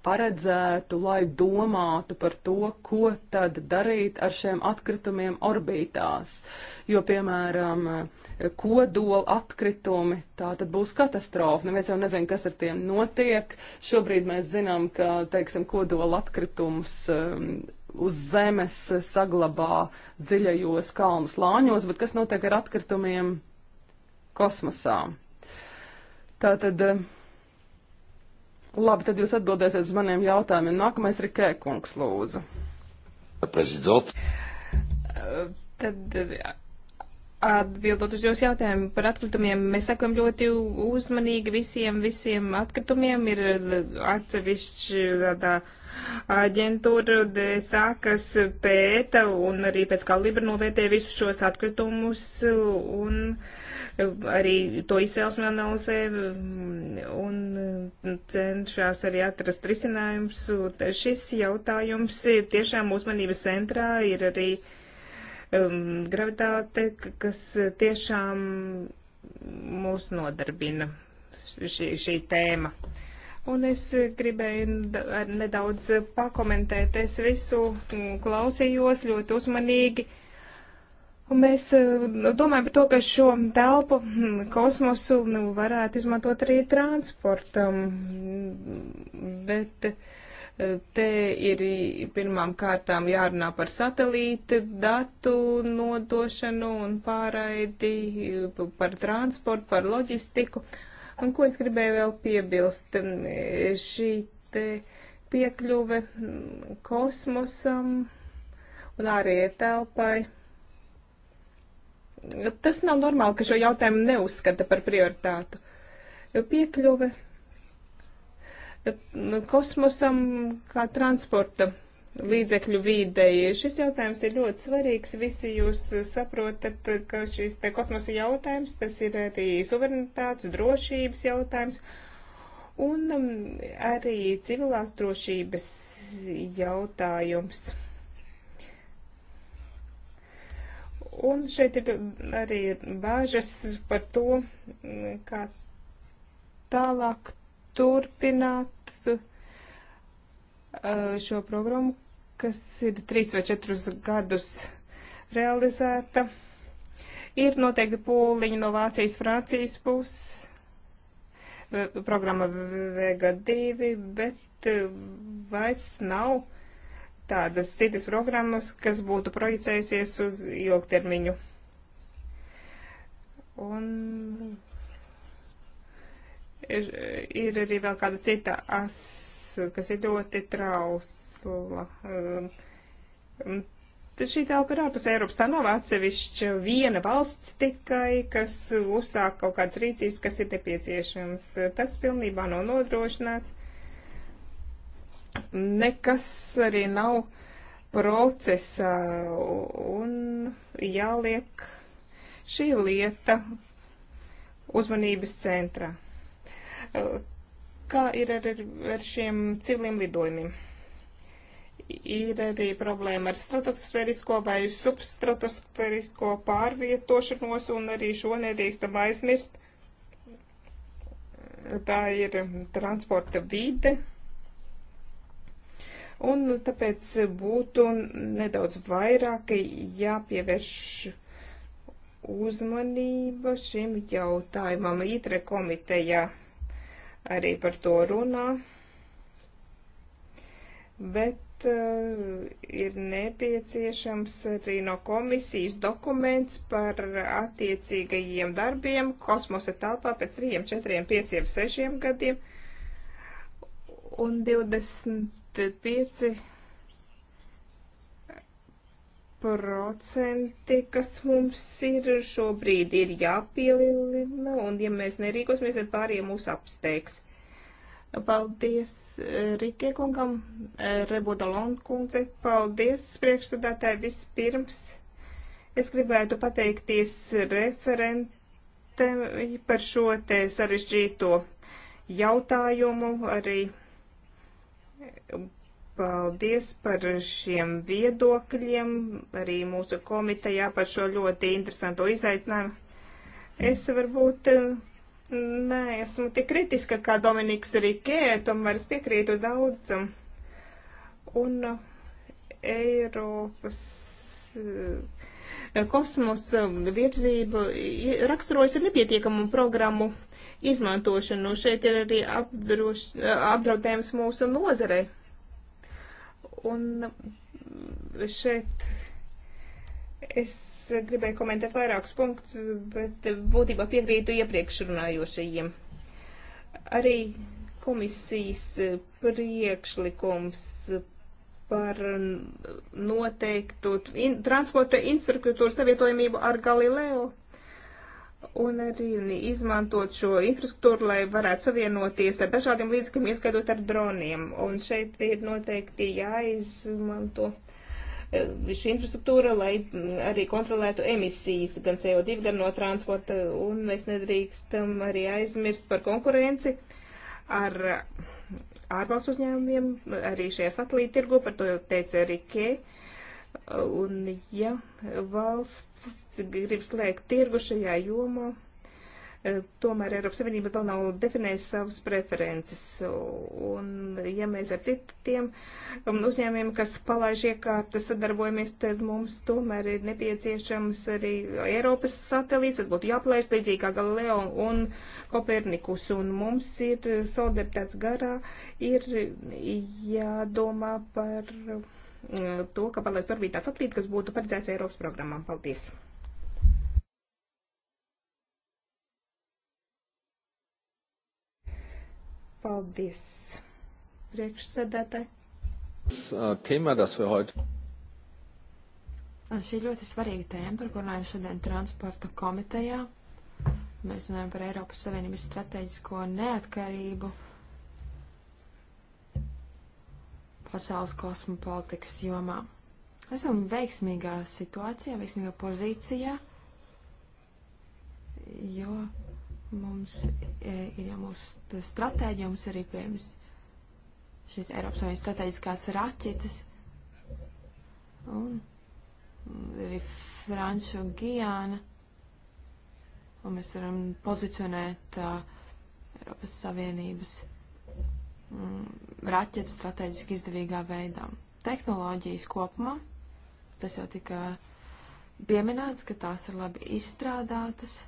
paredzētu, lai domātu par to, ko tad darīt ar šiem atkritumiem orbītās. Jo, piemēram, kodola atkritumi, tā tad būs katastrofa. Neviens jau nezina, kas ar tiem notiek. Šobrīd mēs zinām, ka, teiksim, kodola atkritumus um, uz zemes saglabā dziļajos kalnu slāņos, bet kas notiek ar atkritumiem kosmosā? Tātad. Uh, Labi, tad jūs atbildēsiet uz maniem jautājumiem. Nākamais ir Kēkungs, lūdzu. Prezident. Tad atbildot uz jūsu jautājumu par atkritumiem, mēs sakam ļoti uzmanīgi visiem, visiem atkritumiem ir atsevišķi tādā. Uh, aģentūra sākas pēta un arī pēc kalibra novērtē visus šos atkritumus un arī to izcelsmi analizē un cenšas arī atrast risinājums. Šis jautājums tiešām uzmanības centrā ir arī um, gravitāte, kas tiešām mūs nodarbina šī, šī tēma. Uh, Un es gribēju nedaudz pakomentēt. Es visu mm, klausījos ļoti uzmanīgi. Un mēs mm, domājam par to, ka šo telpu mm, kosmosu nu, varētu izmantot arī transportam. Bet eh, te ir pirmām kārtām jārunā par satelīta datu nodošanu un pārraidi, par transportu, par loģistiku. Uh, Un ko es gribēju vēl piebilst? Šī te piekļuve kosmosam un ārējai telpai. Tas nav normāli, ka šo jautājumu neuzskata par prioritātu. Piekļuve kosmosam kā transporta līdzekļu vīdei. Šis jautājums ir ļoti svarīgs. Visi jūs saprotat, ka šis te kosmosa jautājums, tas ir arī suverenitātes, drošības jautājums un um, arī civilās drošības jautājums. Un šeit ir arī bāžas par to, kā tālāk turpināt uh, šo programmu, kas ir trīs vai četrus gadus realizēta. Ir noteikti pūliņi no Vācijas, Francijas puses, programma VG2, bet eh, vairs nav tādas citas programmas, kas būtu projicējusies uz ilgtermiņu. Un ir, ir arī vēl kāda cita as, kas ir ļoti traus iemesla. Um, um, tad šī telpa ir ārpus Eiropas. Tā nav atsevišķa viena valsts tikai, kas uzsāk kaut kādas rīcības, kas ir nepieciešams. Tas pilnībā nav nodrošināts. Nekas arī nav procesā un jāliek šī lieta uzmanības centrā. Kā ir ar, ar šiem civiliem lidojumiem? ir arī problēma ar stratosfērisko vai substratosfērisko pārvietošanos, un arī šo nedrīkstam aizmirst. Tā ir transporta vide, un tāpēc būtu nedaudz vairāk jāpievērš uzmanība šim jautājumam. Itre komiteja arī par to runā, bet Eh, ir nepieciešams arī no komisijas dokuments par attiecīgajiem darbiem kosmosa telpā pēc 3, 4, 5, 6 gadiem un 25 procenti, kas mums ir šobrīd ir jāpielina, un ja mēs nerīkosimies, tad pārējie mūs apsteigs Paldies eh, Rikie kungam, eh, Rebudalon kundze. Paldies priekšsēdētāji vispirms. Es gribētu pateikties referentei par šo te sarežģīto jautājumu arī. Paldies par šiem viedokļiem, arī mūsu komitejā par šo ļoti interesanto izaicinājumu. Es varbūt eh, Nē, esmu tik kritiska kā Dominiks Rikē, tomēr es piekrītu daudzam. Un uh, Eiropas uh, kosmosa uh, virzība raksturojas ar nepietiekamu programmu izmantošanu. Šeit ir arī apdroš, apdraudējums mūsu nozarei. Un šeit Es gribēju komentēt vairākus punktus, bet būtībā piekrītu iepriekš runājošajiem. Arī komisijas priekšlikums par noteiktu in, transporta infrastruktūru savietojamību ar Galileo un arī izmantot šo infrastruktūru, lai varētu savienoties ar dažādiem līdzekļiem, ieskaitot ar droniem. Un šeit ir noteikti jāizmanto. Uh, šī eh, infrastruktūra, lai mm, arī kontrolētu emisijas gan CO2, gan no transporta. Un mēs nedrīkstam arī aizmirst par konkurenci ar eh, ārvalstu uzņēmumiem, arī šajā satelīta tirgu, par to jau teica arī Kē. Un ja valsts grib slēgt tirgu šajā jomā, Eh, tomēr Eiropas Savienība vēl nav definējusi savas preferences. Un, ja mēs ar citiem um, uzņēmumiem, kas palaiž iekārtas, sadarbojamies, tad mums tomēr ir nepieciešams arī Eiropas satelīts. Tas būtu jāpalaiž līdzīgi kā Galileo un Kopernikus. Un mums ir solidaritātes garā, ir jādomā par eh, to, ka palaist darbītā satelīta, kas būtu paredzēts Eiropas programmām. Paldies! Paldies, priekšsēdētāji. Äh, Tēmā, das wir heute. Šī ļoti svarīga tēma, par kur runājam šodien transporta komitejā. Mēs runājam par Eiropas Savienības strateģisko neatkarību pasaules kosmu politikas jomā. Esam veiksmīgā situācijā, veiksmīgā pozīcijā, jo Mums e, ir jau mūsu stratēģija, mums arī pieejamas šīs Eiropas Savienības strateģiskās raķetes. Un mm, arī Franču un Gijāna. Un mēs varam pozicionēt uh, Eiropas Savienības mm, raķetes strateģiski izdevīgā veidā. Tehnoloģijas kopumā, tas jau tika pieminēts, ka tās ir labi izstrādātas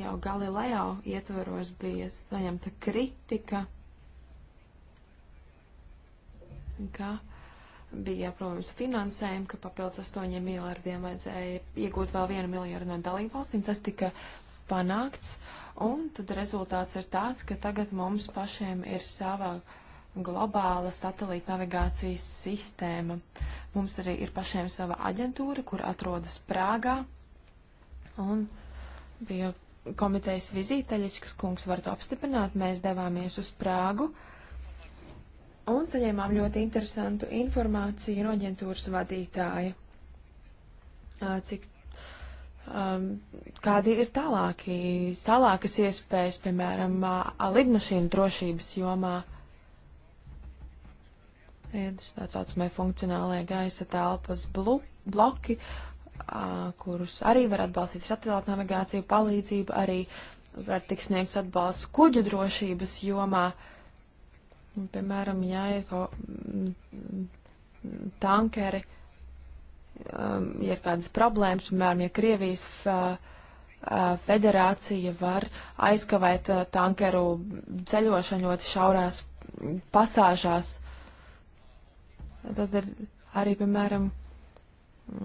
jau Galileo ietvaros bija saņemta kritika, ka bija problēmas ar finansējumu, ka papildus 8 miljardiem vajadzēja iegūt vēl 1 miljardu no dalību valstīm. Tas tika panākts, un tad rezultāts ir tāds, ka tagad mums pašiem ir sava globāla satelīta navigācijas sistēma. Mums arī ir pašiem sava aģentūra, kur atrodas Prāgā. Un uh, bija komitejas vizīte, Ļičkas kungs var to apstiprināt, mēs devāmies uz Prāgu un saņēmām ļoti interesantu informāciju no aģentūras vadītāja. Cik, um, kādi ir tālāki, tālākas iespējas, piemēram, lidmašīnu drošības jomā? Ir tā saucamie funkcionālie gaisa telpas bloki, kurus arī var atbalstīt satelīta navigāciju palīdzību, arī var tik sniegts atbalsts kuģu drošības jomā. Piemēram, ja ir kaut mm, tankeri, um, ja ir kādas problēmas, piemēram, ja Krievijas federācija var aizkavēt tankeru ceļošanu ļoti šaurās pasāžās, tad ir arī, piemēram,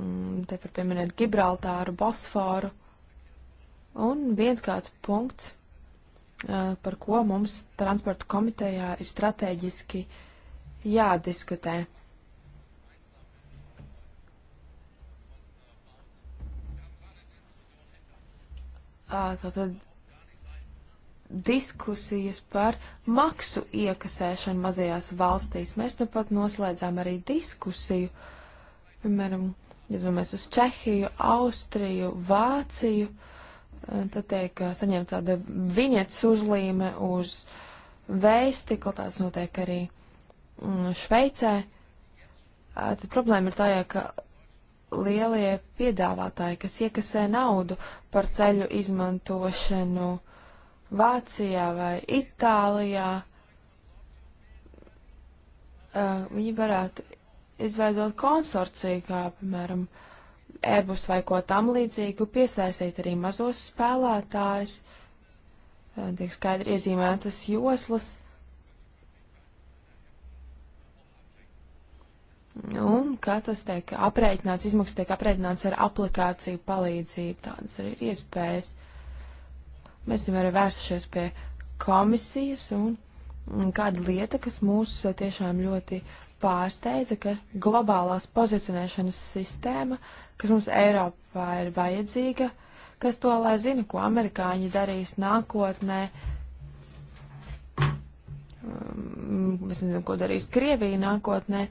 Mm, te var pieminēt Gibraltāru, Bosforu. Un viens kāds punkts, par ko mums transportu komitejā ir strateģiski jādiskutē. Tātad diskusijas par maksu iekasēšanu mazajās valstīs. Mēs nu pat noslēdzām arī diskusiju, piemēram, uh, Ja domājamies uz Čehiju, Austriju, Vāciju, e, tad tiek e, saņemta tāda viņets uzlīme uz vēstikla, tāds notiek arī mm, Šveicē. E, tad problēma ir tā, ka lielie piedāvātāji, kas iekasē naudu par ceļu izmantošanu Vācijā vai Itālijā, viņi varētu izveidot konsorciju, kā piemēram Airbus vai ko tam līdzīgu, piesaistīt arī mazos spēlētājus, eh, tiek skaidri iezīmētas joslas. Un kā tas tiek aprēķināts, izmaksas tiek aprēķināts ar aplikāciju palīdzību, tādas arī ir iespējas. Mēs jau arī vērsušies pie komisijas un kāda lieta, kas mūs eh, tiešām ļoti pārsteidza, ka globālās pozicionēšanas sistēma, kas mums Eiropā ir vajadzīga, kas to lai zina, ko amerikāņi darīs nākotnē. Mēs um, nezinām, ko darīs Krievija nākotnē.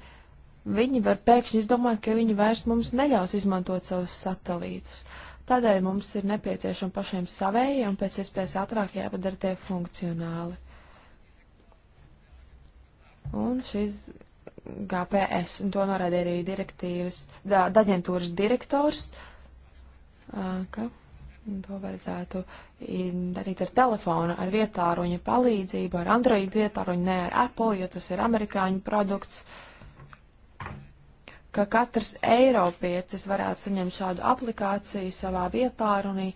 Viņi var pēkšņi izdomāt, ka viņi vairs mums neļaus izmantot savus satelītus. Tādēļ mums ir nepieciešama pašiem savējie un pēc iespējas ātrāk jāpadara tie funkcionāli. Un šis GPS, un to norādīja arī direktīvas, da, daģentūras direktors, ka to vajadzētu darīt ar telefonu, ar vietāruņa palīdzību, ar Android vietāruņu, ne ar Apple, jo tas ir amerikāņu produkts, ka katrs eiropietis varētu saņemt šādu aplikāciju savā vietāruņī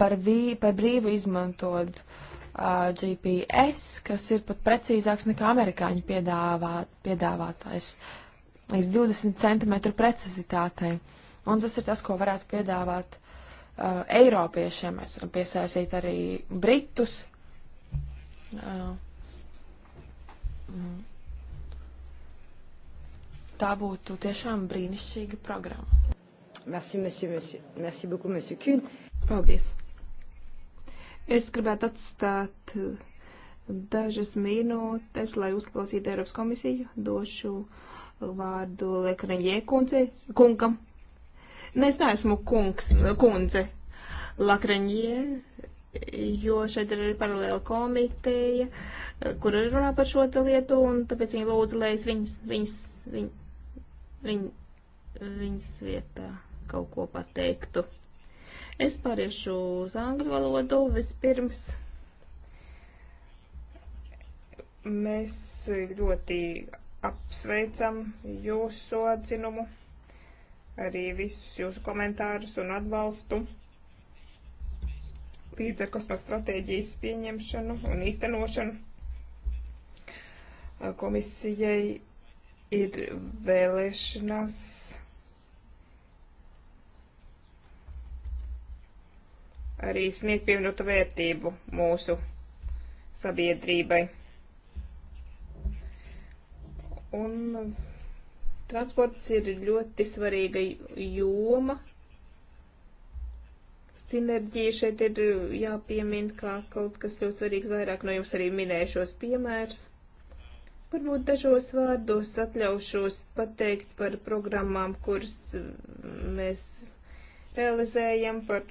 par, vī, par brīvu izmantot uh, uh, GPS, kas ir pat precīzāks nekā amerikāņu piedāvā, piedāvātais, līdz 20 centimetru precizitātei. Un tas ir tas, ko varētu piedāvāt uh, eiropiešiem. Mēs varam piesaistīt arī britus. Uh, mm. Tā būtu tiešām brīnišķīga programma. Merci, monsieur, monsieur. Merci beaucoup, monsieur Kuhn. Paldies. Es gribētu atstāt uh, dažas minūtes, lai uzklausītu Eiropas komisiju. Došu uh, vārdu Lekreņie kungam. Nē, nu, es neesmu kungs, kundze. Lekreņie, jo šeit ir paralēla komiteja, uh, kur ir runā par šo lietu, un tāpēc viņi lūdza, lai es viņas, viņas, viņ, viņ, viņas vietā kaut ko pateiktu. Es pāriešu uz angļu valodu vispirms. Mēs ļoti apsveicam jūsu atzinumu, arī visus jūsu komentārus un atbalstu līdz ar kosmosa stratēģijas pieņemšanu un īstenošanu komisijai ir vēlēšanās arī sniegt pievienotu vērtību mūsu sabiedrībai. Un transports ir ļoti svarīga joma. Sinerģija šeit ir jāpiemina kā kaut kas ļoti svarīgs. Vairāk no jums arī minēju šos piemērus. Varbūt dažos vārdos atļaušos pateikt par programmām, kuras mēs realizējam, par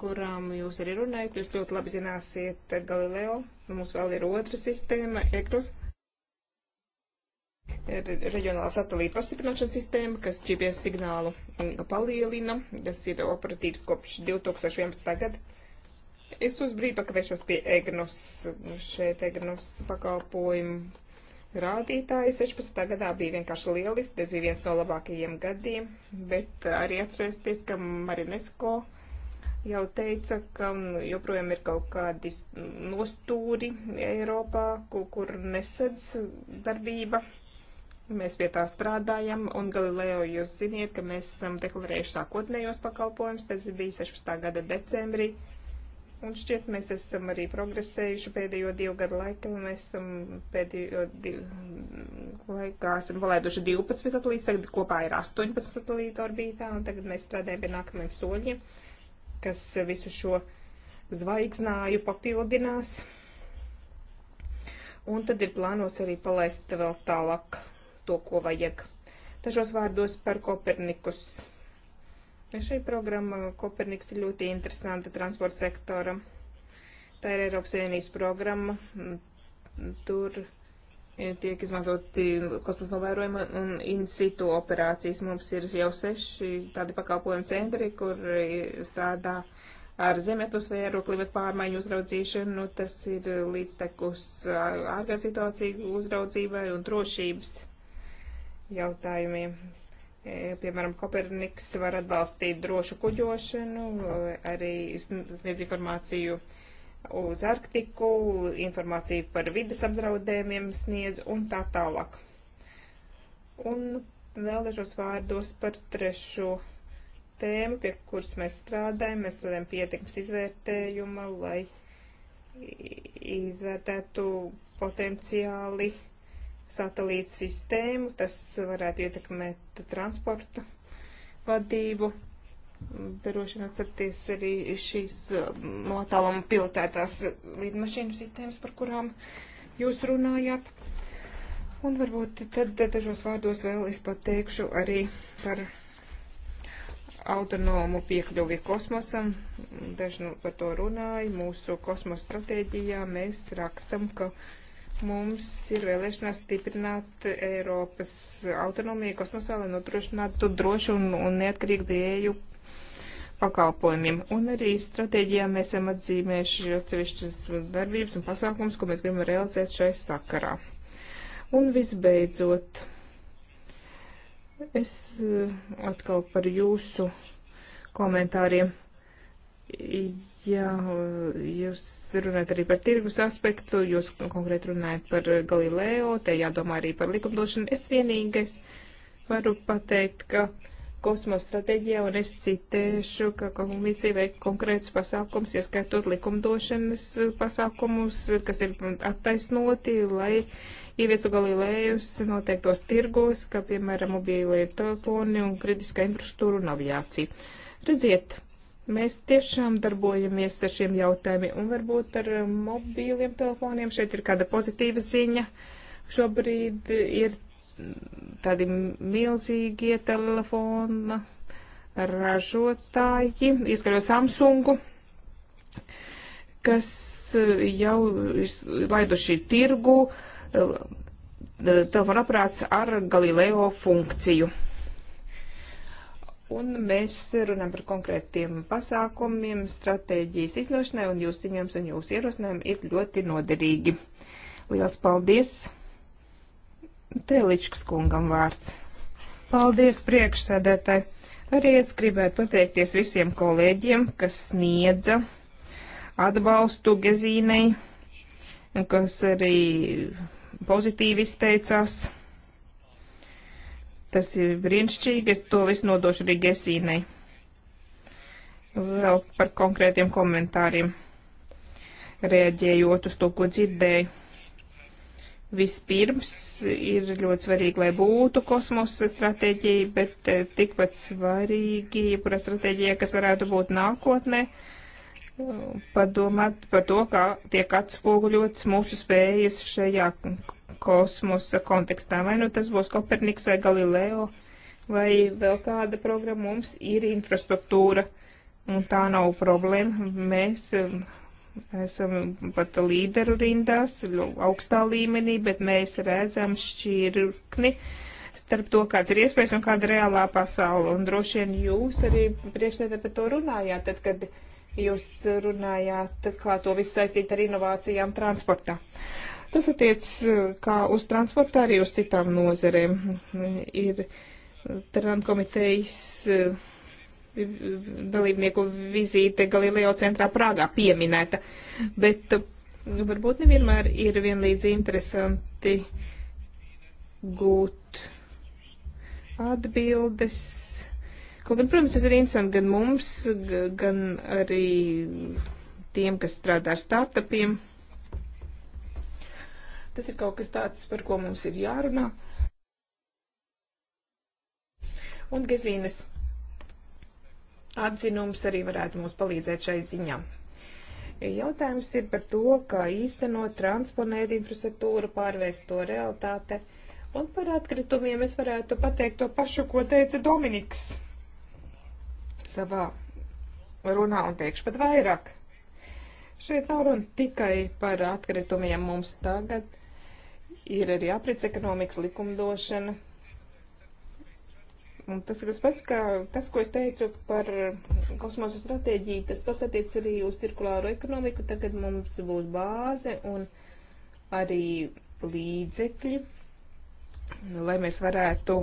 kurām jūs arī runājat. Jūs ļoti labi zināsiet Galileo, mums vēl ir otra sistēma, EKRUS, reģionāla satelīta pastiprināšanas sistēma, kas GPS signālu palielina, tas ir operatīvs kopš 2011. gada. Es uz brīdi pakavēšos pie EGNUS, šeit EGNUS pakalpojumu rādītāji. 16. gadā bija vienkārši lieliski, tas bija viens no labākajiem gadiem, bet arī atcerēsties, ka Marinesko jau teica, ka mm, joprojām ir kaut kādi mm, nostūri Eiropā, kur, kur nesedz darbība. Mēs pie tā strādājam, un Galileo jūs ziniet, ka mēs esam deklarējuši sākotnējos pakalpojumus, tas bija 16. gada decembrī. Un šķiet, mēs esam arī progresējuši pēdējo divu gadu laikā. Mēs esam pēdējo divu laikā esam palaiduši 12 satelītus, tagad kopā ir 18 satelīta orbītā, un tagad mēs strādājam pie nākamajiem soļiem, kas visu šo zvaigznāju papildinās. Un tad ir plānots arī palaist vēl tālāk to, ko vajag. Tažos vārdos par Kopernikus Šī programma Koperniks ir ļoti interesanta transporta sektoram. Tā ir Eiropas Savienības programma. Tur tiek izmantoti kosmosa novērojuma un in situ operācijas. Mums ir jau seši tādi pakalpojumi centri, kur strādā ar zemetosfēru, klimatu pārmaiņu uzraudzīšanu. Nu, tas ir līdztekus ārkārtas situāciju uzraudzībai un drošības jautājumiem. E, piemēram, Koperniks var atbalstīt drošu kuģošanu, arī sniedz informāciju uz Arktiku, informāciju par vidas apdraudējumiem sniedz un tā tālāk. Un vēl dažos vārdos par trešo tēmu, pie kuras mēs strādājam. Mēs strādājam pie ietekmes izvērtējuma, lai izvērtētu potenciāli uh, satelītu sistēmu, tas varētu ietekmēt transporta vadību, droši vien atcerties arī šīs no um, tāluma pilotētās lidmašīnu sistēmas, par kurām jūs runājāt. Un varbūt tad dažos vārdos vēl es pateikšu arī par autonomu piekļuvi kosmosam. Daži nu par to runāja. Mūsu kosmosa stratēģijā mēs rakstam, ka uh, mums ir vēlēšanās stiprināt Eiropas autonomiju kosmosā, lai nodrošinātu drošu un, un neatkarīgu pieeju pakalpojumiem. Un arī stratēģijā mēs esam atzīmējuši atsevišķas darbības un pasākums, ko mēs gribam realizēt šai sakarā. Un visbeidzot, es eh, atkal par jūsu komentāriem. Jā, jūs runājat arī par tirgus aspektu, jūs konkrēti runājat par Galileo, te jādomā arī par likumdošanu. Es vienīgais varu pateikt, ka kosmosa stratēģijā, un es citēšu, ka komisija veik konkrētus pasākums, ieskaitot likumdošanas pasākumus, kas ir attaisnoti, lai ieviestu galilējus noteiktos tirgos, kā piemēram mobīlie telefoni un kritiskā infrastruktūra un aviācija. Redziet, Mēs tiešām darbojamies ar šiem jautājumiem, un varbūt ar um, mobīliem telefoniem šeit ir kāda pozitīva ziņa. Šobrīd ir mm, tādi milzīgie telefona ražotāji, izskaļot Samsungu, kas uh, jau ir laiduši tirgu uh, telefona aprāts ar Galileo funkciju Un mēs runājam par konkrētiem pasākumiem, stratēģijas iznošanai, un jūsu ziņojums un jūsu ierosinājumi ir ļoti noderīgi. Lielas paldies! Teličkas kungam vārds. Paldies priekšsēdētāji! Arī es gribētu pateikties visiem kolēģiem, kas sniedza atbalstu Gezīnei, kas arī pozitīvi izteicās Tas ir brīnišķīgi, es to visu nodošu arī Gesīnai. Vēl par konkrētiem komentāriem, reaģējot uz to, ko dzirdēju. Vispirms ir ļoti svarīgi, lai būtu kosmosa stratēģija, bet eh, tikpat svarīgi, jebkura stratēģija, kas varētu būt nākotnē, eh, padomāt par to, kā tiek atspoguļots mūsu spējas šajā kosmosa kontekstā. Vai nu tas būs Koperniks vai Galileo vai vēl kāda programma, mums ir infrastruktūra un tā nav problēma. Mēs um, esam pat līderu rindās, augstā līmenī, bet mēs redzam šķirkni starp to, kāds ir iespējas un kāda reālā pasaule. Un droši vien jūs arī priekšsēdē par to runājāt, tad, kad jūs runājāt, kā to visu saistīt ar inovācijām transportā. Tas attiec eh, kā uz transportu, tā arī uz citām nozerēm. Ir Taran komitejas eh, dalībnieku vizīte Galileo centrā Prāgā pieminēta, bet eh, varbūt nevienmēr ir vienlīdz interesanti gūt atbildes. Kaut gan, protams, tas ir interesanti gan mums, gan arī tiem, kas strādā ar startupiem. Tas ir kaut kas tāds, par ko mums ir jārunā. Un Gezīnes atzinums arī varētu mums palīdzēt šai ziņā. Jautājums ir par to, kā īstenot, transponēt infrastruktūru, pārvērst to realitāte. Un par atkritumiem es varētu pateikt to pašu, ko teica Dominiks savā runā, un teikšu pat vairāk. Šeit nav runa tikai par atkritumiem. Mums tagad Ir arī aprits ekonomikas likumdošana. Un tas, kas pats, kā, tas, ko es teicu par kosmosa stratēģiju, tas pats attiec arī uz cirkulāro ekonomiku. Tagad mums būs bāze un arī līdzekļi, lai mēs varētu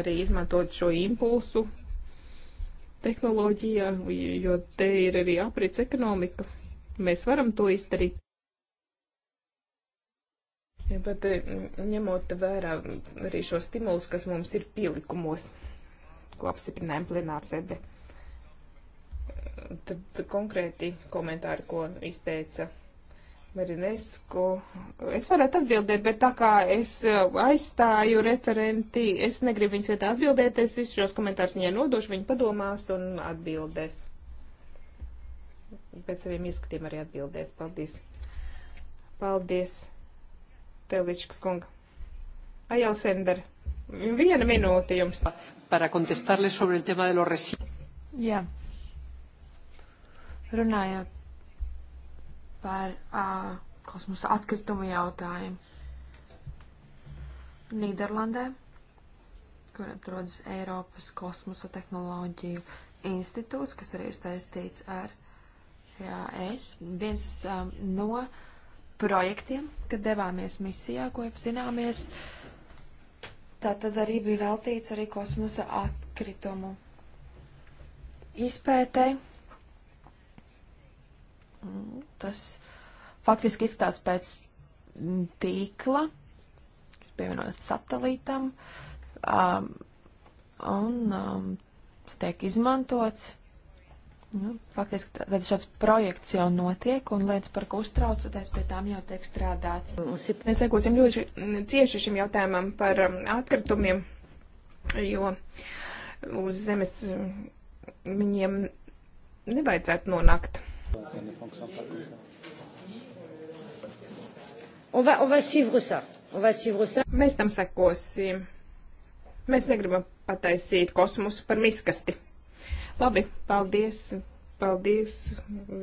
arī izmantot šo impulsu tehnoloģijā, jo te ir arī aprits ekonomika. Mēs varam to izdarīt. Bet e, ņemot vērā arī šo stimulus, kas mums ir pielikumos, ko apstiprinājām plenārsēde, tad konkrēti komentāri, ko izteica Marinesko, es varētu atbildēt, bet tā kā es e, aizstāju referenti, es negribu viņas vietā atbildēt, es visus šos komentārus viņai nodošu, viņa padomās un atbildēs. Pēc saviem ieskatiem arī atbildēs. Paldies. Paldies. Teličkas kunga. Ajala Sender, viena minūte jums. Para contestarle sobre el tema de los residuos. Jā. Runājot par uh, kosmosa atkritumu jautājumu. Nīderlandē, kur atrodas Eiropas kosmosa tehnoloģiju institūts, kas arī ir saistīts ar jā, es, viens um, no uh, projektiem, kad devāmies misijā, ko apzināmies. Tā tad arī bija veltīts arī kosmosa atkritumu izpētei. Tas faktiski izskatās pēc tīkla, kas pievienots satelītam, um, un um, tas tiek izmantots Nu, faktiski tad šāds projekts jau notiek, un lietas, par ko uztraucaties, pie tām jau tiek strādāts. Mēs sekosim ļoti cieši šim jautājumam par um, atkritumiem, jo uz zemes um, viņiem nevajadzētu nonākt. On va, on va suivre ça. On va suivre ça. Mēs tam sekosim. Mēs negribam pataisīt kosmosu par miskasti. Labi, paldies, paldies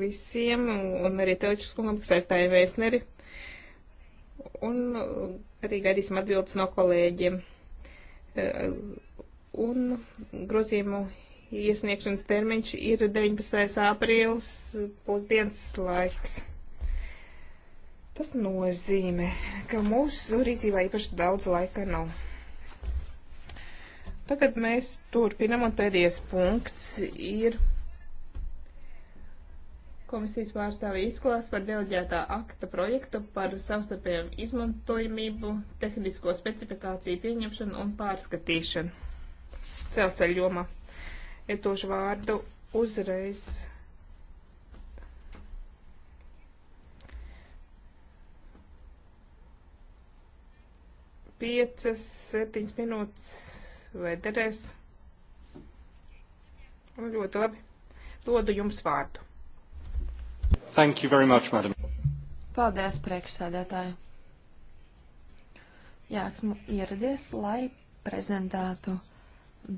visiem un arī Teučus kungam, kas aizstāja vēstneri. Un arī gaidīsim atbildes no kolēģiem. Un grozījumu iesniegšanas termiņš ir 19. aprīlis, pusdienas laiks. Tas nozīmē, ka mūsu rīcībā īpaši daudz laika nav. Tagad mēs turpinam, un pēdējais punkts ir komisijas pārstāvja izklāsts par deleģētā akta projektu par savstarpējām izmantojamību, tehnisko specifikāciju pieņemšanu un pārskatīšanu celceļu jomā. Es došu vārdu uzreiz. Piecas, septiņas minūtes vai derēs. Un ļoti labi. Dodu jums vārdu. Thank you very much, madam. Paldies, priekšsēdētāji. Jā, esmu ieradies, lai prezentētu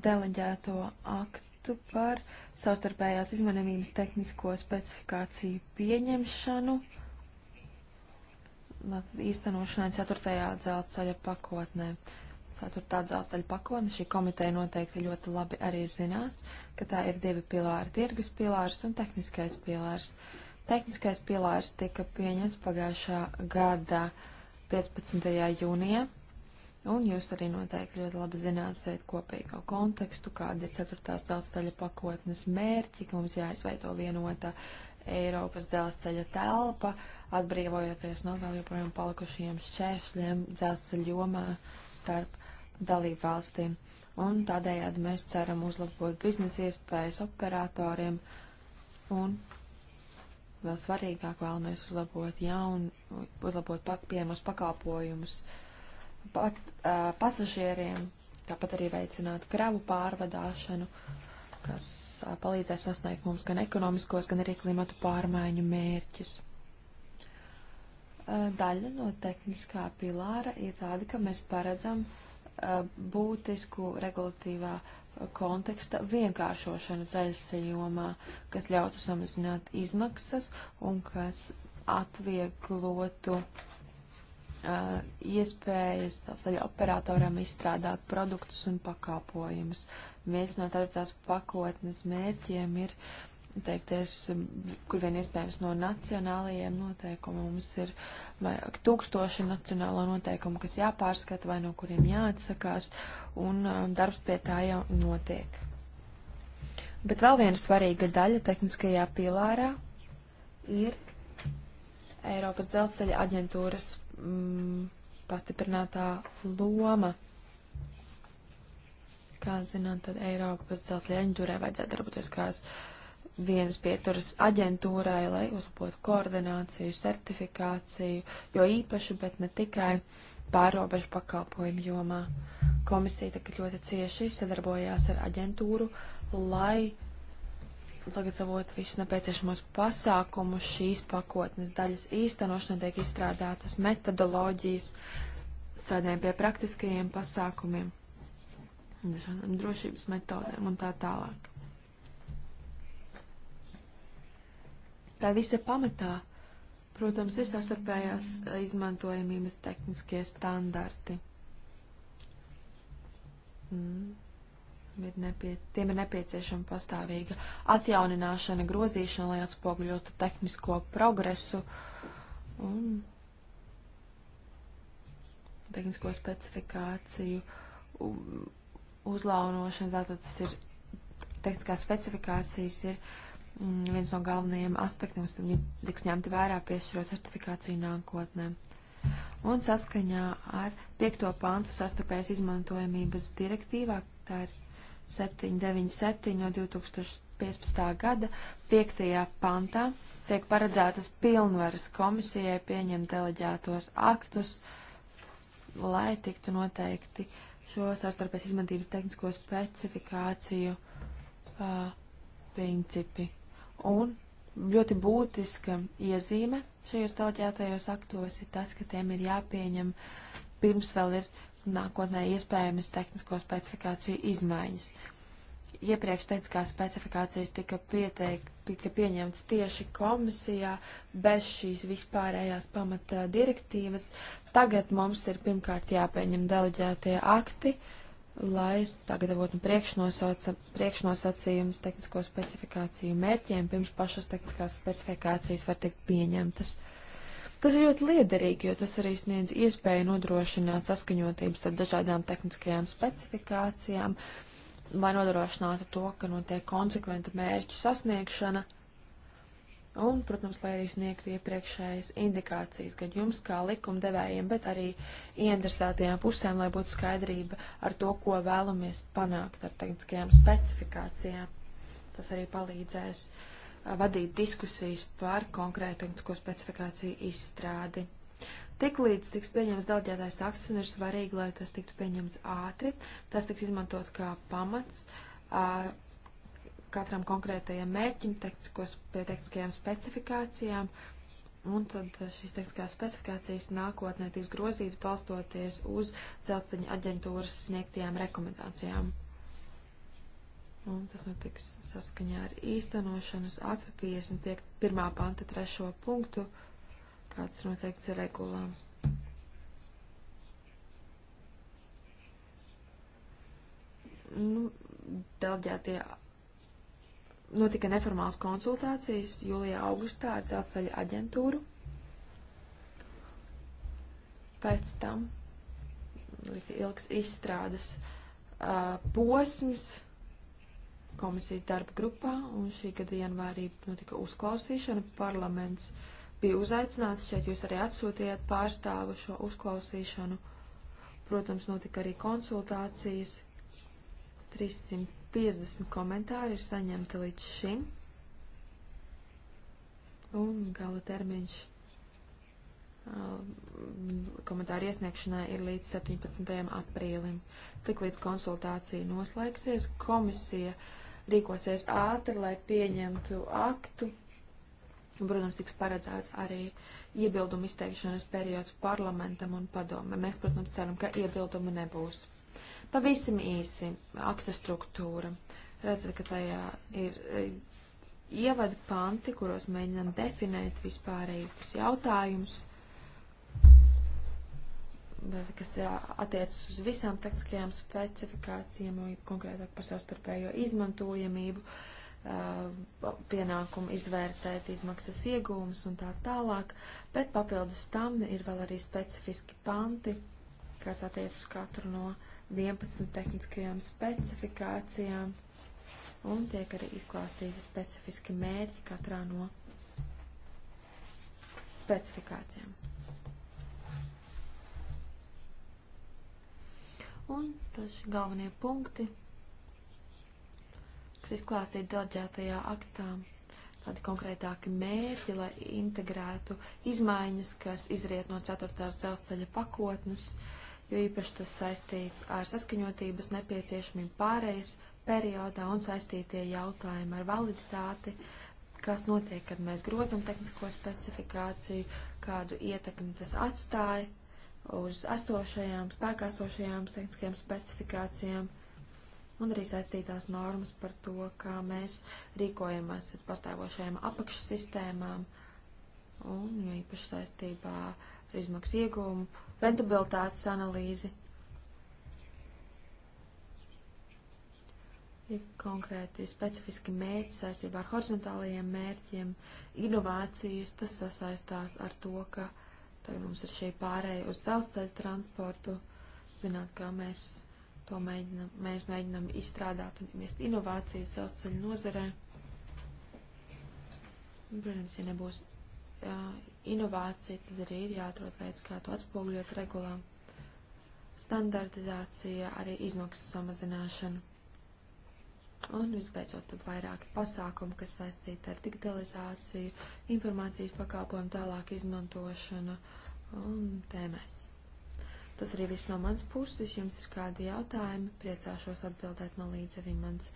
deleģēto aktu par savstarpējās izmanamības tehnisko specifikāciju pieņemšanu īstenošanai 4. dzelzceļa pakotnē. Uh, Ceturtā dzelzceļa pakotne šī komiteja noteikti ļoti labi arī zinās, ka tā ir divi pilāri - tirgus pilārs un tehniskais pilārs. Tehniskais pilārs tika pieņemts pagājušā gada 15. jūnijā, un jūs arī noteikti ļoti labi zināsiet kopīgo kontekstu, kāda ir ceturtās dzelzceļa pakotnes mērķi, ka mums jāizveido vienota Eiropas dzelzceļa telpa, atbrīvojoties no vēl joprojām palikušajiem šķēršļiem dzelzceļa jomā starp dalību valstīm. Un tādējādi mēs ceram uzlabot biznesa iespējas operatoriem un vēl svarīgāk vēlamies uzlabot jaunu, uzlabot pak, pieejamus pakalpojumus pat, uh, pasažieriem, tāpat arī veicināt kravu pārvadāšanu, kas uh, palīdzēs sasniegt mums gan ekonomiskos, gan arī klimatu pārmaiņu mērķus. Uh, daļa no tehniskā pilāra ir tāda, ka mēs paredzam Uh, būtisku regulatīvā konteksta vienkāršošanu ceļsejomā, kas ļautu samazināt izmaksas un kas atvieglotu uh, iespējas ceļa operatoram izstrādāt produktus un pakalpojumus. Viens no tādas pakotnes mērķiem ir uh, teikties, kur vien iespējams no nacionālajiem noteikumiem. Mums ir vairāk tūkstoši nacionālo noteikumu, kas jāpārskata vai no kuriem jāatsakās, un um, darbs pie tā jau notiek. Bet vēl viena svarīga daļa tehniskajā pilārā ir Eiropas dzelzceļa aģentūras mm, pastiprinātā loma. Kā zināt, tad Eiropas dzelzceļa aģentūrai vajadzētu darboties kā uz uh, vienas pieturas aģentūrai, lai uzlabotu koordināciju, certifikāciju, jo īpaši, bet ne tikai pārobežu pakalpojumu jomā. Komisija tagad ļoti cieši sadarbojās ar aģentūru, lai sagatavotu visus nepieciešamos pasākumus šīs pakotnes daļas īstenošanai, tiek izstrādātas metodoloģijas, strādājam pie praktiskajiem pasākumiem, dažādām drošības metodēm un tā tālāk. Tā visa pamatā, protams, ir sastarpējās eh, izmantojamības tehniskie standarti. Mm. Ir nepie, tiem ir nepieciešama pastāvīga atjaunināšana, grozīšana, lai atspoguļotu tehnisko progresu un tehnisko specifikāciju uzlaunošana. Tātad tas ir tehniskās specifikācijas ir uh, viens no galvenajiem aspektiem, kas tiks ņemti vērā piešķirot certifikāciju nākotnē. Un saskaņā ar 5. pantu sastapējas izmantojamības direktīvā, tā ir 797 no 2015. gada 5. pantā, tiek paredzētas pilnvaras komisijai pieņemt deleģētos aktus, lai tiktu noteikti šo sastarpējas izmantības tehnisko specifikāciju uh, principi. Un ļoti būtiska iezīme šajos telģētajos aktos ir tas, ka tiem ir jāpieņem pirms vēl ir nākotnē iespējamas tehnisko specifikāciju izmaiņas. Iepriekš teicu, kā specifikācijas tika, pieteik, tika pieņemts tieši komisijā bez šīs vispārējās pamata direktīvas. Tagad mums ir pirmkārt jāpieņem deleģētie akti, uh, lai sagatavotu priekšnosacījumus tehnisko specifikāciju mērķiem, pirms pašas tehniskās specifikācijas var tikt pieņemtas. Tas ir ļoti liederīgi, jo tas arī sniedz iespēju nodrošināt saskaņotības starp dažādām tehniskajām specifikācijām, lai nodrošinātu to, ka notiek konsekventa mērķu sasniegšana un, protams, lai arī sniegtu iepriekšējas indikācijas gan jums, kā likumdevējiem, bet arī ieinteresētajām pusēm, lai būtu skaidrība ar to, ko vēlamies panākt ar tehniskajām specifikācijām. Tas arī palīdzēs vadīt diskusijas par konkrētu tehnisko specifikāciju izstrādi. Tiklīdz tiks pieņemts delģētais akts un ir svarīgi, lai tas tiktu pieņemts ātri, tas tiks izmantots kā pamats uh, katram konkrētajam mērķim, tehniskos pieteiktskajām specifikācijām, un tad eh, šīs tehniskās specifikācijas nākotnē tiks grozītas balstoties uz dzelteņa aģentūras sniegtajām rekomendācijām. Un tas notiks saskaņā ar īstenošanas aktu 51. panta trešo punktu, kāds noteikts ir regulām. Nu, delģētie notika neformāls konsultācijas jūlijā augustā ar dzelzceļa aģentūru. Pēc tam ilgs izstrādes uh, posms komisijas darba grupā, un šī gada janvārī notika uzklausīšana. Parlaments bija uzaicināts šeit, jūs arī atsūtījāt pārstāvu šo uzklausīšanu. Protams, notika arī konsultācijas 300 50 komentāri ir saņemti līdz šim. Un gala termiņš um, komentāru iesniegšanai ir līdz 17. aprīlim. Tiklīdz konsultācija noslēgsies, komisija rīkosies ātri, lai pieņemtu aktu. Un, protams, tiks paredzēts arī iebildumu izteikšanas periods parlamentam un padome. Mēs, protams, ceram, ka iebildumu nebūs. Pavisam īsi akta struktūra. Redzat, ka tajā ir e, ievadu panti, kuros mēģinām definēt vispārējus jautājumus, kas e, attiecas uz visām taktiskajām specifikācijām, konkrētāk par savstarpējo izmantojamību, e, pienākumu izvērtēt izmaksas iegūmus un tā tālāk, bet papildus tam ir vēl arī specifiski panti, kas attiecas uz katru no uh, 11 tehniskajām specifikācijām, un tiek arī izklāstīti specifiski mērķi katrā no specifikācijām. Un tas galvenie punkti, kas izklāstīti delģētajā aktā, tādi konkrētāki mērķi, lai integrētu izmaiņas, kas izriet no 4. dzelzceļa pakotnes. Uh, jo īpaši tas saistīts ar saskaņotības nepieciešamību pārējais periodā un saistītie jautājumi ar validitāti, kas notiek, kad mēs grozam tehnisko specifikāciju, kādu ietekmi tas atstāja uz esošajām, spēkā esošajām tehniskajām specifikācijām un arī saistītās normas par to, kā mēs rīkojamies ar pastāvošajām apakšsistēmām un jo īpaši saistībā ar izmaksu ieguvumu rentabilitātes analīzi. Ir konkrēti specifiski mērķi saistībā ar horizontālajiem mērķiem, inovācijas, tas sasaistās ar to, ka tagad mums ir šī pārēja uz dzelzceļa transportu. Zināt, kā mēs to mēģinam, mēs mēģinam izstrādāt un iest inovācijas dzelzceļa nozarē. Protams, ja nebūs uh, inovācija, tad arī ir jāatrod veids, kā to atspoguļot regulā. Standartizācija, arī izmaksu samazināšana. Un visbeidzot, tad vairāki pasākumi, kas saistīti ar digitalizāciju, informācijas pakāpojumu tālāk izmantošanu un tēmēs. Tas arī viss no manas puses. Jums ir kādi jautājumi? Priecāšos atbildēt man līdz arī mans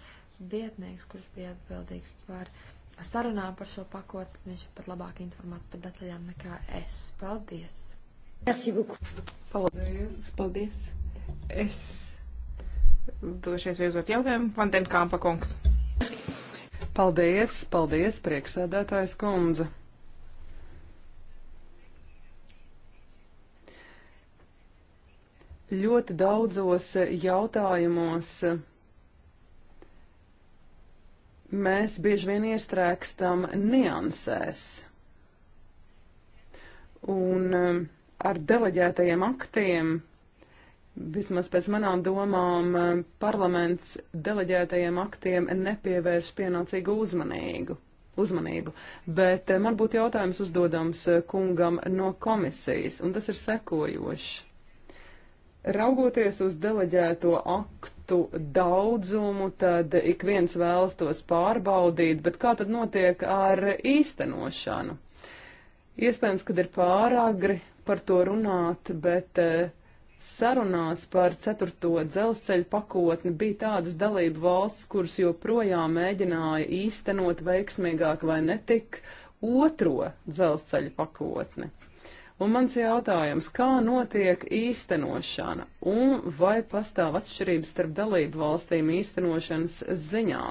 vietnieks, kurš bija atbildīgs par uh, sarunām par šo pakotni. Viņš ir pat labāk informēts par detaļām nekā es. Paldies! Paldies! Paldies! Es došies viezot jautājumu. Vandenkampa kungs. Paldies! Paldies, prieksēdētājs kundze! Ļoti daudzos jautājumos mēs bieži vien iestrēgstam niansēs. Un um, ar deleģētajiem aktiem, vismaz pēc manām domām, um, parlaments deleģētajiem aktiem nepievērš pienācīgu uzmanību. Uzmanību. Bet uh, man būtu jautājums uzdodams uh, kungam no komisijas, un tas ir sekojošs. Raugoties uz deleģēto aktu daudzumu, tad ik viens vēlas tos pārbaudīt, bet kā tad notiek ar īstenošanu? Iespējams, ka ir pāragri par to runāt, bet eh, sarunās par ceturto dzelzceļa pakotni bija tādas dalību valsts, kuras joprojām mēģināja īstenot veiksmīgāk vai netik otro dzelzceļa pakotni. Un mans jautājums, kā notiek īstenošana un vai pastāv atšķirības starp dalību valstīm īstenošanas ziņā?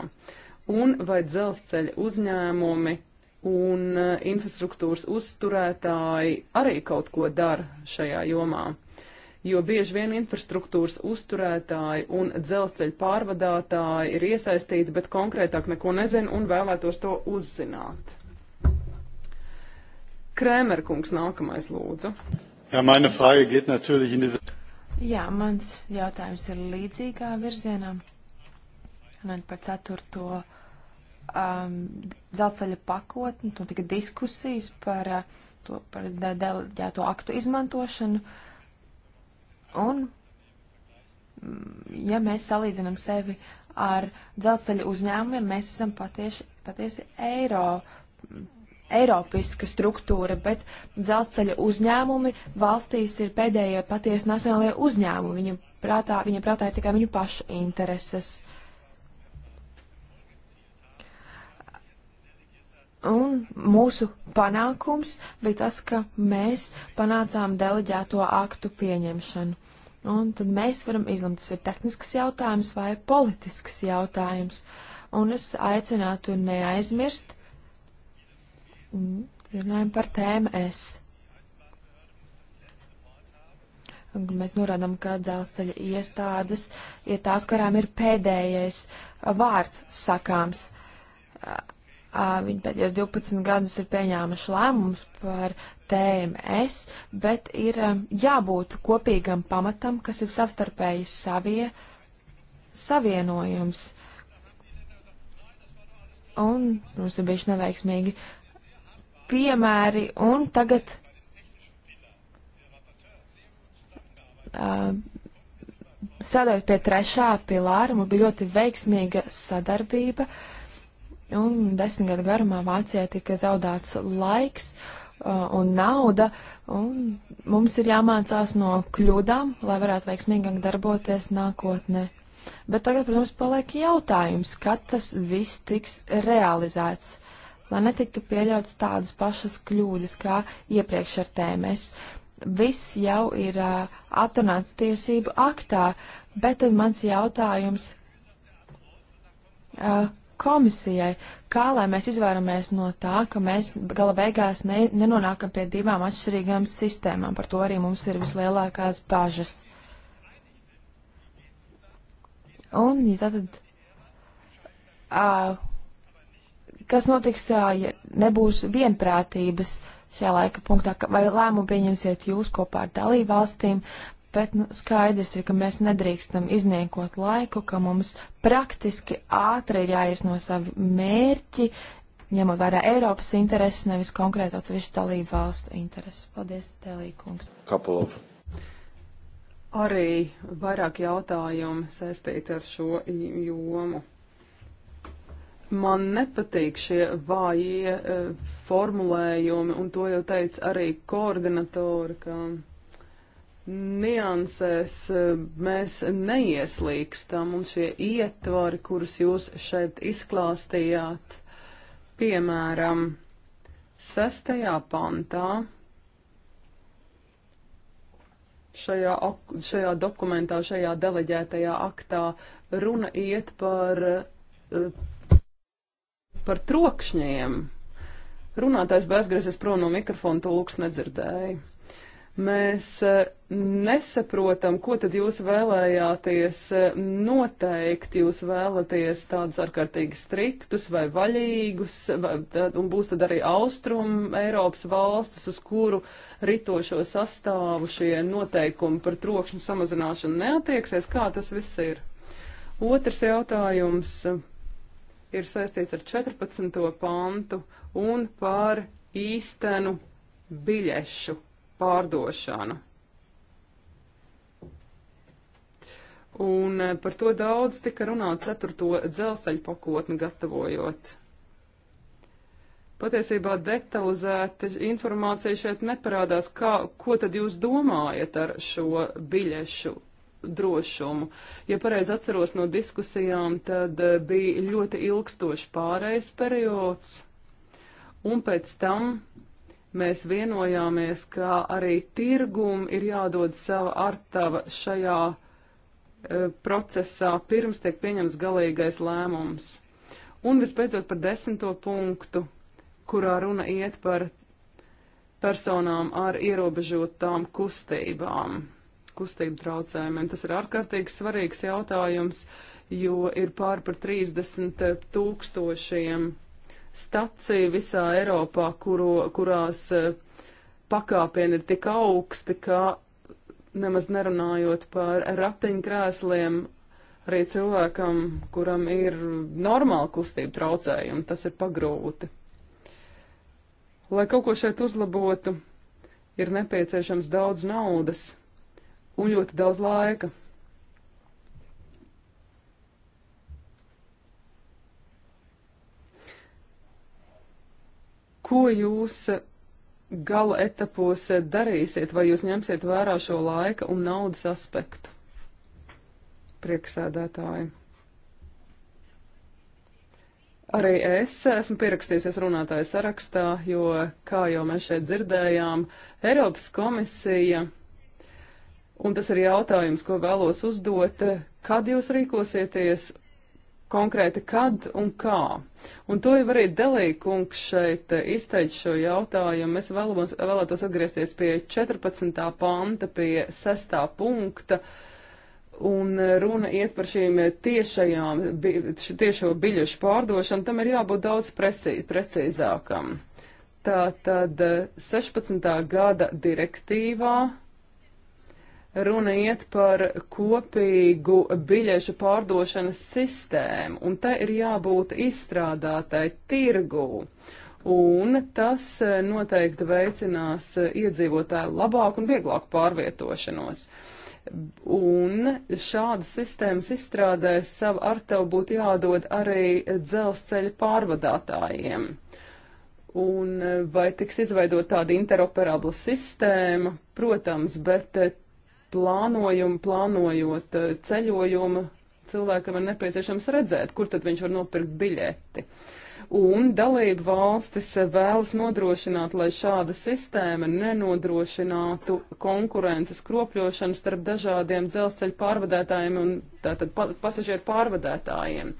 Un vai dzelzceļa uzņēmumi un e, infrastruktūras uzturētāji arī kaut ko dara šajā jomā? jo bieži vien infrastruktūras uzturētāji un dzelzceļa pārvadātāji ir iesaistīti, bet konkrētāk neko nezinu un vēlētos to uzzināt. Krēmerkungs nākamais lūdzu. Ja, meine Frage geht natürlich in diese... Jā, mans jautājums ir līdzīgā virzienā. Man par ceturto um, dzelzceļa pakotni, nu tika diskusijas par, uh, to, par deleģēto aktu izmantošanu. Un, mm, ja mēs salīdzinām sevi ar dzelzceļa uzņēmumiem, mēs esam patieši, patiesi Eiro Eiropiska struktūra, bet dzelzceļa uzņēmumi valstīs ir pēdējie patiesi nacionālajie uzņēmumi. Viņa prātā, viņa prātā ir tikai viņu pašu intereses. Un mūsu panākums bija tas, ka mēs panācām deleģēto aktu pieņemšanu. Un tad mēs varam izlemt, tas ir tehnisks jautājums vai politisks jautājums. Un es aicinātu neaizmirst, runājam par TMS. Mēs norādām, ka dzelzceļa iestādes ir tās, kurām ir pēdējais vārds sakāms. Viņi pēdējos 12 gadus ir pieņēmuši lēmumus par TMS, bet ir um, jābūt kopīgam pamatam, kas ir savstarpēji savie savienojums. Un mums ir bijuši neveiksmīgi piemēri un tagad uh, strādājot pie trešā pilāra, mums bija ļoti veiksmīga sadarbība un desmit gadu garumā Vācijai tika zaudāts laiks uh, un nauda un mums ir jāmācās no kļūdām, lai varētu veiksmīgāk darboties nākotnē. Bet tagad, protams, paliek jautājums, kad tas viss tiks realizēts lai netiktu pieļauts tādas pašas kļūdas kā iepriekš ar TMS. Viss jau ir uh, atrunāts tiesību aktā, bet tad mans jautājums uh, komisijai, kā lai mēs izvairamies no tā, ka mēs gala beigās ne, nenonākam pie divām atšķirīgām sistēmām. Par to arī mums ir vislielākās bažas. Un ja tātad. Uh, kas notiks tā, ja nebūs vienprātības šajā laika punktā, vai lēmumu pieņemsiet jūs kopā ar dalību valstīm, bet nu, skaidrs ir, ka mēs nedrīkstam izniekot laiku, ka mums praktiski ātri ir jāiesno savi mērķi, ņemot vērā Eiropas intereses, nevis konkrēto atsevišķu dalību valstu intereses. Paldies, Tēlī kungs. Kapulov. Arī vairāk jautājumu saistīti ar šo jomu. Man nepatīk šie vājie e, formulējumi, un to jau teica arī koordinatori, ka niansēs e, mēs neieslīkstam, un šie ietvari, kurus jūs šeit izklāstījāt, piemēram, sestajā pantā šajā, šajā dokumentā, šajā deleģētajā aktā runa iet par uh, par trokšņiem. Runātājs bezgrazes prom no mikrofona tulks nedzirdēja. Mēs eh, nesaprotam, ko tad jūs vēlējāties eh, noteikt. Jūs vēlaties tādus ārkārtīgi striktus vai vaļīgus, vai, un būs tad arī austrum Eiropas valstis, uz kuru ritošo sastāvu šie noteikumi par trokšņu samazināšanu neatieksies. Kā tas viss ir? Otrs jautājums ir saistīts ar 14. pantu un par īstenu biļešu pārdošanu. Un eh, par to daudz tika runāts 4. dzelzceļa pakotni gatavojot. Patiesībā detalizēta informācija šeit neparādās, kā, ko tad jūs domājat ar šo biļešu drošumu. Ja pareizi atceros no diskusijām, tad eh, bija ļoti ilgstošs pārējais periods, un pēc tam mēs vienojāmies, ka arī tirgum ir jādod sava artava šajā e, procesā, pirms tiek pieņems galīgais lēmums. Un visbeidzot par desmito punktu, kurā runa iet par personām ar ierobežotām kustībām kustību traucējumiem. Tas ir ārkārtīgi svarīgs jautājums, jo ir pār par 30 eh, tūkstošiem staciju visā Eiropā, kuru, kurās eh, pakāpieni ir tik augsti, ka nemaz nerunājot par ratiņkrēsliem, arī cilvēkam, kuram ir normāla kustība traucējumi, tas ir pagrūti. Lai kaut ko šeit uzlabotu, ir nepieciešams daudz naudas, un ļoti daudz laika. Ko jūs eh, gala etapos eh, darīsiet, vai jūs ņemsiet vērā šo laika un naudas aspektu? Prieksēdētāji. Arī es esmu pierakstījusies runātāju sarakstā, jo, kā jau mēs šeit dzirdējām, Eiropas komisija Un tas ir jautājums, ko vēlos uzdot, kad jūs rīkosieties konkrēti kad un kā. Un to jau arī Delīkungs šeit izteica šo jautājumu. Es vēlos, vēlētos atgriezties pie 14. panta, pie 6. punkta. Un runa iet par šīm tiešajām, bi, tiešo biļešu pārdošanu, tam ir jābūt daudz presī, precīzākam. Tā tad 16. gada direktīvā Runa iet par kopīgu biļešu pārdošanas sistēmu, un tai ir jābūt izstrādātai tirgū. Un tas eh, noteikti veicinās eh, iedzīvotāju labāku un vieglāku pārvietošanos. Un šādas sistēmas izstrādē savu ar tev būtu jādod arī dzelzceļa pārvadātājiem un eh, vai tiks izveidot tāda interoperabla sistēma, protams, bet plānojumu, plānojot eh, ceļojumu, cilvēkam ir nepieciešams redzēt, kur tad viņš var nopirkt biļeti. Uh, un dalību valstis vēlas nodrošināt, lai šāda sistēma nenodrošinātu konkurences kropļošanu starp dažādiem dzelzceļa pārvadētājiem un tātad pa pasažieru pārvadētājiem.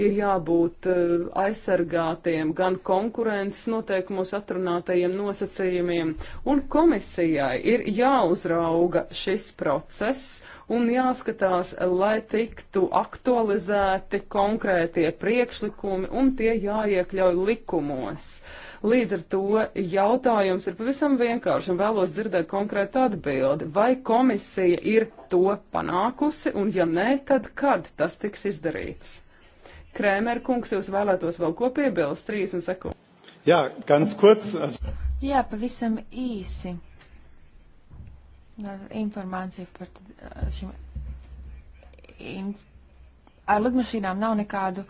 Ir jābūt uh, aizsargātiem gan konkurences noteikumos atrunātajiem nosacījumiem, un komisijai ir jāuzrauga šis process un jāskatās, lai tiktu aktualizēti konkrētie priekšlikumi un tie jāiekļauj likumos. Līdz ar to jautājums ir pavisam vienkārši un vēlos dzirdēt konkrētu atbildi. Vai komisija ir to panākusi un ja nē, tad kad tas tiks izdarīts? Krēmer kungs, jūs vēlētos vēl ko piebilst 30 sekundes. Jā, ganz kurz. Jā, pavisam īsi. Informācija par šīm in, ar lidmašīnām nav nekādu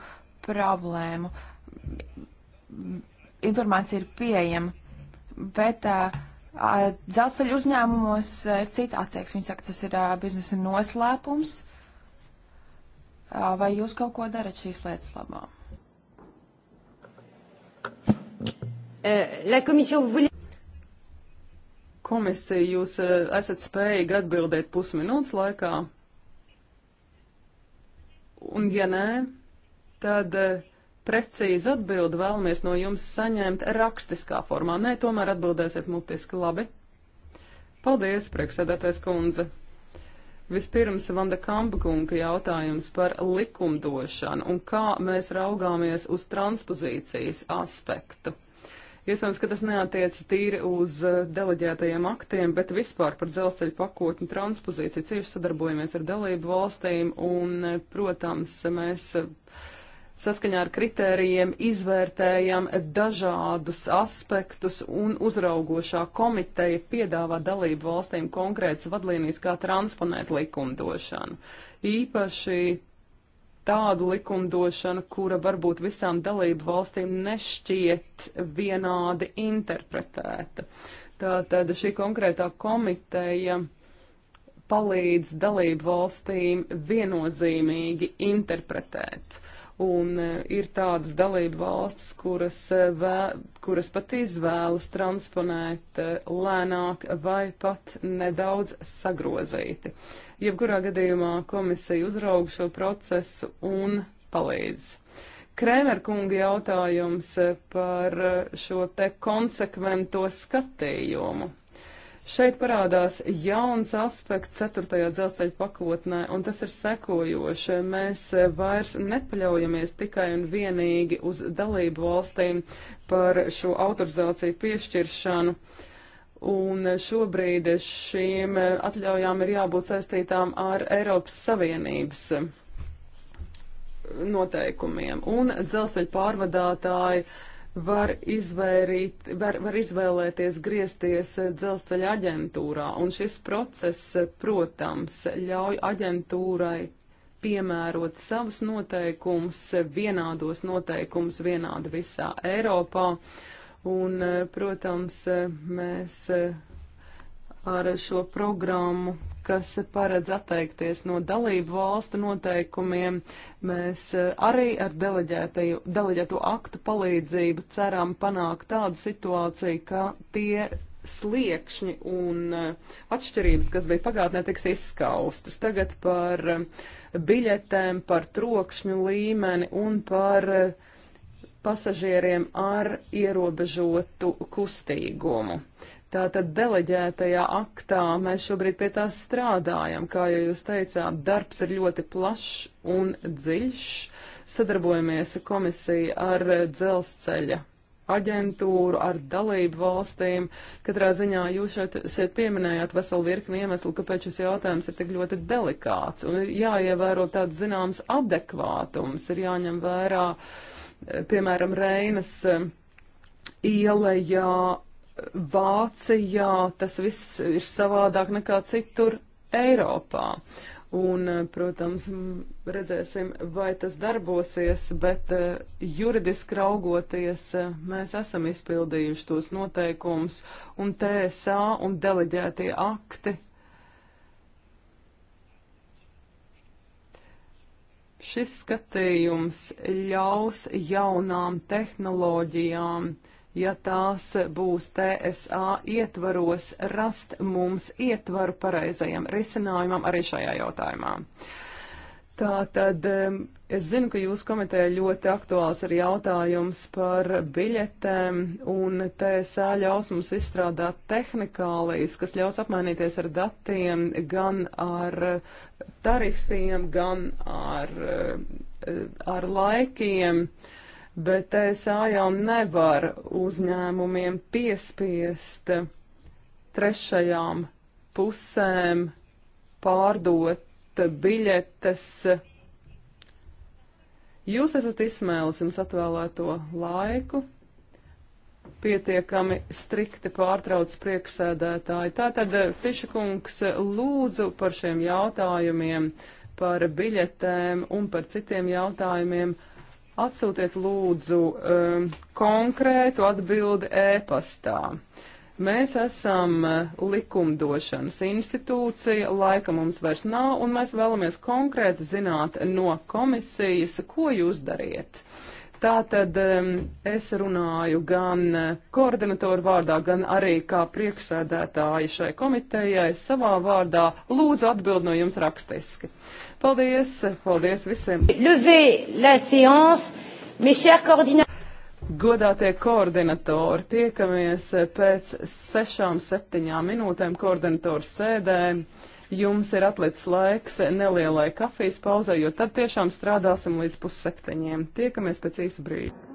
problēmu. Informācija ir pieejama, bet uh, dzelzceļa uzņēmumos uh, ir cita attieksme. Viņi saka, tas ir uh, biznesa noslēpums. Uh, vai jūs kaut ko darat šīs lietas labā? Uh, komisija, jūs eh, esat spējīgi atbildēt pusminūtes laikā? Un ja nē, tad eh, precīzi atbildi vēlamies no jums saņemt rakstiskā formā. Nē, tomēr atbildēsiet mutiski labi. Paldies, priekšsēdētājs kundze. Vispirms Vanda Kampkunga jautājums par likumdošanu un kā mēs raugāmies uz transpozīcijas aspektu. Iespējams, ka tas neatiec tīri uz eh, deleģētajiem aktiem, bet vispār par dzelzceļa pakotņu transpozīciju cieši sadarbojamies ar dalību valstīm un, eh, protams, mēs eh, saskaņā ar kritērijiem izvērtējam dažādus aspektus un uzraugošā komiteja piedāvā dalību valstīm konkrētas vadlīnijas, kā transponēt likumdošanu. Īpaši tādu likumdošanu, kura varbūt visām dalību valstīm nešķiet vienādi interpretēta. Tātad šī konkrētā komiteja palīdz dalību valstīm viennozīmīgi interpretēt. Un eh, ir tādas dalība valstis, kuras, eh, vē, kuras pat izvēlas transponēt eh, lēnāk vai pat nedaudz sagrozīti. Jebkurā gadījumā komisija uzrauga šo procesu un palīdz. Krēmerkunga jautājums par šo te konsekvento skatījumu. Šeit parādās jauns aspekts ceturtajā dzelzceļa pakotnē, un tas ir sekojoši. Mēs vairs nepaļaujamies tikai un vienīgi uz dalību valstīm par šo autorizāciju piešķiršanu. Un šobrīd šīm atļaujām ir jābūt saistītām ar Eiropas Savienības noteikumiem. Un dzelzceļa pārvadātāji uh, var, izvērīt, var, var izvēlēties griezties eh, dzelzceļa aģentūrā, un šis process, eh, protams, ļauj aģentūrai piemērot savus noteikumus, eh, vienādos noteikumus, vienādi visā Eiropā, un, protams, mēs ar šo programmu, kas paredz atteikties no dalību valstu noteikumiem. Mēs eh, arī ar deleģēto aktu palīdzību ceram panākt tādu situāciju, ka tie sliekšņi un eh, atšķirības, kas bija pagātnē, tiks izskaustas. Tagad par eh, biļetēm, par trokšņu līmeni un par pasažieriem ar ierobežotu kustīgumu. Uh, Tātad deleģētajā aktā mēs šobrīd pie tās strādājam. Kā jau jūs teicāt, darbs ir ļoti plašs un dziļš. Sadarbojamies komisija ar dzelzceļa aģentūru, ar dalību valstīm. Katrā ziņā jūs šeit, šeit pieminējāt veselu virkni iemeslu, kāpēc šis jautājums ir tik ļoti delikāts un ir jāievēro tāds zināms adekvātums, ir jāņem vērā, piemēram, Reinas eh, ielējā Vācijā tas viss ir savādāk nekā citur Eiropā. Un, eh, protams, redzēsim, vai tas darbosies, bet eh, juridiski raugoties, eh, mēs esam izpildījuši tos noteikumus un TSA un deleģētie akti šis skatījums ļaus jaunām tehnoloģijām ja tās būs TSA ietvaros, rast mums ietvaru pareizajam risinājumam arī šajā jautājumā. Tā tad es zinu, ka jūs komitē ļoti aktuāls ir jautājums par biļetēm, un TSA ļaus mums izstrādāt tehnikālijas, kas ļaus apmainīties ar datiem gan ar tarifiem, gan ar, eh, ar laikiem. Uh, bet TSA jau nevar uzņēmumiem piespiest trešajām pusēm pārdot biļetes. Jūs esat izsmēlis jums atvēlēto laiku, pietiekami strikti pārtrauc priekšsēdētāji. Tātad, Fišakungs, lūdzu par šiem jautājumiem, par biļetēm un par citiem jautājumiem Atsūtiet lūdzu um, konkrētu atbildi ēpastā. Mēs esam uh, likumdošanas institūcija, laika mums vairs nav, un mēs vēlamies konkrēti zināt no komisijas, ko jūs dariet. Tātad um, es runāju gan uh, koordinatoru vārdā, gan arī kā priekšsēdētāji šai komitejai savā vārdā. Lūdzu atbild no jums rakstiski. Paldies! Paldies visiem! Levez la séance, mes chers coordinateurs! Godātie koordinatori, tiekamies pēc sešām, septiņām minūtēm koordinatoru sēdē. Jums ir atlicis laiks nelielai kafijas pauzai, jo tad tiešām strādāsim līdz pusseptiņiem. Tiekamies pēc īsa brīža.